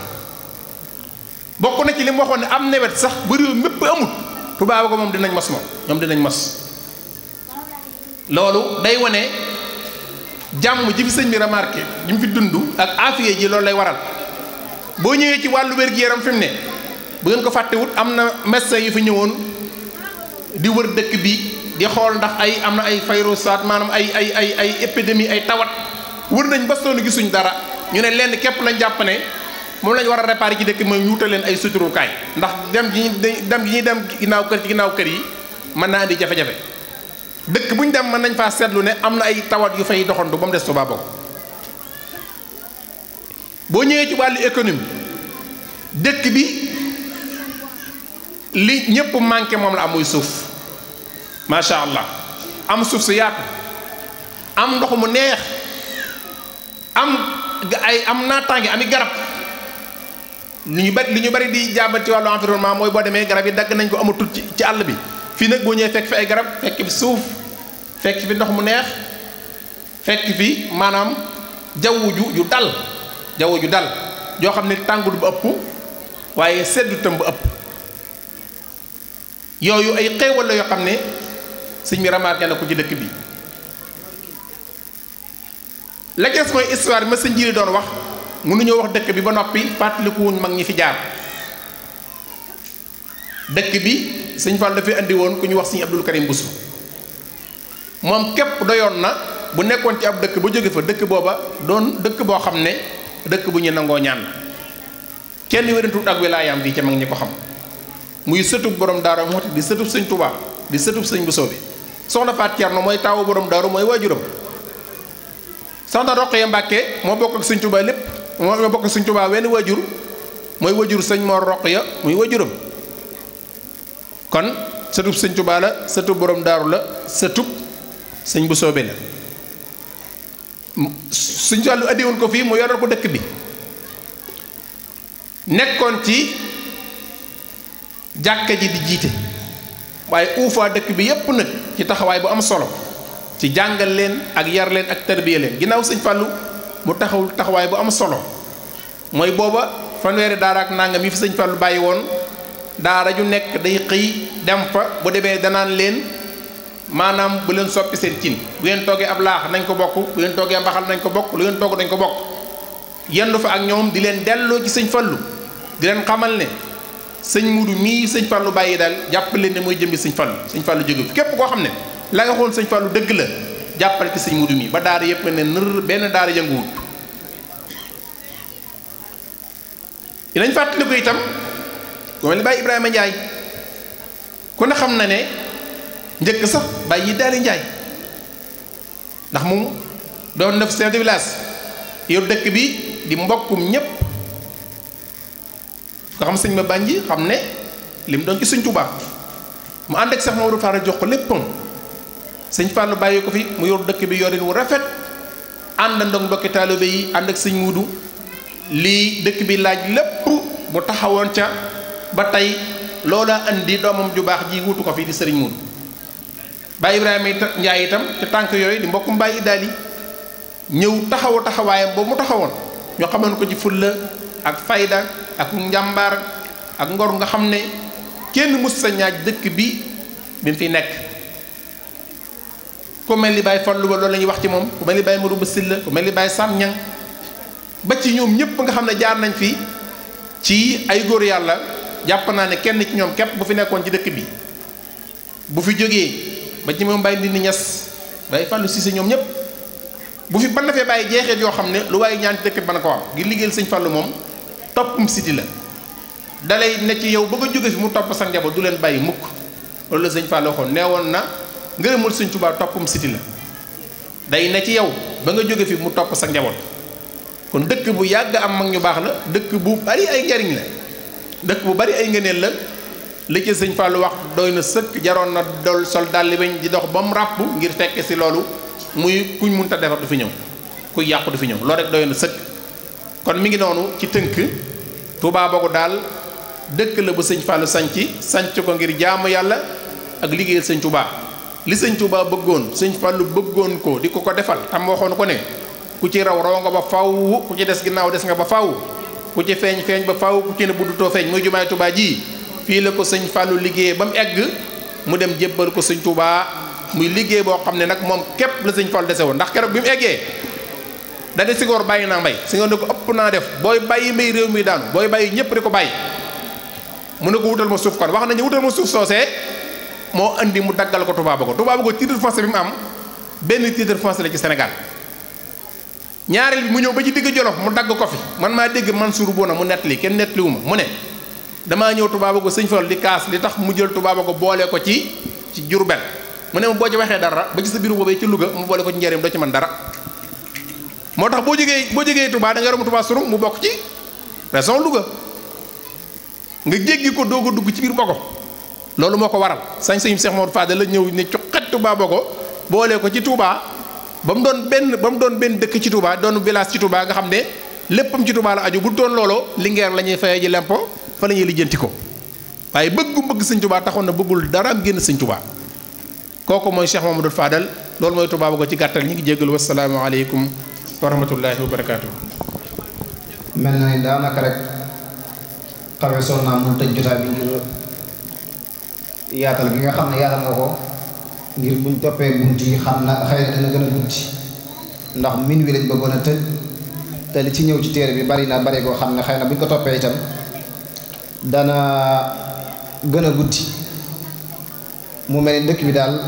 bokk na ci li mu waxoon ne am nawet sax bu réew mépp amut Touba booga moom dinañ mos ma ñoom dinañ mos loolu day wone jàmm ji fi sëñ bi remarqué ji mu fi dund ak afiye ji loolu lay waral. boo ñëwee ci wàllu wér-gi-yaram fi ne bu ngeen ko fàttewut am na médecin yu fi ñëwoon di wër dëkk bi di xool ndax ay am na ay fayrosat maanaam ay ay ay ay épidémie ay tawat wër nañ ba sonn gisuñ dara ñu ne lenn képp lañ jàpp ne moom lañ war a réparé ci dëkk mooy wutal leen ay suturukaay ndax dem ji dem gi ñuy dem ginnaaw kër ci ginnaaw kër yi mën naa indi jafe-jafe dëkk bu ñu dem mën nañ faa seetlu ne am na ay tawat yu fay doxantu ba mu des Tuubaa bokk boo ñëwee ci wàllu économie dëkk bi li ñëpp manqué moom la am muy suuf macha allah am suuf su yaatu am ndox mu neex am ay am naataange ami garab lu ñu bari lu ñu bari di jàmbat ci wàllu environnement mooy boo demee garab yi dagg nañ ko amatul ci ci àll bi fii nag boo ñëwee fekk fi ay garab fekk fi suuf fekk fi ndox mu neex fekk fi maanaam jaww ju ju dal jaww ju dal joo xam ne tàngul bu ëpp waaye seddu tam bu ëpp yooyu ay xéewal la yoo xam ne sëñ bi remarqué na ko ci dëkk bi la des mooy bi ma sëñ jiri doon wax mënuñoo wax dëkk bi ba noppi fàttaliku wuñ mag ñi fi jaar dëkk bi sëñ Fall dafay andi woon ku ñu wax sëñ Abdul Karim Bousso moom képp doyoon na bu nekkoon ci ab dëkk ba jóge fa dëkk booba doon dëkk boo xam ne dëkk bu ñu nangoo ñaan kenn wérantuut ak wilaayaam gi ca mag ñi ko xam muy sëtub borom daara Muxti di sëtub sëñ Tuubaa di bi soxna Faat Cerno mooy taawu borom daaru mooy waajuram soxna Roqaya Mbàkke moo bokk ak sëñ Tuubaa lépp moo bokk ak sëñ Tuubaa wenn waajur mooy waajur sëñ roq ya muy waajuram kon sëtub sëñ Tuubaa la sëtub borom daaru la sëtub sëñ Buso bi la suñ sàllu andi ko fii mu yoral ko dëkk bi nekkoon ci jàkka ji di jiite waaye uufa dëkk bi yépp nag ci taxawaay bu am solo ci jàngal leen ak yar leen ak tarbiya leen ginnaaw sëñ Fallou mu taxawul taxawaay bu am solo mooy booba fanweeri daara ak nangam yi fi sëñ Fallou bàyyi woon daara ju nekk day xëy dem fa bu demee danaan leen maanaam bu leen soppi seen cin bu ngeen toggee ab laax nañ ko bokk bu ngeen toggee mbaxal nañ ko bokk lu ngeen togg nañ ko bokk yendu fa ak ñoom di leen delloo ci sëñ fallu di leen xamal ne sëñ mudu mii sëñ fallu bàyyi daal jàpp leen mooy jëmbi sëñ fallu sëñ fallu jóge képp koo xam ne la sëñ fallu dëgg la jàppal ci sëñ mudu mii ba daara yëpp ne nër benn daara yënguwut dinañ fàttaliku itam ku mel ni Baay Ibrahima Njaay ku xam na ne njëkk sax bàyyi daari njaay ndax moom doon na chef de village yor dëkk bi di mbokkum ñépp nga xam sëñ ma bànji xam ne li mu doon ci sëñ Tuubaa mu ànd ak ma Maodo Faara jox ko léppam sëñ Fallou bàyyi ko fi mu yor dëkk bi yorin wu rafet ànd ndog mbokki taalibe yi ànd ak sëñ Muudu lii dëkk bi laaj lépp mu taxawoon ca ba tey loola andi doomam ju baax ji wutu ko fi di sëriñ Muudu Baye Ibrahima Ndiaye itam ci tànk yooyu di mbokkum Baye Idaali ñëw taxawu taxawaayam boobu mu taxawoon ñoo xamoon ko ci fulla ak fayda ak njàmbaar ak ngor nga xam ne kenn mus sa ñaaj dëkk bi bi mu fi nekk ku mel ni Baye Fallou ba loolu la wax ci moom ku mel ni Baye Modou Ba Silla ku mel ni Baye Sam Ñang ba ci ñoom ñëpp nga xam ne jaar nañ fi ci ay góor yàlla jàpp naa ne kenn ci ñoom képp bu fi nekkoon ci dëkk bi bu fi jógee. ba ci moom bàyyi ndindi ñes bàyyi fàllu siise ñoom ñëpp bu fi mën na fee bàyyi jeexeet yoo xam ne lu waaye ñaan dëkk bi mën ko am ngir liggéeyal sëñ moom toppum siti la dalay ne ci yow ba nga jóge fi mu topp sa njaboot du leen bàyyi mukk loolu la sëñ fàllu waxoon nee woon na ngërëmul sëñ Tuubaa toppum siti la day ne ci yow ba nga jóge fi mu topp sa njaboot kon dëkk bu yàgg am mag ñu baax la dëkk bu bari ay njariñ la dëkk bu bari ay ngëneel la li ci sëñ Fallou wax doy na sëkk jaroon na dol sol dalli ñu di dox ba mu ràpp ngir fekke si loolu muy kuñ munta defar du fi ñëw kuy yàq du fi ñëw loolu rek doy na sëkk kon mi ngi noonu ci tënk Touba Bogo daal dëkk la bu sëñ Fallou sanc sanc ko ngir jaamu yàlla ak liggéeyal sëñ tubaa li sëñ Touba bëggoon sëñ Fallou bëggoon ko di ko ko defal tam waxoon ko ne ku ci raw raw nga ba faw ku ci des ginnaaw des nga ba faw ku ci feeñ feeñ ba faw ku ci ne buddutoo feeñ muy jumaay Touba ji fii la ko sëñ Fallou liggéey ba mu egg mu dem jébbal ko sëñ tubaa muy liggéey boo xam ne nag moom képp la sëñ Fallou dese woon ndax keroog bi mu eggee da di Senghor bàyyi naa mbay Senghor ne ko ëpp naa def booy bàyyi mbay réew mi daanu booy bàyyi ñëpp di ko bàyyi mu ne ko wutal ma suuf kon wax nañu wutal ma suuf soosee moo indi mu daggal ko Touba ba ko Touba ba ko titre foncier bi mu am benn titre foncier la ci senegal ñaareel bi mu ñëw ba ci digg Jolof mu dagg ko fi man maa dégg Mansour Bouna mu nettali kenn nettaliwu ma mu ne damaa ñëw tubaaba ko sëñ Fall di kaas li tax mu jël tubaaba ko boole ko ci ci Jurbel mu ne ma boo ci waxee dara ba ci sa biir boobee ci Louga mu boole ko ci njëriñ doo ci mën dara moo tax boo jógee boo jegee Touba da nga romb Touba Soroum mu bokk ci région Louga nga jéggi ko doog ko dugg ci biir Bogo loolu moo ko waral sañ sañu Cheikh Mouhamadou Fadel la ñëw ne cuqat Touba Bogo boole ko ci Touba ba mu doon benn ba mu doon benn dëkk ci Touba doon village ci Touba nga xam ne léppam ci Touba la aju bu doon looloo Linguère la ñuy fayee ji lempo fa la ñuy lijjanti ko waaye bëggu bëgg sëñ tubaa taxoon na bëggul dara génn sëñ tubaa kooku mooy Cheikh Mamadou Fadal loolu mooy tubaa bu ko ci gàttal ñu ngi jégalu wasalaamu aleykum wa rahmatullahi wa barakaatu. mel na ni daanaka rek xawe soon naa mun tëj jotaay bi ngir yaatal gi nga xam ne yaatal nga ko ngir buñ toppee bunt yi xam na xëy na dina gën a guddi ndax min wi lañ bëggoon a tëj te li ci ñëw ci téere bi bari na bari koo xam ne xëy na buñ ko toppe itam dana gën a guddi mu mel ni dëkk bi daal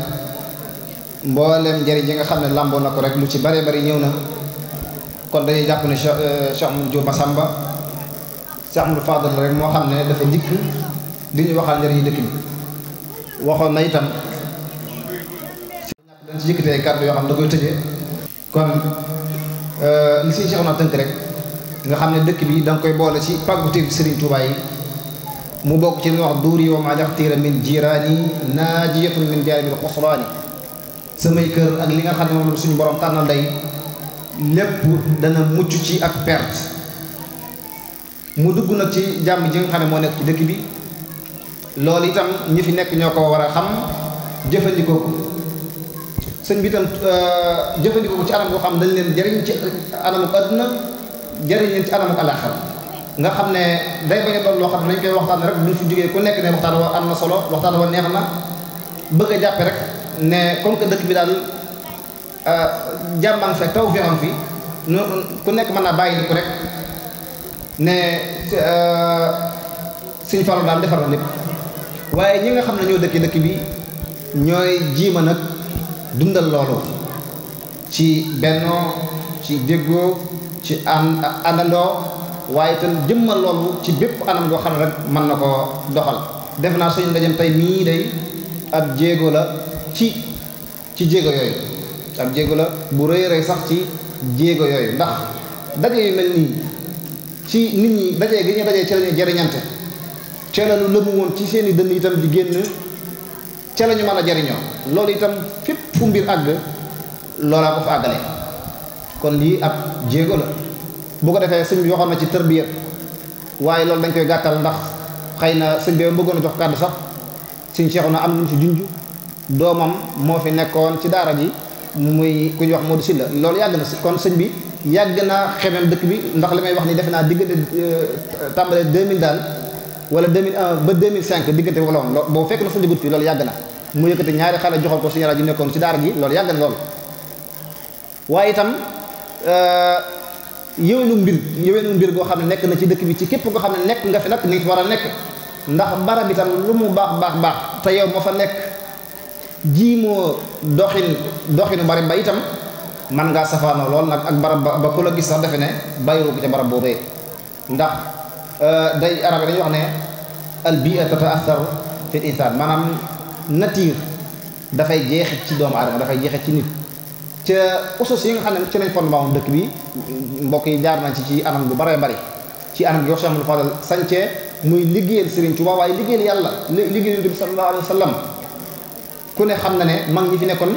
mboolem njëriñ yi nga xam ne làmboo na ko rek lu ci bare bari ñëw na kon dañuy jàpp ne euh, Cheikh Amadou Diop Massamba Cheikh Amadou Fadal rek moo xam ne dafa njëkk li ñu waxal njëriñu dëkk bi waxoon na itam dañ ci yëkkati ay kàddu yoo xam ne da koy tëjee kon euh, li siy Cheikh na tënk rek nga xam ne dëkk bi da koy boole ci pàggu téeb Serigne yi mu bokk ci li wax duuri wa ma yaxtiira min jiraani naajiyatun min jaanibil xusraani samay kër ak li nga xam ne moom suñu borom tànnal day lépp dana mucc ci ak perte mu dugg nag ci jàmm ji nga moo nekk ci dëkk bi loolu itam ñi fi nekk ñoo ko war a xam jëfandikoo ko sëñ bi itam euh, jëfandikoo ko ci anam goo xam dañ leen jëriñ ci anamu àdduna jëriñ leen ci anamu alaaxira nga xam ne day bañ a doon loo xam ne dañ koy waxtaan rek buñ fi jógee ku nekk ne waxtaan wa am na solo waxtaan wa neex na bëgg a jàppe rek ne comme que dëkk bi daal euh, jàmmaan fekk taw fi fi nu ku nekk ma naa bàyyi ko rek ne euh, Sëñ Fallu daal defar na lépp waaye ñi nga xam ne ñoo dëkki dëkk bi ñooy jiima nag dundal loolu ci bennoo ci déggoo ci àndandoo waaye itam jëmmal loolu ci bépp anam goo xam ne rek mën na koo doxal def naa suñu ndajem tey mii day ab jéego la ci ci jéego yooyu ab jéego la bu rëy rëy sax ci jéego yooyu ndax daje yu mel nii ci nit ñi dajee gi ñu dajee ci lañu jariñante ci la lu woon ci seen i yi itam bi génn ca la ñu mën a jariñoo loolu itam fépp fu mbir àgg loolaa ko fa àggale kon lii ab jéego la boo ko defee sëñ bi waxoon na ci tërbiya waaye loolu dañ koy gàttal ndax xëy na sëñ bi bëggoon a jox kàddu sax sëñ Cheikh na am nañu ci junj doomam moo fi nekkoon ci daara ji muy ku ñuy wax Modou Sylla loolu yàgg na kon sëñ bi yàgg naa xemem dëkk bi ndax li may wax ni defe naa diggante euh, tàmbale 2000 daal wala 2001 ba 2005 diggante wala woon boo fekk na sëñ bi gudd fii loolu yàgg na mu yëkkati ñaari xale joxal ko suñu rajo ji nekkoon ci daara ji loolu yàgg na lool waaye itam euh, yëwénu mbir yëwénu mbir koo xam ne nekk na ci dëkk bi ci képp koo xam ne nekk nga fi nag ni ci war a nekk ndax barab itam lu mu baax baax baax te yow ma fa nekk ji moo doxin doxinu barab ba itam man ngaa safaanoo lool nag ak barab ba ku la gis sax defe ne bàyyiwu ko ca barab boobee ndax euh, day arab dañuy wax ne al bia tataathar fi insaan maanaam nature dafay jeexit ci doomu aadama dafay jeexit ci nit ca usus yi nga xam ne ci lañ fondement dëkk bi mbokk yi jaar nañ ci ci anam bu baree bari ci anam gi wax Cheikh Amadou muy liggéeyal Serigne Touba waaye liggéeyal yàlla liggéeyal Yonent bi sallallahu alayhi wa ne xam na ne mag ñi fi nekkoon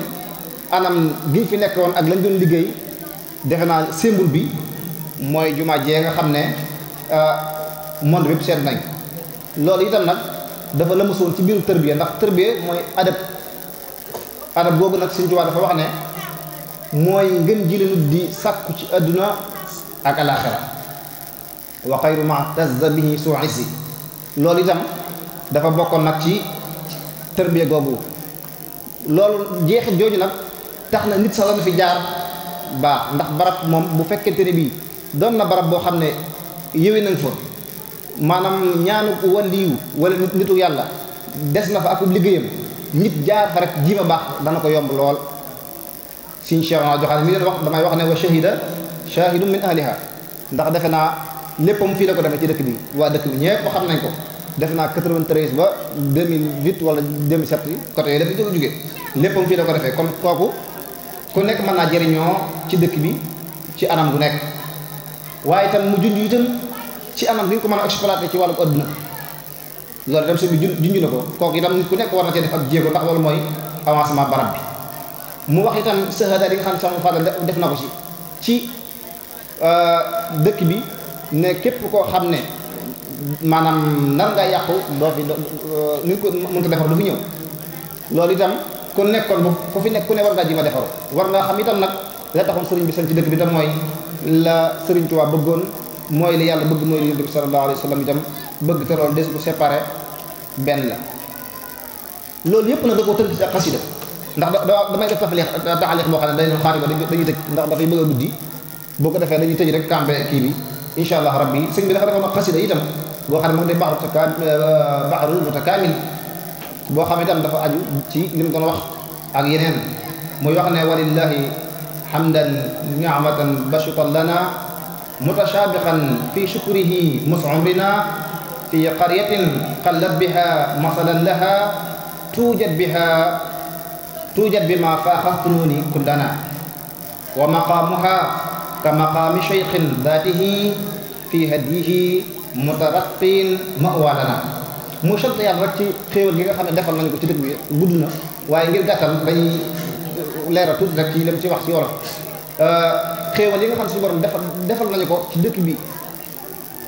anam giñ fi nekkoon ak lañ doon liggéey defe naa symbole bi mooy jumaa jee nga xam ne euh, monde bépp seet nañ loolu itam nag dafa lëmasoon ci biiru tërbiya ndax tërbiya mooy adab adab boobu nag si Touba dafa wax ne mooy ngën ji leen di sàkku ci àdduna ak alaaxira wa xayru ma tazza bihi si loolu itam dafa bokkoon nag ci tërbiya googu loolu jeexit jooju nag tax na nit sax doon fi jaar baax ndax barab moom bu fekkente ne bii doon na barab boo xam ne yëwe nañ fa maanaam ñaanu waliyu wala nitu yàlla des na fa ak liggéeyam nit jaar fa rek ji ma baax dana ko yomb lool Sëriñ Cheikh Ahmadou Diakhar mi doon wax damay wax ne wa shahida shahidun min ahliha ndax defe naa léppam fii la ko demee ci dëkk bi waa dëkk bi ñëpp xam nañ ko defe naa 93 ba 2008 wala 2007 côté yooyu dafa jóge jógee léppam fii la ko defe kon kooku ku nekk mën naa jëriñoo ci dëkk bi ci anam bu nekk waaye itam mu junj itam ci anam bi nga ko mën a exploité ci wàllu adduna loolu itam su bi junj ne ko kooku yi nit ku nekk war na cee def ak jéego ndax loolu mooy avancement barab bi mu wax itam sahada li nga xam ne sama fadal def na ko ci ci euh, dëkk bi ne képp koo xam ne maanaam nar nga yàqu doo fi euh, nu ko mën ko defar du fi ñëw loolu itam ku nekkoon ku fi nekk ku ne war ngaa ji ma defaru war nga xam itam nag la taxoon sëriñ bi san ci dëkk bi tam mooy la sëriñ Tuubaa bëggoon mooy li yàlla bëgg mooy li yonent bi sallallahu alayhi wa itam bëgg te loolu des bu séparé benn la loolu yëpp nag da ko tënk ci ak xasida ndax damay def tafleex taxaleex boo xam ne dañu xaar ba dañuy tëj ndax dafay bëgg a guddi boo ko defee dañuy tëj rek campé kii bi insha allah rabbi sëñ bi dafa defoon ak xasida itam boo xam ne moom day baxru baxru mutakaamil boo xam ne itam dafa aju ci li mu doon wax ak yeneen muy wax ne walillahi hamdan ni'matan basutan lana mutashabihan fi shukrihi mus'umrina fi qaryatin qallat biha masalan laha tujad biha توجد بما فاخ فنوني كلنا ومقامها كمقام شيخ ذاته في هديه مترقين مأوالنا mu sant yàlla rek ci xéewal gi nga xam ne defal nañu ko ci dëkk bi gudd na waaye ngir gàttal dañuy leeral tuuti rek ci lim wax ci wolof euh, xéewal yi nga xam ne suñu borom defal defal ko ci dëkk bi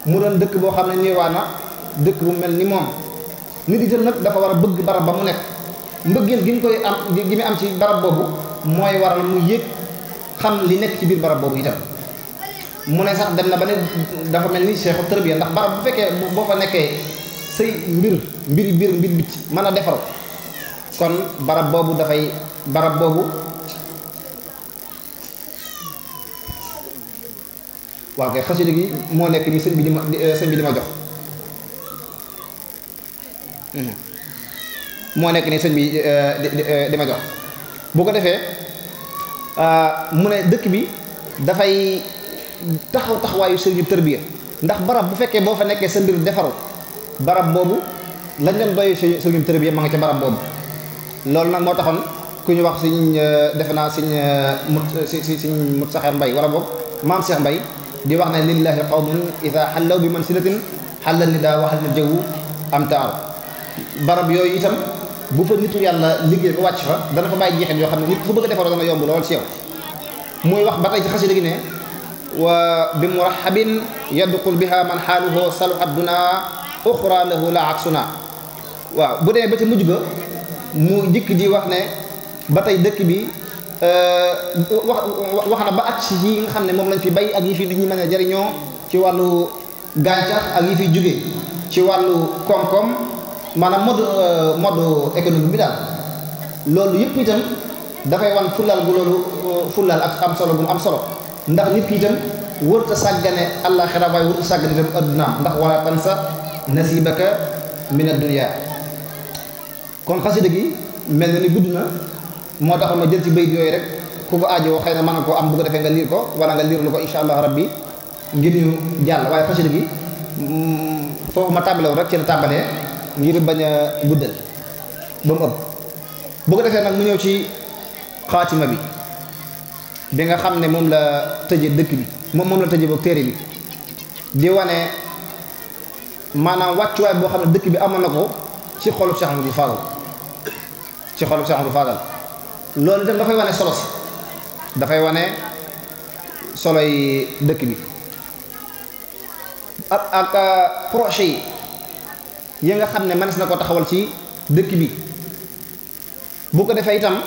mu doon dëkk boo xam ne néewaa na dëkk bu mel ni moom di yi nag dafa war a bëgg barab ba mu nekk mbëggeel gi mu koy am gi mu am ci barab boobu mooy waral mu yëg xam li nekk ci biir barab boobu itam mu ne sax dem na ba ne dafa mel ni seexu tërbiya ndax barab bu fekkee boo fa nekkee say mbir mbir biir mbir biti mën a defaru kon barab boobu dafay barab boobu waaw kay xasida gi moo nekk ni sëñ bi di ma sëñ bi di ma jox hmm. moo nekk ni sëñ bi euh, euh, di ma jox bu ko defee euh, mu ne dëkk bi dafay taxaw taxawaayu sëriñu tërbiya ndax barab bu fekkee boo fa nekkee sa mbir defaru barab boobu lañ doon doy sëriñu tërbiya ma nga ci barab boobu loolu nag moo taxoon ku ñu wax siñ defe naa siñ mut si siñ mut saxeer mbay wala boog maam Cheikh mbay di wax ne lillahi qawmun ida xallaw bi mansilatin xallal ni daa waxal na jëwu am taaru barab yooyu itam bu fa nitu yàlla liggéey bu wàcc fa dana fa bàyyi jeexit yoo xam ne nit ku bëgg a defaroo dana yomb lool si yow muy wax ba tey ci xasida gi ne wa bi murahabin yadxul biha man xaaluhoo saluhat dunaa uxra lahu la aksuna waaw bu demee ba ca mujj ji wax ne ba tey dëkk bi euh, wax wax na ba ak si yi nga xam ne moom lañ fi bay ak yi fi nit ñi mën jariñoo ci wàllu gàncax ak yi fiy jóge ci wàllu koom-koom maanaam mode euh, mode économie bi daal loolu yëpp itam dafay wan fulal gu loolu euh, fulal ak am solo bu am solo ndax nit ki itam wërta sàggane àllaaxira waaye wërta sàggane itam addunaam ndax wala tansa nasibaka min addunya kon xasida gi mel na ni gudd moo tax ma jël ci bayit yooyu rek ku ko aajoo xëy na mën nga koo am bu ko defee nga liir ko wala nga liirlu ko insha allah rabbi ngir ñu jàll waaye xasida gi mm, foofu ma tàmbalewu rek ci la tàmbalee ngir bañ a guddal ba mu ëpp bu ko defee nag mu ñëw ci xaatima bi bi nga xam ne moom la tëje dëkk bi moom moom la tëje boog téere bi di wane maanaam wàccuwaay boo xam ne dëkk bi amoon na ko ci xolub Cheikh Amadou Fadal ci xolub Cheikh Amadou Fadal loolu itam dafay wane solo si dafay wane solo yi dëkk bi ak ak projet yi nga xam ne mënees na ko taxawal ci dëkk bi bu ko defee itam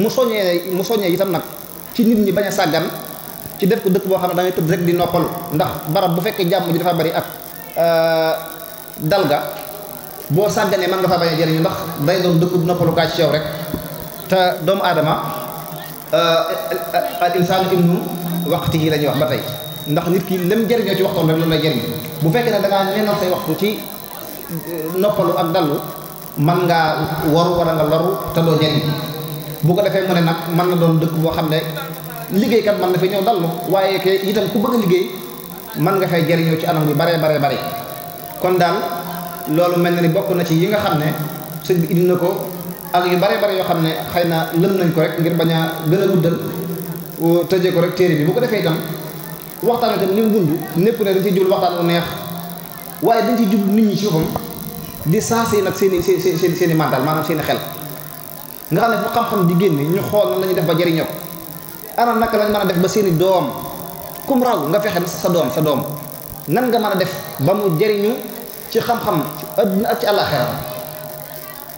mu soññee mu soññee itam nag ci nit ñi bañ a sàggan ci def ko dëkk boo xam ne da ngay tëdd rek di noppalu ndax barab bu fekkee jàmm ji dafa bari ak euh, dalga boo sàgganee man nga faa bañ a jëriñu ndax day doon dëkk bu noppalukaay ci yow rek te doomu aadama euh, al insaanu ibnu waqtihi la ñuy wax ba tey ndax nit ki lem jëriñoo ci waxtoon rek loolu lay jëriñ bu fekkee ne da ngaa say waxtu noppalu ak dallu man ngaa waru a nga loru te doo jëriñ bu ko defee mu ne nag mën nga doon dëkk boo xam ne liggéeykat man na fi ñëw dallu waaye ke itam ku bëgg liggéey mën nga fay jëriñoo ci anam yu baree baree bare kon daal loolu mel na ni bokk na ci yi nga xam ne sëñ bi indi na ko ak yu bare bare yoo xam ne xëy naa lëm nañ ko rek ngir bañ a gën a guddal tëje ko rek téere bi bu ko defee itam waxtaan itam ni mu wund népp ne dañ ci jul waxtaan bu neex waaye dañ ci jublu nit ñi ci boppam di saasee nag seen seeni seen seen seen i mental maanaam seen i xel nga xam ne fu xam-xam di génn ñu xool nan la def ba jariñoo ko anam naka lañ mën a def ba seen doom kum raw nga fexe sa doom sa doom nan nga mën a def ba mu jëriñu ci xam-xam ci ak ci àllaaxira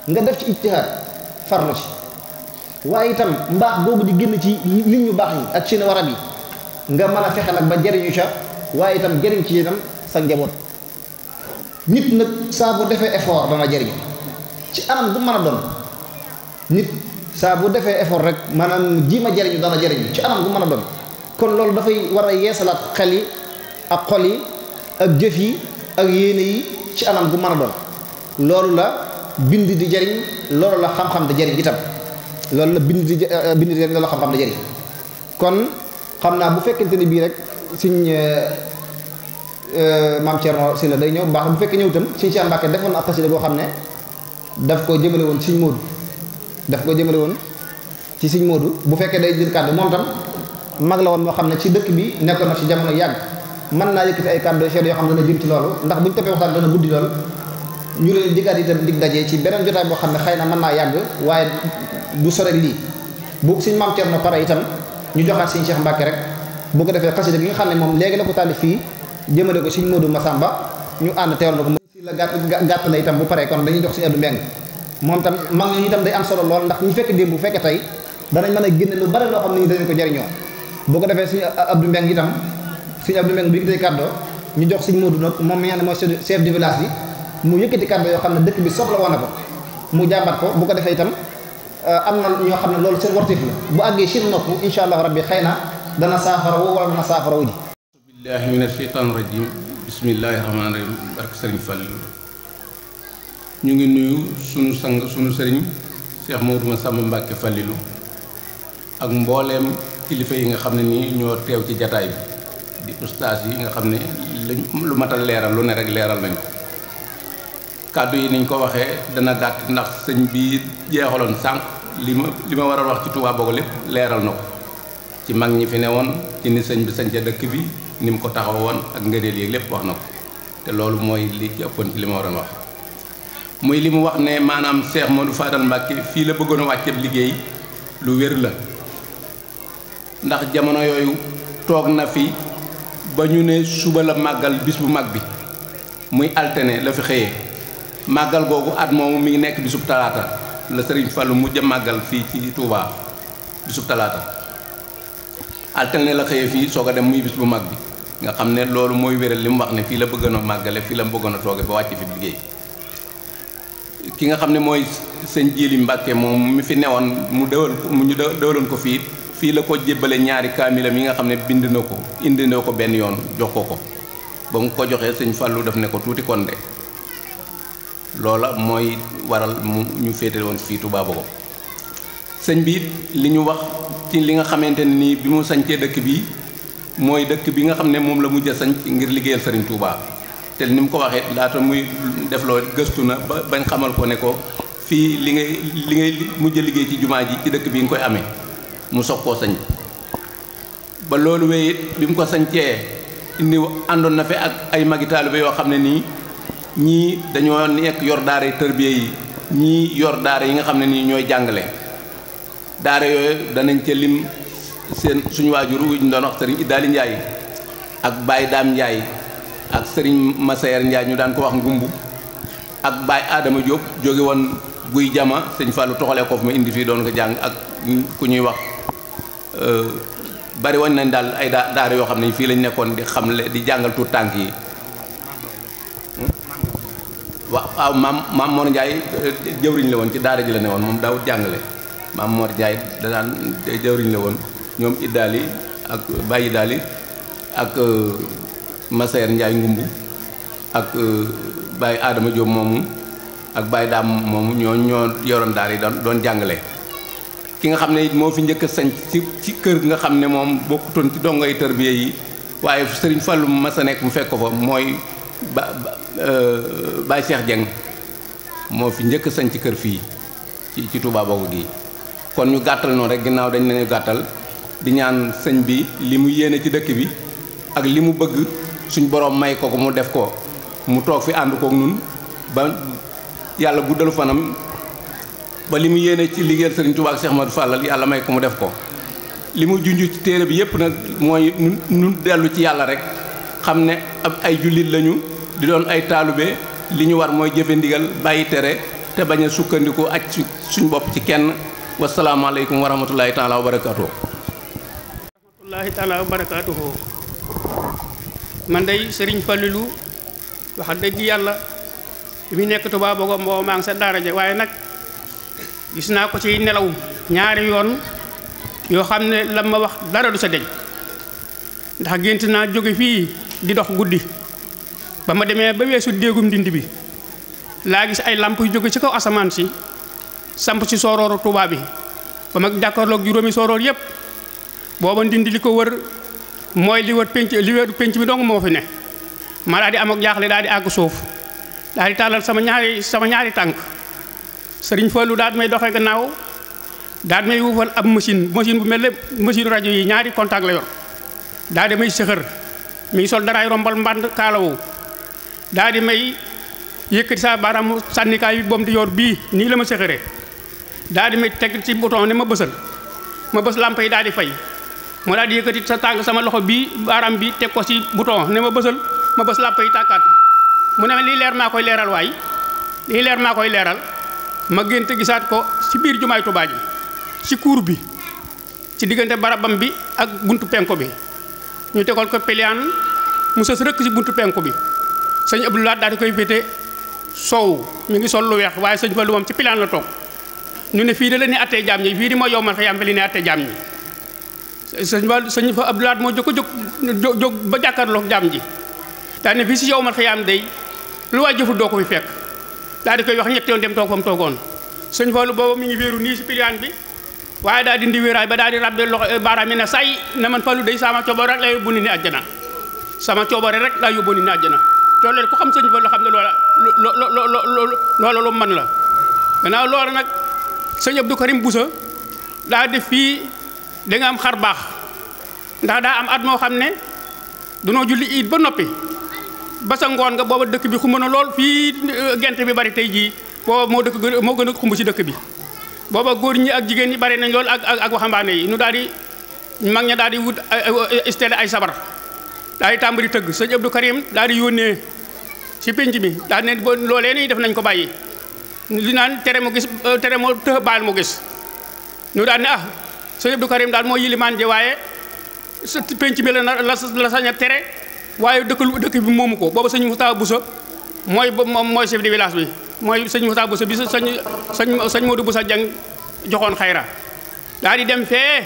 nga def ci ijtihaad farlu ci waaye itam mbaax boobu di génn ci nit ñu baax ñi ak seen warab yi nga mën a fexe nag ba jëriñu ca waaye itam jëriñ ci itam sa njaboot. nit nag saa bu defee effort dana jariñu ci anam bu mën a doon nit saa bu defee efoor rek maanaam jii ma jariñu dana jariñu ci anam bu mën a doon kon loolu dafay war a yeesalaat xel yi ak xol yi ak jëf yi ak yéene yi ci anam bu mën a doon loolu la bind di jariñ loolu la xam-xam di jariñ itam loolu la bind di euh, bind di jariñ loolu la xam-xam di jariñ kon xam naa bu fekkente ni bii rek euh, Euh, maam Thierno si la day ñëw baax na bu fekkee ñëw itam suñu Cheikh Mbacke defoon na ab xasida boo xam ne daf ko jëmale woon suñ Modou daf ko jëmale woon ci suñ moodu bu fekkee day jël kàddu moom tam mag la woon moo xam ne ci dëkk bi nekk na ci jamono yàgg mën naa yëkkati ay kàddu yoo xam ne dana jëm ci loolu ndax buñu toppee waxtaan dana guddi lool ñu leen diggaat itam dig dajee ci beneen jotaay boo xam ne xëy na mën naa yàgg waaye du sore lii bu suñ maam Thierno pare itam ñu joxaat suñ Cheikh Mbacke rek bu ko defee xasida gi nga xam ne moom léegi la ko tàlli fii jëmale ko sëñ Modou Massamba ñu ànd teewal na ko si la gàtt gàtt na itam bu paree kon dañuy jox si Abdou Mbeng moom tam mag ñi itam day am solo lool ndax ñu fekk démb bu fekk tey danañ a génne lu bari loo xam ne ñu dañu ko jariñoo boo ko defee suñu Abdou Mbeng itam suñu Abdou Mbeng bu yëkkatee kàddoo ñu jox sëñ Modou nag moom mi ne mooy chef du village bi mu yëkkati kàddoo yoo xam ne dëkk bi soxla woon na ko mu jàmbat ko bu ko defee itam euh, am na ñoo xam ne loolu seen wartif la bu àggee sin nopp incha allah bi xëy na dana saafara woo wala dana saafara wu ji billahi min asheytaan rajim bismillahi rahmaan rahim barke sëriñ Fàllilu ñu ngi nuyu sunu sang sunu sëriñ Cheikh Maodo Massamba Mbàkke Fàllilu ak mbooleem kilifa yi nga xam ne nii ñoo teew ci jataay bi di ustaas yi nga xam ne lañ lu matal leeral lu ne rek leeral nañu ko kàddu yi niñ ko waxee dana gàtt ndax sëñ bi jeexaloon sànq li ma li ma war a wax ci Tuubaa boobu lépp leeral na ko ci mag ñi fi ne woon ci ni sëñ bi sañca dëkk bi ni mu ko taxaw woon ak ngëneel yi lépp wax na ko te loolu mooy li ci ëppoon ci li ma waroon wax muy li mu wax ne maanaam Cheikh Modou Fadal Mbacke fii la bëggoon a wàcceeb liggéey lu wér la ndax jamono yooyu toog na fi ba ñu ne suba la màggal bis bu mag bi muy altine la fi xëyee màggal googu at moomu mi ngi nekk bisub talaata la sëriñ Fallou mujj a màggal fii ci Touba bisub talaata altine la xëyee fii soog a dem muy bis bu mag bi nga xam ne loolu mooy wéral li mu wax ne fii la bëggoon a màggale fii la bëggoon a tooge ba wàcc fi liggéey ki nga xam ne mooy sëñ Jili Mbàkke moom mu fi newoon mu dawal mu ñu dawaloon ko fii fii la ko jébbale ñaari kaamilam yi nga xam ne bind na ko indi na ko benn yoon jox ko ko ba mu ko joxee sëñ Fàllu daf ne ko tuuti kon de loola mooy waral mu ñu féetale woon fii Tuubaa ba ko sëñ li ñu wax ci li nga xamante ne nii bi mu sañcee dëkk bi mooy dëkk bi nga xam ne moom la mujj a sanc ngir liggéeyal sëriñ Touba te ni mu ko waxee laata muy def loo gëstu na ba bañ xamal ko ne ko fii li ngay li ngay mujj a liggéey ci jumaa ji ci dëkk bi nga koy amee mu soog koo sanc ba loolu wéy it bi mu ko sancee indi àndoon na fi ak ay magi taalibe yoo xam ne nii ñii dañoo nekk yor daara tërbiye yi ñii yor daara yi nga xam ne nii ñooy jàngale daara yooyu danañ ca lim. seen suñu waajur wi ñu doon wax sëriñ Idaali Ndiaye ak baay Daam Ndiaye ak sëriñ Masayer Ndiaye ñu daan ko wax ngumb ak Baye aadama Diop jóge woon guy jama sëñ Fallou toxalee ko fu ma indi fii doon ko jàng ak ku ñuy wax euh, bari woon nañ daal ay daa daara yoo xam ne fii lañ nekkoon di xam le di jàngal tuut tànk yi hmm? waaw maam maam Mor Ndiaye euh, jëwriñ la woon ci daara ji la ne woon moom daawut jàngale maam Mor Ndiaye da jëwriñ la woon ñoom iddaali ak bàyyi daali ak euh, Massaer Njaay ngumbu ak euh, bàyyi Adama Diop moomu ak bàyyi daam moomu ñoo ñoo yoroon daal yi doon doon jàngale ki nga xam ne it moo fi njëkk sañ ci ci kër nga xam ne moom bokkutoon ci dongoy tarbiya yi waaye sëriñ Fallou mu mas nekk mu fekk ko fa mooy ba euh, Baye Cheikh moo fi njëkk sañ ci kër fii ci ci Touba boobu gi kon ñu gàttal noonu rek ginnaaw dañ nañu gàttal di ñaan sëñ bi li mu yéene ci dëkk bi ak li mu bëgg suñu borom may ko ko mu def ko mu toog fi ànd kook nun ba yàlla guddalu fanam ba li mu yéene ci liggéeyal sëriñ Tuubaa ak Cheikh Madou Fall yàlla may ko mu def ko li mu junj ci téere bi yépp nag mooy nun dellu ci yàlla rek xam ne ab ay jullit lañu di doon ay taalibe li ñu war mooy jëfe ndigal bàyyi tere te bañ a sukkandiku aj suñu bopp ci kenn wasalaamaaleykum wa rahmatullahi taala wa barakatuh rahmatullahi taala wa barakaatuhu man day sëriñ Fallilou wax dëgg yàlla bi mu nekk Tuubaa boogo mboo ma ngi sa daara ja waaye nag gis naa ko ci nelaw ñaari yoon yoo xam ne la ma wax dara du sa deñ ndax gént naa jóge fii di dox guddi ba ma demee ba weesu déegum dindi bi laa gis ay làmp yu jóge ci kaw asamaan si samp ci soorooru Tuubaa bi ba ma jàkkaarloog juróomi sooroor yépp booba ndindi li ko wër mooy li wër penc li wër penc mi dong moo fi ne ma daal di am ak jaaxle daal di àgg suuf daal di tàllal sama ñaari sama ñaari tànk sëriñ Fallou daal di may doxee gannaaw daal di may wuufal ab machine machine bu mel ne machine rajo yi ñaari contact la yor daal di may sëxër mi ngi sol daraay rombal mbànd kaalawu daal di may yëkkati saa baaraam sànnikaay bi boom di yor bii nii la ma sëxëree daal di may teg ci bouton ne ma bësal ma bës lamp yi daal di fay mu daal di yëkkati sa tànk sama loxo bii baaraam bi teg ko ci bouton ne ma bësal ma bës làpp yi tàkkaat mu ne lii leer maa koy leeral waay lii leer maa koy leeral ma gént gisaat ko ci biir jumaay tubaaj bi ci kuur bi ci diggante barabam bi ak buntu penko bi ñu tegal ko peliaan mu sës rëkk ci buntu penko bi sëñ Abdou Lahad daal di koy féete soow mu ngi sol lu weex waaye sëñ Fallu moom ci peliaan la toog ñu ne fii de la ni attee jaam ñi fii di mooy yow man sëñ Ba sëñ fa Abdoulaat moo jóg ko jóg jóg ba jàkkaarloog jaam ji daane fii si yow man xëyaam day lu waay jëfut doo ko fi fekk daal di koy wax ñetti yoon dem toog fa mu toogoon sëñ Fallou boobu mi ngi wéeru nii si piliyaan bi waaye daal di ndi ba daal di rabbe loxo eh, baaraam yi ne say na man Fallou day sama coobare rek laa yóbbu ni ne àjjana sama coobare rek laa yóbbu ni ne àjjana te loolu ku xam sëñ Fallou xam ne loola lu man la gannaaw loola nag sëñ Abdou da am xar baax ndax daa am at moo xam ne dunoo julli it ba noppi ba sa ngoon nga booba dëkk bi xumb na lool fii euh, gent bi bari tey jii booba moo dëkk moo gën a xumb ci dëkk bi booba góor ñi ak jigéen ñi bari nañ lool ak ak waxambaane yi nu daal di mag ña daal di wut stélé ay sabar daal di tàmbali tëgg sëñ Abdou Karim daal di yónnee ci pénc mi daal ne loolee nii def nañ ko bàyyi li naan tere mu gis euh, tere mu tëx baal mu gis ñu daal ne ah sëñ Abdou Karim daal moo yilimaan ji waaye sa penc mi la la sa a tere waaye dëkk dëkk bi moomu ko booba sëñ Moustapha Bousso mooy mooy chef de village bi mooy sëñ Moustapha Bousso bi sa sëñ sëñ Modou Bousso Dieng joxoon xayra daal di dem fee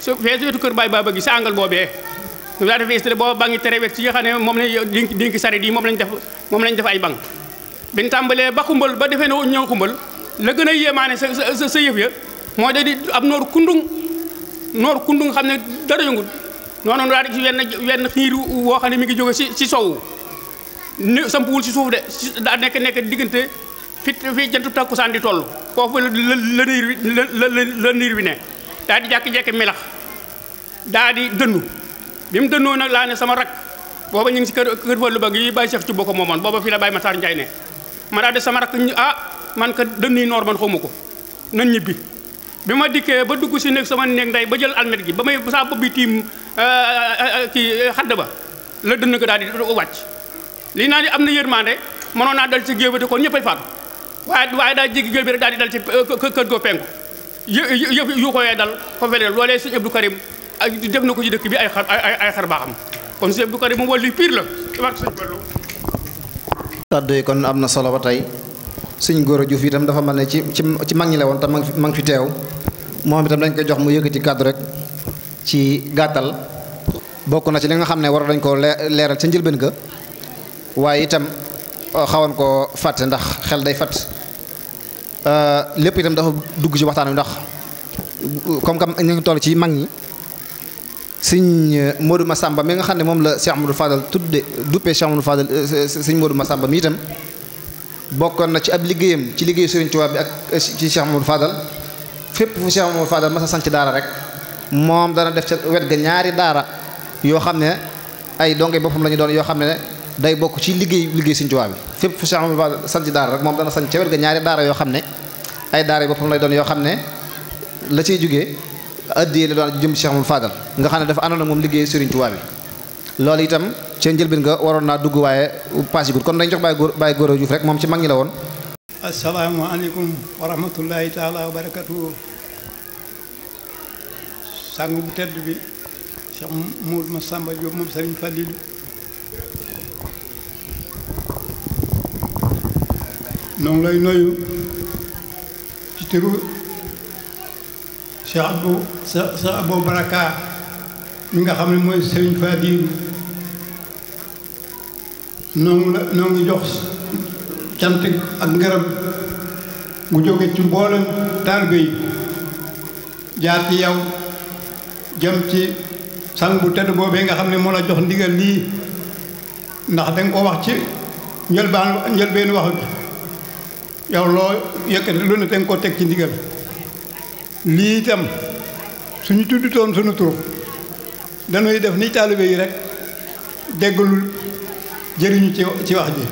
su fee su wetu kër Baye Baba gi sa àngal boobee ñu daal di def booba baa tere wet ci nga xam ne moom lañ dinki dinki di moom lañ def moom lañ def ay bank biñ tàmbalee ba xumbal ba defee ne ñëw xumbal la gën a yéemaane sa sa sa yëf ya mooy da ab noor kundung noor kundu nga xam ne dara yëngut noonu noonu daa di gis wenn wenn xiir woo xam ne mi ngi jóge si si sowu ne sampuwul si suuf de daa nekk nekk diggante fi fi jant saan di toll foofu la la niir bi la la niir bi ne daa di jàkki-jekki milax daa di dënnu bi mu dënnoo nag laa ne sama rak booba ñu ngi si kër kër Fallou Ba gi bàyyi chef ci bokk moomoon booba fi la bàyyi Matar Ndiaye ne ma daa de sama rak ah man ka dënnu yi noor man xamu ko nan ñibbi bi ma dikkee ba dugg si nekk sama néeg nday ba jël almet gi ba may saa bopp bi tiim euh, euh, euh, kii xadd ba la dund ko daal di wàcc lii naa ni am na yér yërmande mënoon naa dal ci géew bi te kon ñëppay faatu daal jéggi daal di dal ci kër goo penku yëf yu koyee dal ko felee loolee sëñ Abdou Karim ak def na ko ci dëkk bi ay xar ay xar baaxam kon sëñ Abdou Karim moom wàllu pire la wax sëñ Bello kàddu yi kon am na solo ba tey suñ góor a juuf tam dafa mel ne ci ci mag ñi la woon te ma ngi fi teew moom itam dañ koy jox mu yëkkati kàddu rek ci gàttal bokk na ci li nga xam ne war dañ koo leeral ca njëlbeen ga waaye itam euh, xawoon ko fàtte ndax xel day fàtt euh, lépp itam dafa dugg ci waxtaan wi ndax comme comme ñu ngi toll ci mag ñi sëñ euh, Modou Massamba mi nga xam ne moom la Cheikh du Fadal tudde duppee Cheikh Amadou Fadal sëñ Modou Massamba mi itam bokkoon na ci ab liggéeyam ci liggéey Serigne Touba bi ak ci Cheikh fépp fu Cheikh Mamadou Fadal ma a sanc daara rek moom dana def ca wet ga ñaari daara yoo xam ne ay donge boppam la doon yoo xam ne day bokk ci liggéey liggéey Sëriñ Tuubaa bi fépp fu Cheikh Mamadou Fadal sanc daara rek moom dana sanc ca wet ga ñaari daara yoo xam ne ay daara yi boppam lay doon yoo xam ne la ciy jógee addiyee la doon jëm Cheikh Mamadou Fadal nga xam ne dafa àndoon ak moom liggéey Sëriñ Tuubaa bi loolu itam ca njëlbeen nga waroon naa dugg waaye paas yi kon dañ jox bàyyi góor a juuf rek moom ci mag ñi la woon asalaamaaleykum wa rahmatullahi taala wa barakatuhu sàng bu tedd bi Cheikh Mour Massamba Diop moom Serigne Fallilou noonu lay noyu ci turu Cheikh Abou Cheikh Abou Baraka mi nga xam ne mooy Serigne Fallilou jox cant ak ngërëm mu jóge ci mboolem taalibe yi jaar ci yow jëm ci sang bu tedd boobee nga xam ne moo la jox ndigal lii ndax danga ko wax ci njëlbaan njëlbeenu wax bi yow loo yëkkati lu ne danga ko teg ci ndigal lii itam suñu tuddutoon suñu tur dañuy def ni taalibe yi rek déggalul jëriñu ci ci wax ji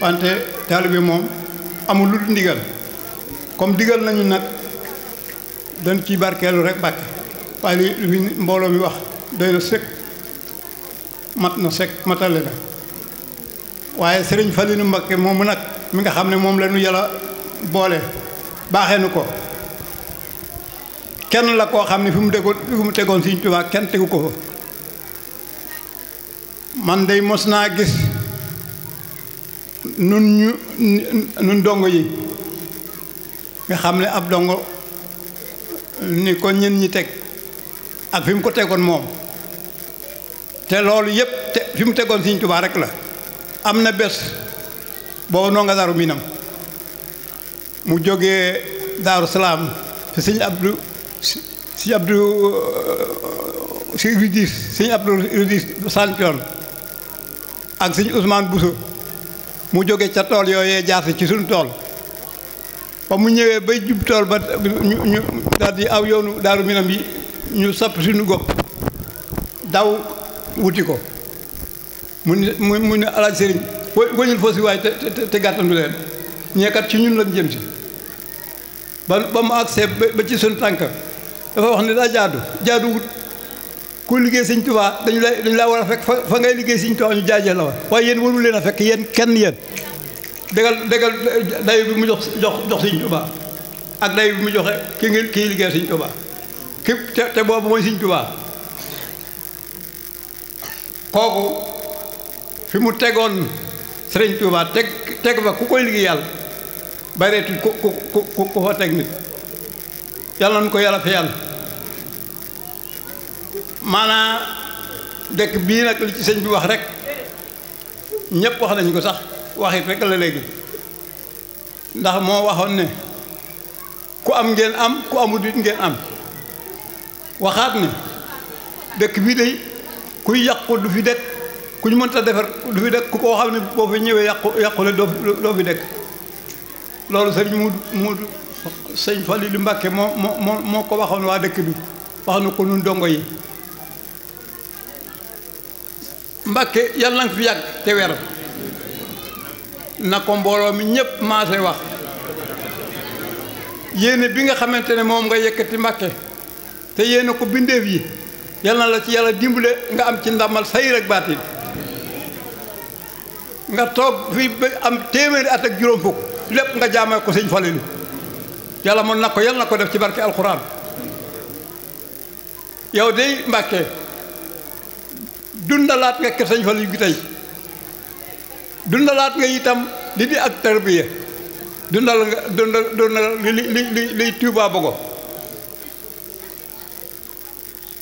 wante taalibe moom amul lu ndigal comme digal nañu nag dañ ci barkeelu rek bàkke waaye li li mbooloo mi wax doy na sëkk mat na sëkk matale na waaye sëriñ Faliilu Mbakke moomu nag mi nga xam ne moom la ñu yàlla boole baaxee nu ko kenn la koo xam ne fi mu déggoon fi mu tegoon Sëriñ Tuubaa kenn tegu ko fa man day mos naa gis nu ñu nun dongo yi nga xam ne ab dongo ni ko ñen ñi teg ak fi mu ko tegoon moom te loolu yëpp te fi mu tegoon Sëriñ Tuubaa rek la am na bés boobu noo nga daru miinam mu jógee daaru salaam si Sëriñ Abdou Sëriñ Abdou si Rudis ak Sëriñ Ousmane Bousso mu jóge ca tool yooyee jaasi ci suñu tool ba mu ñëwee ba jub tool ba ñu daal di aw yoonu daaru minam yi ñu sapp suñu gopp daw wuti ko mu ne mu ne alaaj sëriñ wëñul foosi waaye te te gàttandu leen ñeekat ci ñun lañ jëm si ba mu agsee ba ci suñu tànka dafa wax ne daa jaadu jaadu wut ku liggéey sëñ Tuubaa dañu la dañu laa war a fekk fa fa ngay liggéey sëñ Tuubaa ñu jaajëf la wa waaye yéen warul leen a fekk yéen kenn yéen dégal dégal eh, dayu bi mu jox jox jox sëñ Tuubaa ak dayu bi mu joxe ki ngi kii liggéey sëñ Tuubaa ki te boobu mooy sëñ Tuubaa kooku fi mu tegoon sëriñ Tuubaa teg teg fa ku koy liggéey yàlla bareetul ku ku ku fa teg nit yàlla nañu ko yàlla feyal maanaa dëkk bii nag li ci sëñ bi wax rek ñëpp wax nañ ko sax waxit rek la léegi ndax moo waxoon ne ku am ngeen am ku amut it ngeen am waxaat ne dëkk bii day kuy yàqu du fi dëkk ku ñu mënta defar du fi dëkk ku ko xam ne boo fi ñëwee yàqu yàqule doo fi dëkk loolu sëriñ mu mu sëñ Falilu Mbàkke moo moo moo ko waxoon waa dëkk bi wax na ko nun dongo yi Mbàkke yàlla nga fi yàgg te wér na ko mbooloo mi ñëpp maase wax yéene bi nga xamante ne moom nga yëkkati Mbàkke te yéene ko bindeef yi yàlla na la ci yalla dimbale nga am ci ndamal sayir ak baatin nga toog fi am téeméeri at ak juróom fukk lépp nga jaamay ko sëñ Falilu yàlla mën na ko yal na ko def ci barke alxuraan yow dey mbakke dundalaat nga kër sëñ Faliilu gi tey dundalaat nga itam li di ak tarbiya dundal nga dundal dundal li li liy Tuubaa Bogo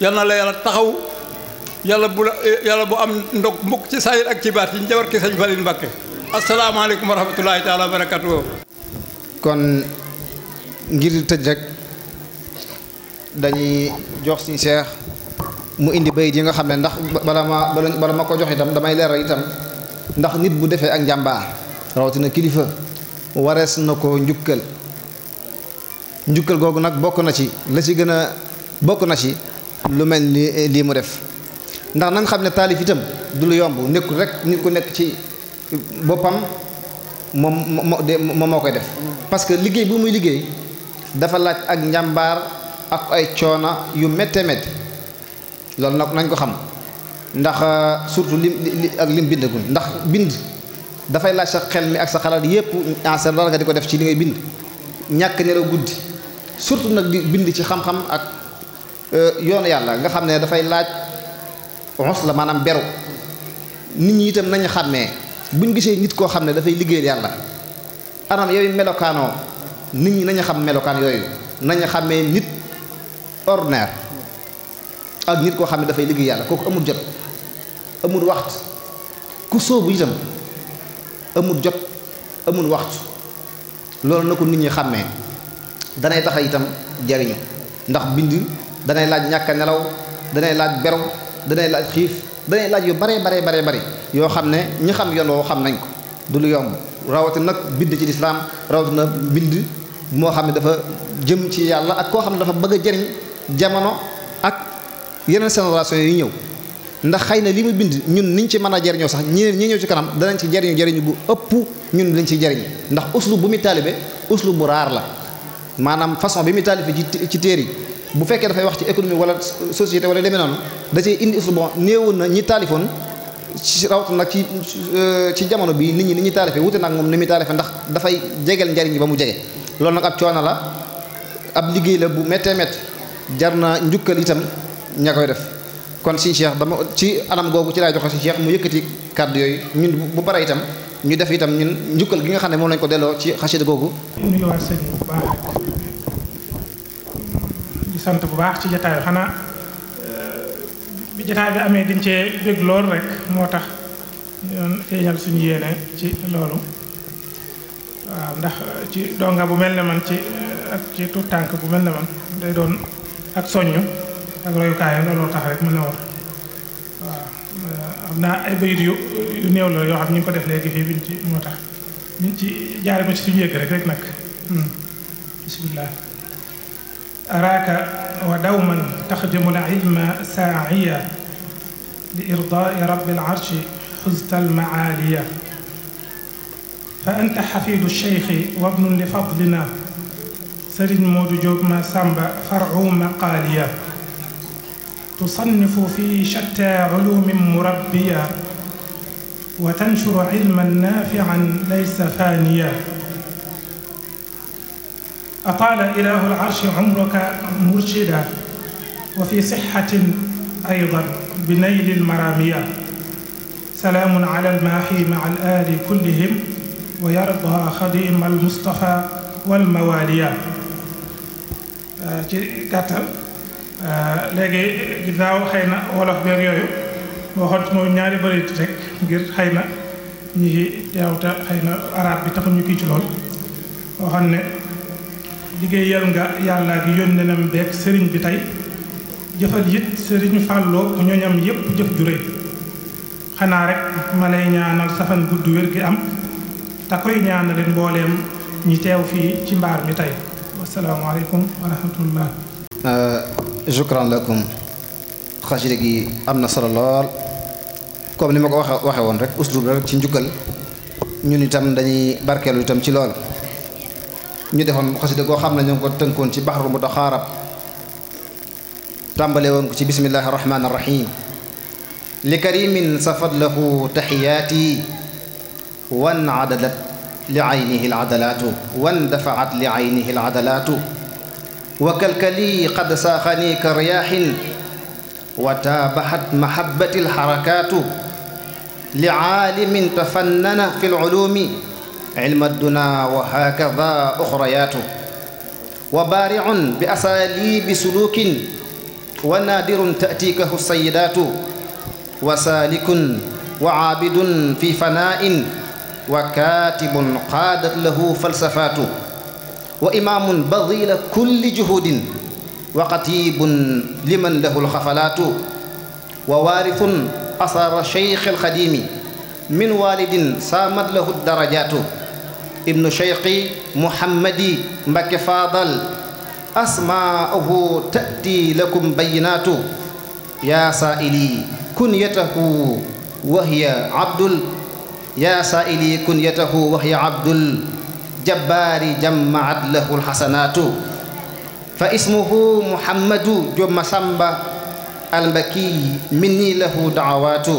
yal la yàlla taxaw yàlla bu la yàlla bu am ndog mukk ci saayir ak ci baat yi njabar ki sëñ Faliilu Mbàkke asalaamaaleykum wa rahmatulahi taala wa barakatu kon ngir tëj rek dañuy jox suñu seex mu indi bayit yi nga xam ne ndax bala ma bala ma ko jox itam damay leeral itam ndax nit bu defee ak njàmbaar na kilifa warees na ko njukkal njukkal googu nag bokk na ci la ci gën a bokk na ci lu mel ni eh, lii mu def ndax na nga xam ne taalif itam du lu yomb nekkul rek nit ku nekk ci boppam moom moo koy def parce que liggéey bu muy liggéey dafa laaj ak njàmbaar ak ay coona yu métte métte loolu nag nañ ko xam ndax euh, surtout lim ak lim ndax bind dafay laaj sa xel mi ak sa xalaat yépp encer dara nga di ko def ci li ngay bind ñàkk nelaw guddi surtout nag di bind ci xam-xam ak euh, yoonu yàlla nga xam ne dafay laaj xos la maanaam beru nit ñi itam nañu xàmmee buñ gisee nit koo xam ne dafay liggéeyal yàlla anam yooyu melokaanoo nit ñi nañu xam melokaan yooyu xàmmee nit ordinaire ak nit koo xam ne dafay liggéey yàlla kooku amul jot amul waxtu ku sóobu itam amul jot amul waxtu loolu na ko nit ñi xàmmee danay taxa itam jariñu ndax bind danay laaj ñàkk a nelaw danay laaj beru danay laaj xiif danay laaj yu bare bare bare bari yoo xam ne ñu xam yoon woo xam nañ ko du lu yomb rawatina nag bind ci lislaam rawatina bind moo xam ne dafa jëm ci yàlla ak koo xam ne dafa bëgg a jariñ jamono ak yeneen génération yi ñëw ndax xëy na li mu bind ñun niñ ci mën a jariñoo sax ñeneen ñi ñëw ci kanam danañ ci jariñu jariñu bu ëpp ñun lañ ci jariñ ndax uslub bu muy taalibe uslub bu raar la maanaam façon bi muy taalibe ci ci téere yi bu fekkee dafay wax ci économie wala société wala demee noonu da cee indi uslub bon néewoon na ñi taalifoon ci rawat nag ci euh, ci jamono bii nit ñi ni ñuy taalife wute nag moom ni muy taalife ndax dafay jegeel njariñ ba mu jege loolu nag ab la ab liggéey bu méttee métt jar na njukkal itam ña koy def kon siñ cheikh dama ci anam googu ci laa joxe siñ cheikh mu yëkkati kàddu yooyu ñun bu bare itam ñu def itam ñun njukkal gi nga xam ne moom lañ ko delloo ci xasida googu nuyuwaat sëñ bu baax di sant bu baax ci jataay xanaa eh, bi jataay bi amee dañ cee bég lool rek moo tax doon feeñal suñu yéene ci ndax ci donga bu mel ne man ci eh, ak ci tuut tànk bu mel ne man day doon ak soññu ak royukaay looloo tax rek mu ne woon waaw xam naa ay bayit yu yu néew la yoo xam ñu ngi ko def léegi fii biñ ci moo tax biñ ci jaare ko ci suñu yëg rek rek nag hmm, bismillah araaka wa dawman taxdimu al ilma saaiya li irdaai rabbi al arshi xuzta al maaliya fa anta xafidu cheikhi wabnun li fadlina sëriñ Moodu Jóob ma sàmba faru maqaaliya تصنف في شتى علوم مربيا وتنشر علما نافعا ليس فانيا أطال إله العرش عمرك مرشدا وفي صحة أيضا بنيل المرامية سلام على الماحي مع الآل كلهم ويرضى خديم المصطفى والمواليا ci gàttal Euh, léegi ginnaaw xëy na wolof beeg yooyu waxoon ci moom ñaari bëri rek ngir xëy na ñi fi teewta xëy na arab bi taxuñu kii ci lool waxoon ne liggéeyal nga yàlla gi yónnenam beeg sëriñ bi tey jëfal it sëriñu fàlloo bu ñooñam yépp jëf ju rëy xanaa rek ma ñaanal safan gudd wér gi am te koy ñaanale mbooleem ñi teew fii ci mbaar mi tey wasalaamaaleykum wa rahmatullah euh, shukran lakum xasida gi am na solo lool comme ni ma ko waxe waxe woon rek uslub la rek ci njukkal ñun itam dañuy barkeelu itam ci lool ñu defoon xasida goo xam ne ñu ngi ko tënkoon ci baxru mutaxaarab tàmbale woon ko ci bismillahi rahmaani rahim li karimin safat lahu taxiyaati wan adalat li aynihi al adalaatu wan dafaat li aynihi al wa kalkali qad saaxani ka riyaaxin wa taabaxat mahabbati alxarakaatu li caalimin tafannana fi lculuumi cilma addunaa wa haakada uxrayaatu wa baaricun bi asaaliibi suluukin wa naadirun taatiikahu sayidaatu wa saalikun wa caabidun fi fanaa'in wa kaatibun qaadat lahu falsafaatu wa imaamun badila kulli juhudin wa qatibun liman lahu lxafalaatu wa waarithun asaara cheikh alxadimi min walidin saamat lahu darajaatu ibnu cheikhi muhammadi mbake faadal asmaa'uhu taati lakum bayinaatu yaa saa'ili kunyatahu wa hiya abdul yaa saa'ili kunyatahu wa hiya abdul jabbaari jammaat lahu alxasanaatu fa ismuhu muhammadu jo masamba almbakiyi minni lahu daawaatu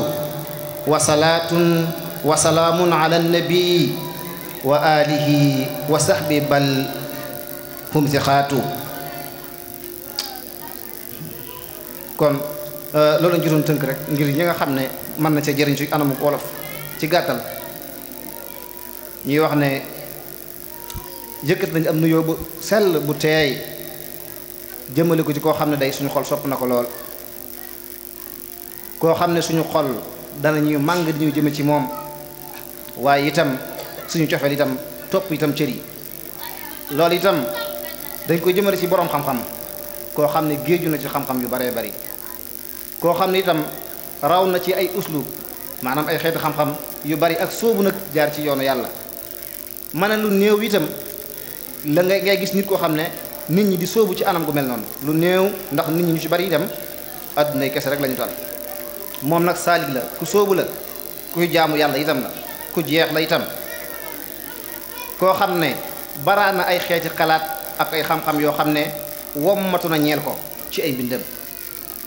wa salaatun wa salaamun ala annabii bal hum siqaatu kon euh, loolu ñu doon tënk rek ngir ñi nga xam ne mën na ca jëriñ ci anamu wolof ci gàttal wax ne yëkkat nañu am nuyoo bu sell bu teey jëmale ko ci koo xam ne day suñu xol sopp na ko lool koo xam ne suñu xol danañuy màng di ñu jëme ci moom waaye itam suñu cofeel itam topp itam cër yi loolu itam dañ koy jëmale ci boroom xam-xam koo xam ne géeju na ci xam-xam yu baree bari koo xam ne itam raw na ci ay uslub maanaam ay xeeti xam-xam yu bari ak soobu nag jaar ci yoonu yàlla mën lu néew itam la ngay ngay gis nit koo xam ne nit ñi di sóobu ci anam gu mel noonu lu néew ndax nit ñi ñu ci bari dem àdduna kese rek lañu ñu moom nag saalig la ku sóobu la kuy jaamu yàlla itam la ku jeex la tam koo xam ne baraa na ay xeeti xalaat ak ay xam-xam yoo xam ne wommatu na ñeel ko ci ay mbindam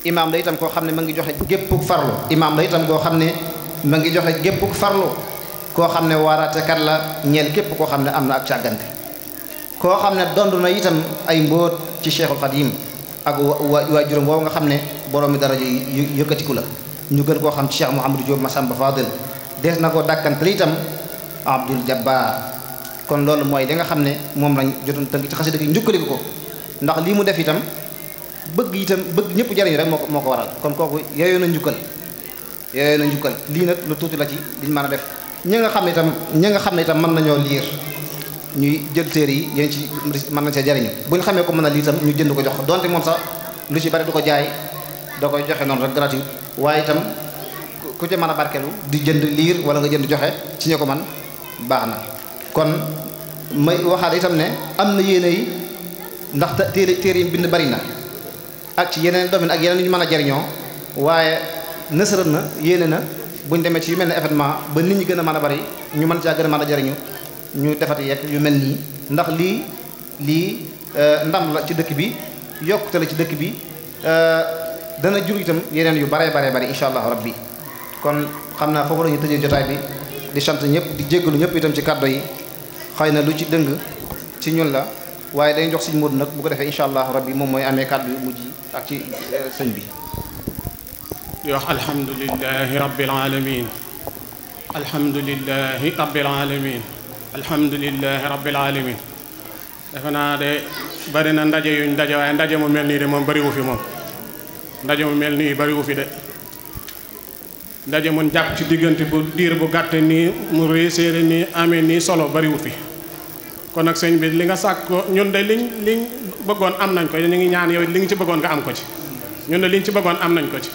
imaam la itam koo xam ne ma ngi joxe géppuk farlu imaam la itam koo xam ne ma ngi joxe géppuk farlu koo xam ne waaraatekat la ñeel képp koo xam ne am na ak càggante koo xam ne dond na itam ay mbóot ci cheikhul xadim ak wa waa juróom woowu nga xam ne boroomi daraja yëkkatiku la ñu gën koo xam ci cheikh mouhamadou Diop Massamba Fadil des na ko dàkkantal itam abdul jabbar kon loolu mooy li nga xam ne moom lañ jotoon tënk ci xasida gi njukkaliku ko ndax lii mu def itam bëgg itam bëgg ñëpp jariñu rek moo ko moo ko waral kon kooku yeyoo na njukkal yeyoo na njukkal lii nag lu tuuti la ci liñ mën a def ñi nga xam ne itam nga xam ne itam mën nañoo liir ñuy jël téere yi yéen ci mën na jariñ bu ñu xamee ko mën a lii tam ñu jënd ko jox ko donte moom sax lu ci bari du ko jaay da koy joxe noonu rek gratuit waaye itam ku ci mën a barkeelu di jënd liir wala nga jënd joxe ci ñe ko man baax na kon may waxaat tam ne am na yéene yi ndax téere téere yi bind bari na ak ci yeneen domaine ak yeneen yu ñu mën a jariñoo waaye nësërën na yéene na buñ demee ci yu mel ne événement ba nit ñu gën a mën a bari ñu mën caa mën a jariñu ñu defati yekk yu mel nii ndax lii lii euh, ndam la ci dëkk bi yokkute la ci dëkk bi euh, dana jur itam yeneen yu bare bare bare incha allahu rabbi kon xam naa foofu la ñu tëjee jotaay bi di sant ñëpp di jéggalu ñëpp itam ci kàddo yi xëy na lu ci dëng ci ñun la waaye dañ jox sëñ Moodu nag bu ko defee incha allahu rabbi moom mooy amee kàddu yu mujj ak ci euh, sëñ bi di wax alhamdulilahi rabbil alamin alhamdulilahi rabbil alamin alhamdulilahi rabbil alamin defe naa de bari na ndaje yuñ ndaje waaye ndaje mu mel nii de moom bariwu fi moom ndaje mu mel nii bariwu fi de ndaje mun jàpp ci diggante bu diir bu gàtt nii mu réussir nii amee nii solo bariwu fi kon nag sëñ bi li nga sàkk ko ñun de liñ liñ bëggoon am nañ ko ñu ngi ñaan yow li ngi ci bëggoon nga am ko ci ñun de liñ ci bëggoon am nañ ko ci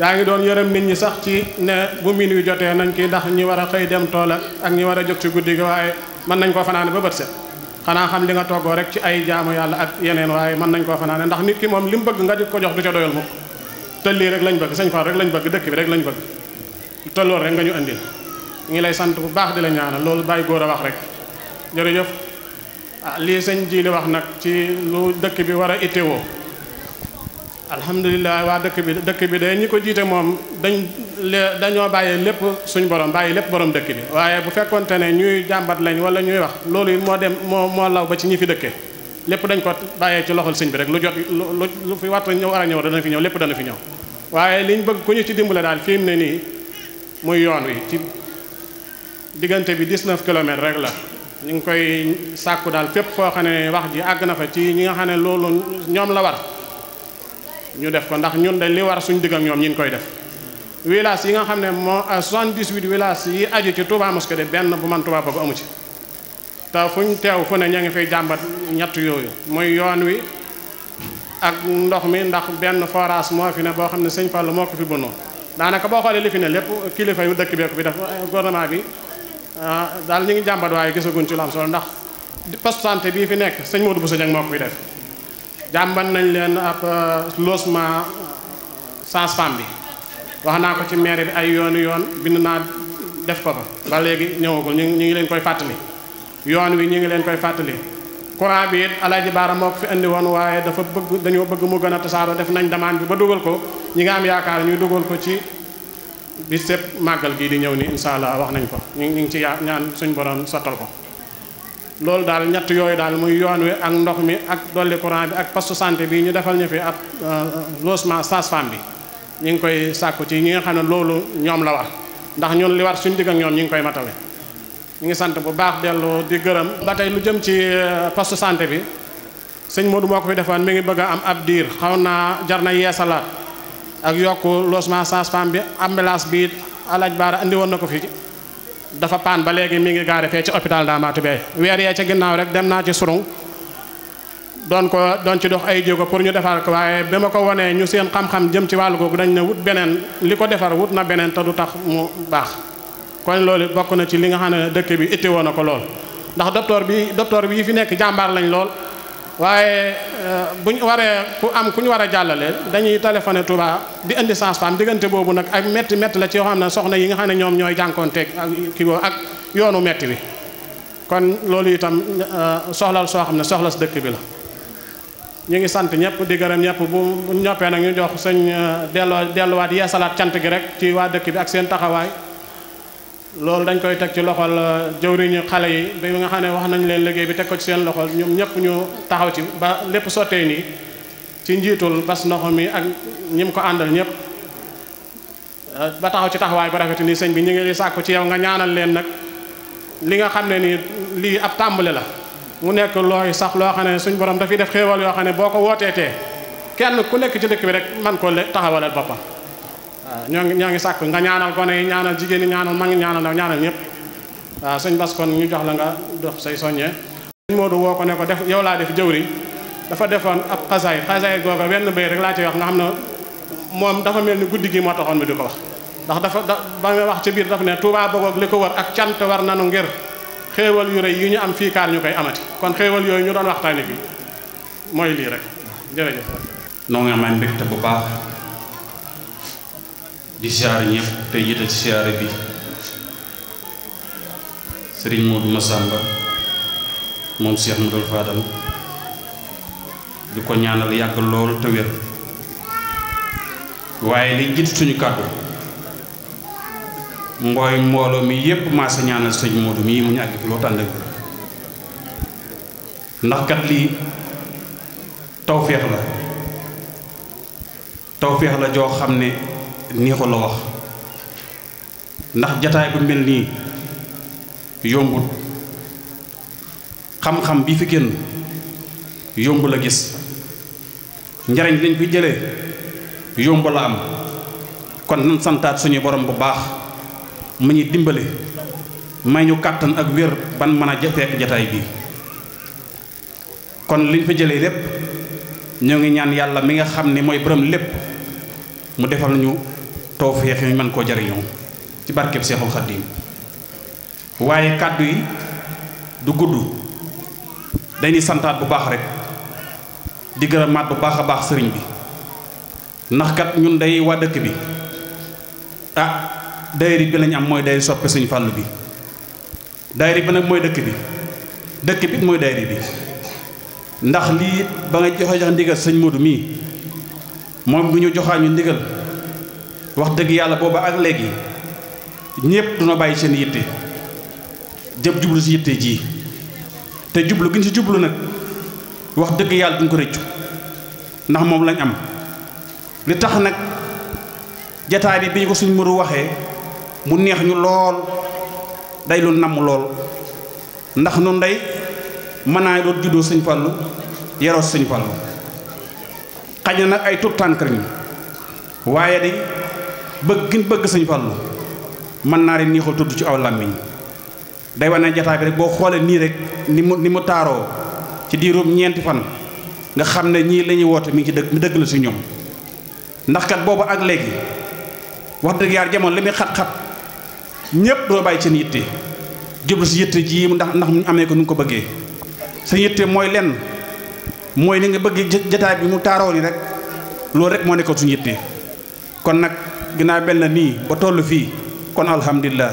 yaa ngi doon yërëm nit ñi sax ci ne bu min wi jotee nañ kii ndax ñi war a xëy dem tool ak ñi war a jóg ci guddi gi waaye mën nañ koo fanaane ba bët set xanaa xam li nga toggoo rek ci ay jaamu yàlla ak yeneen waaye mën nañ koo fanaane ndax nit ki moom li mu bëgg nga di ko jox du ca doyal mukk te lii rek lañ bëgg sëñ Fall rek lañu bëgg dëkk bi rek lañ bëgg te loolu rek nga ñu andil ngi lay sant bu baax di la ñaanal loolu bàyyi góor a wax rek jërëjëf ah lii sëñ ji li wax nag ci lu dëkk bi war a ittewoo alhamdulilah waa dëkk bi dëkk bi de ñi ko jiite moom dañ dañoo bàyyee lépp suñ borom bàyyi lépp borom dëkk bi waaye bu fekkonte ne ñuy jàmbat lañ wala ñuy wax loolu moo dem moo law ba ci ñi fi dëkkee lépp dañ ko bàyyee ci loxol sëñ bi rek lu jot lu fi war a ñëw war a ñëw dana fi ñëw lépp dana fi ñëw waaye li liñ bëgg ku ñu ci dimbale daal fi mu ne nii muy yoon wi ci diggante bi 19 kilomètres rek la ñu ngi koy sàkku daal fépp foo xam ne wax àgg na fa ci ñi nga xam ne loolu ñoom la war ñu def ko ndax ñun de li war suñ digg ak ñoom ñi koy def village yi nga xam ne moo 78 euh, village yi aju ci Touba Mosquée de benn bu man Touba boobu amu ci te fuñ teew fu ne ña ngi fay jàmbat ñett yooyu muy yoon wi ak ndox mi ndax benn forage moo fi ne boo xam ne sëñ Fallou moo ko fi bënoo daanaka boo xoolee li fi ne lépp kilifa yu dëkk beeku bi def euh, gouvernement bi euh, daal ñu ngi jàmbat waaye gisaguñ ci lu am solo ndax poste santé bii fi nekk sëñ Modou Bousso Dieng moo ko jàmbat nañ leen ab euh, logement sage-femme bi wax naa ko ci maire bi ay yoonu yoon bind naa def ko ba ba léegi ñëwagul ñu ngi leen koy fàttali yoon wi ñu ngi leen koy fàttali courant bi it Alaaji Baara moo ko fi indi woon waaye dafa bëgg dañoo bëgg mu gën a tasaaroo def nañ demande bi ba dugal ko ñi nga am yaakaar ñuy dugal ko ci bi sëpp màggal gii di ñëw nii incha allah wax nañ ko ñu ngi ci yaa ñaan suñ borom sottal ko loolu daal ñett yooyu daal muy yoon wi ak ndox mi ak dolli courant bi ak poste santé bi ñu defal ñu fi ab euh, logement sage-femme bi ñu ngi koy sàkku ci ñi nga xam ne loolu ñoom la war ndax ñun li war suñu digg ak ñoom ñu ngi koy matale ñu ngi sant bu baax dellu di gërëm. ba tey lu jëm ci euh, poste santé bi sëñ Modou moo ko fi defoon mi ngi bëgg a am ab diir xaw naa jar na yeesalaat ak yokk logement sage-femme bi ambulance bi alaaj baara andi woon na ko fi. dafa paan ba léegi mi ngi gaare fee ci hôpital Ndamatou Beye weer yee ca ginnaaw rek dem naa ci surung doon ko doon ci dox ay jéego pour ñu defar ko waaye ba ma ko wonee ñu seen xam-xam jëm ci wàllu googu dañ ne wut beneen li ko defar wut na beneen te du tax mu baax kon loolu bokk na ci li nga xam ne dëkk bi itti woon na ko lool ndax docteur bi docteur bi yi fi nekk jàmbaar lañ lool waaye eh, bu ñu waree ku am ku ñu war a jàllale dañuy téléphoné Touba di indi sage-femme diggante boobu nag ak métti métti la ci yoo xam ne soxna yi nga xam ne ñoom ñooy jànkoonteeg ak kii ak yoonu métti bi kon loolu itam eh, soxlal soo xam ne soxlas dëkk bi la. ñu ngi sant ñëpp di gërëm ñëpp bu ñoppee nag ñu jox sëñ eh, delloo delluwaat salaat cant gi rek ci waa dëkk bi ak seen taxawaay. loolu dañ koy teg ci loxol euh, jëwriñu xale yi bi nga xam ne wax nañ leen liggéey bi teg ko ci seen loxol ñoom ñëpp ñu taxaw ci ba lépp sottee nii ci njiitul bas ndox mi ak ñim ko àndal ñëpp euh, ba taxaw ci taxawaay bu rafet nii sëñ bi ñu ngi lay ci yow nga ñaanal leen nag li nga xam ne nii lii ab tàmbali la mu nekk looy sax loo xam ne suñ borom dafiy def xéewal yoo xam ne boo ko wooteetee kenn ku nekk ci dëkk bi rek man ko taxawalal boppam waaw ñoo ngi ñoo ngi sàkku nga ñaanal gone yi ñaanal jigéen ñi ñaanal mag ñi ñaanal ndaw ñaanal ñëpp waaw sëñ bas kon ñu jox la nga dox say soññee sëñ Modou woo ko ne ko def yow laa def jëwri dafa defoon ab xasaay xasaay googa wenn bay rek laa ci wax nga xam ne moom dafa mel ni guddi gi moo taxoon mi di ko wax ndax dafa ba nga wax ci biir dafa ne Touba Bogoog li ko wër ak cant war nanu ngir xéewal yu rek yi ñu am fii kaar ñu koy amati kon xéewal yooyu ñu doon waxtaane fii mooy lii rek jërëjëf noo nga amaan mbégte bu baax di siyaar ñëpp te yita ci siyaare bi sëriñ Moodu Masamba moom Cheikh Modou Fadal di ko ñaanal yàgg lool te wér waaye li jiitu suñu kàddu mbooy mbooloo mi yépp maa sa ñaanal sëñ Moodu mii mu ñu àgg fi loo tànd ak ndax lii tawféex la tawféex la joo xam ne neexu la wax ndax jataay bu mel nii yombul xam-xam bi fi génn yomb la gis njariñ lañ fi jële yomb la am kon nan santaat suñu borom bu baax mu ñuy dimbale may ñu kàttan ak wér ban mën fekk jataay bi kon liñ fa jëlee lépp ñoo ngi ñaan yàlla mi nga xam ni mooy borom lépp mu defal ñu tawfeex ñu mën koo jariñoo ci barkeb Seexul Xaddiim waaye kàddu yi du gudd dañuy santaat bu baax rek di gërëmaat bu baax a baax sëriñ bi ndax kat ñun day waa dëkk bi ah dayri bi lañ am mooy dayri soppe suñu fàllu bi dayri bi nag mooy dëkk bi dëkk bi mooy dayri bi ndax lii ba nga joxe jox ndigal sëñ Modou mii moom bu ñu joxaa ñu ndigal wax dëgg yàlla booba ak léegi ñëpp duna bàyyi seen yitte jëm jublu si yitte ji te jublu giñ si jublu nag wax dëgg yàlla duñ ko rëccu ndax moom lañ am li tax nag jataay bi bi ñu ko suñ mëru waxee mu neex ñu lool day lu namm lool ndax nun ndey mën naa doon juddoo sëñ Fallu yaroo sëñ Fallu xaj na nag ay tut waaye di bëgg gën bëgg sëñ Fallu mën naa leen nii ko tudd ci aw làmmiñ day wane ne jataay bi rek boo xoolee nii rek ni mu ni mu taaroo ci diirum ñeenti fan nga xam ne ñii la ñuy woote mi ngi dëgg mi la si ñoom ndax kat boobu ak léegi wax dëgg yaar jamono li muy xat-xat ñëpp doo bàyyi seen yitte jublu si yitte ji ndax ndax mu amee ko nu ko bëggee seen yitte mooy lenn mooy ni nga bëgg jataay bi mu taaroo ni rek loolu rek moo nekkoon suñu yitte kon nag ginnaaw mel na nii ba toll fii kon alhamdulilah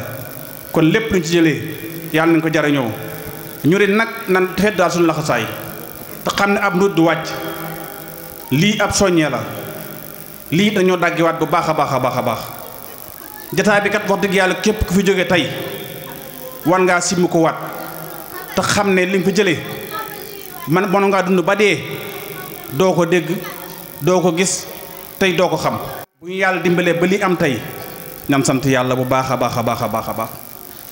kon lépp luñ ci jëlee yàlla nañ ko ñëw ñu rit nag nan teet daal suñu laxasaay te xam ne ab nut du wàcc lii ab soññee la lii dañoo dàggiwaat bu baax a baax a baax a baax jataay bi kat wax dëgg yàlla képp ku fi jóge tey war ngaa simmi ko waat te xam ne li nga fi jëlee man mën ngaa dund ba dee doo ko dégg doo ko gis tey doo ko xam bu ñu yàlla dimbalee ba li am tey nan sant yàlla bu baax a baax a baax a baax a baax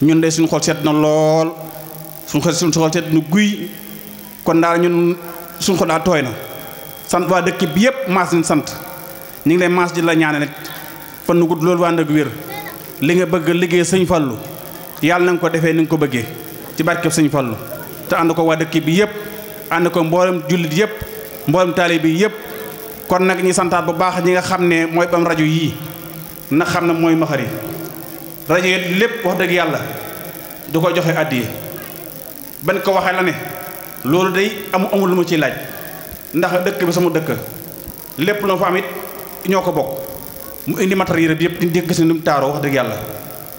ñun de suñ xol seet na lool suñu xol suñu xol seet guy kon daal ñun suñ xol daal tooy na sant waa dëkk bi yëpp maas nañ sant ñu ngi lay maas di la ñaanal it fan nu gudd loolu waa ndëg wér li nga bëgg liggéey sëñ Fallu yàlla na nga ko defee ni nga ko bëggee ci barkeb sëñ Fallu te ànd ko waa dëkk bi yëpp ànd ko mboolem jullit yëpp mboolem taalibe bi yëpp kon nag ñu santaat bu baax ñi nga xam ne mooy bam rajo yii na xam ne mooy maxari rajo yi lépp wax dëgg yàlla du ko joxe àddi yi ban ko waxee la ne loolu de amu amul lu ma ciy laaj ndax dëkk bi sama dëkk lépp lu ma fa am it ñoo ko bokk mu indi matériel bi yëpp di gis ne ni mu taaroo wax dëgg yàlla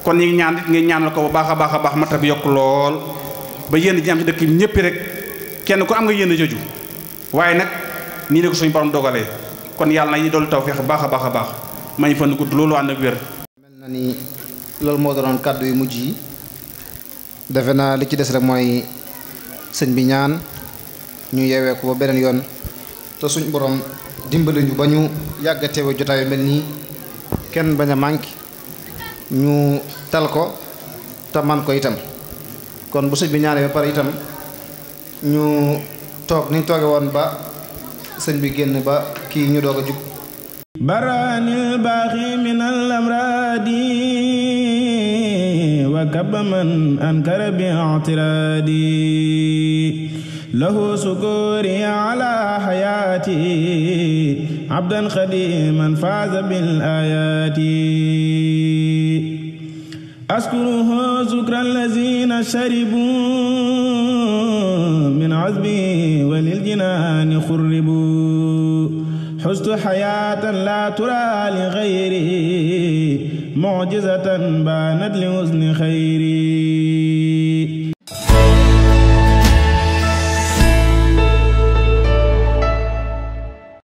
kon ñu ngi ñaan it ngeen ñaanal ko bu baax a baax a baax matériel bi yokk lool ba yéen ji am ci dëkk bi ñëpp rek kenn ku am nga yéen a waaye nag. nii la ko suñu borom dogalee kon yàlla na ñu dolli tawfeex baax a baax a baax may fan gudd loolu ànd ak wér. mel na ni loolu moo doon kàddu yu mujj yi defe naa li ci des rek mooy sëñ bi ñaan ñu yeewee ko ba beneen yoon te suñ boroom dimbali ñu ba ñu yàggatee a teewe mel nii kenn bañ a manqué ñu tal ko te man ko itam kon bu sëñ bi ñaanee ba pare itam ñu toog ni toogee woon ba. sëñ bi génn ba kii ñu doog a jug baraanil baaxi min al amraadi wa kaba man ankara bi i'tiraadi lahu sukuri ala xayaati abdan xadiman faaza bil ayaati askuruhu zukra allazina sharibu min azbi walil jinaani xurribu xustu xayaatan laa turaa li xayri mucjizatan baanat li husni xayri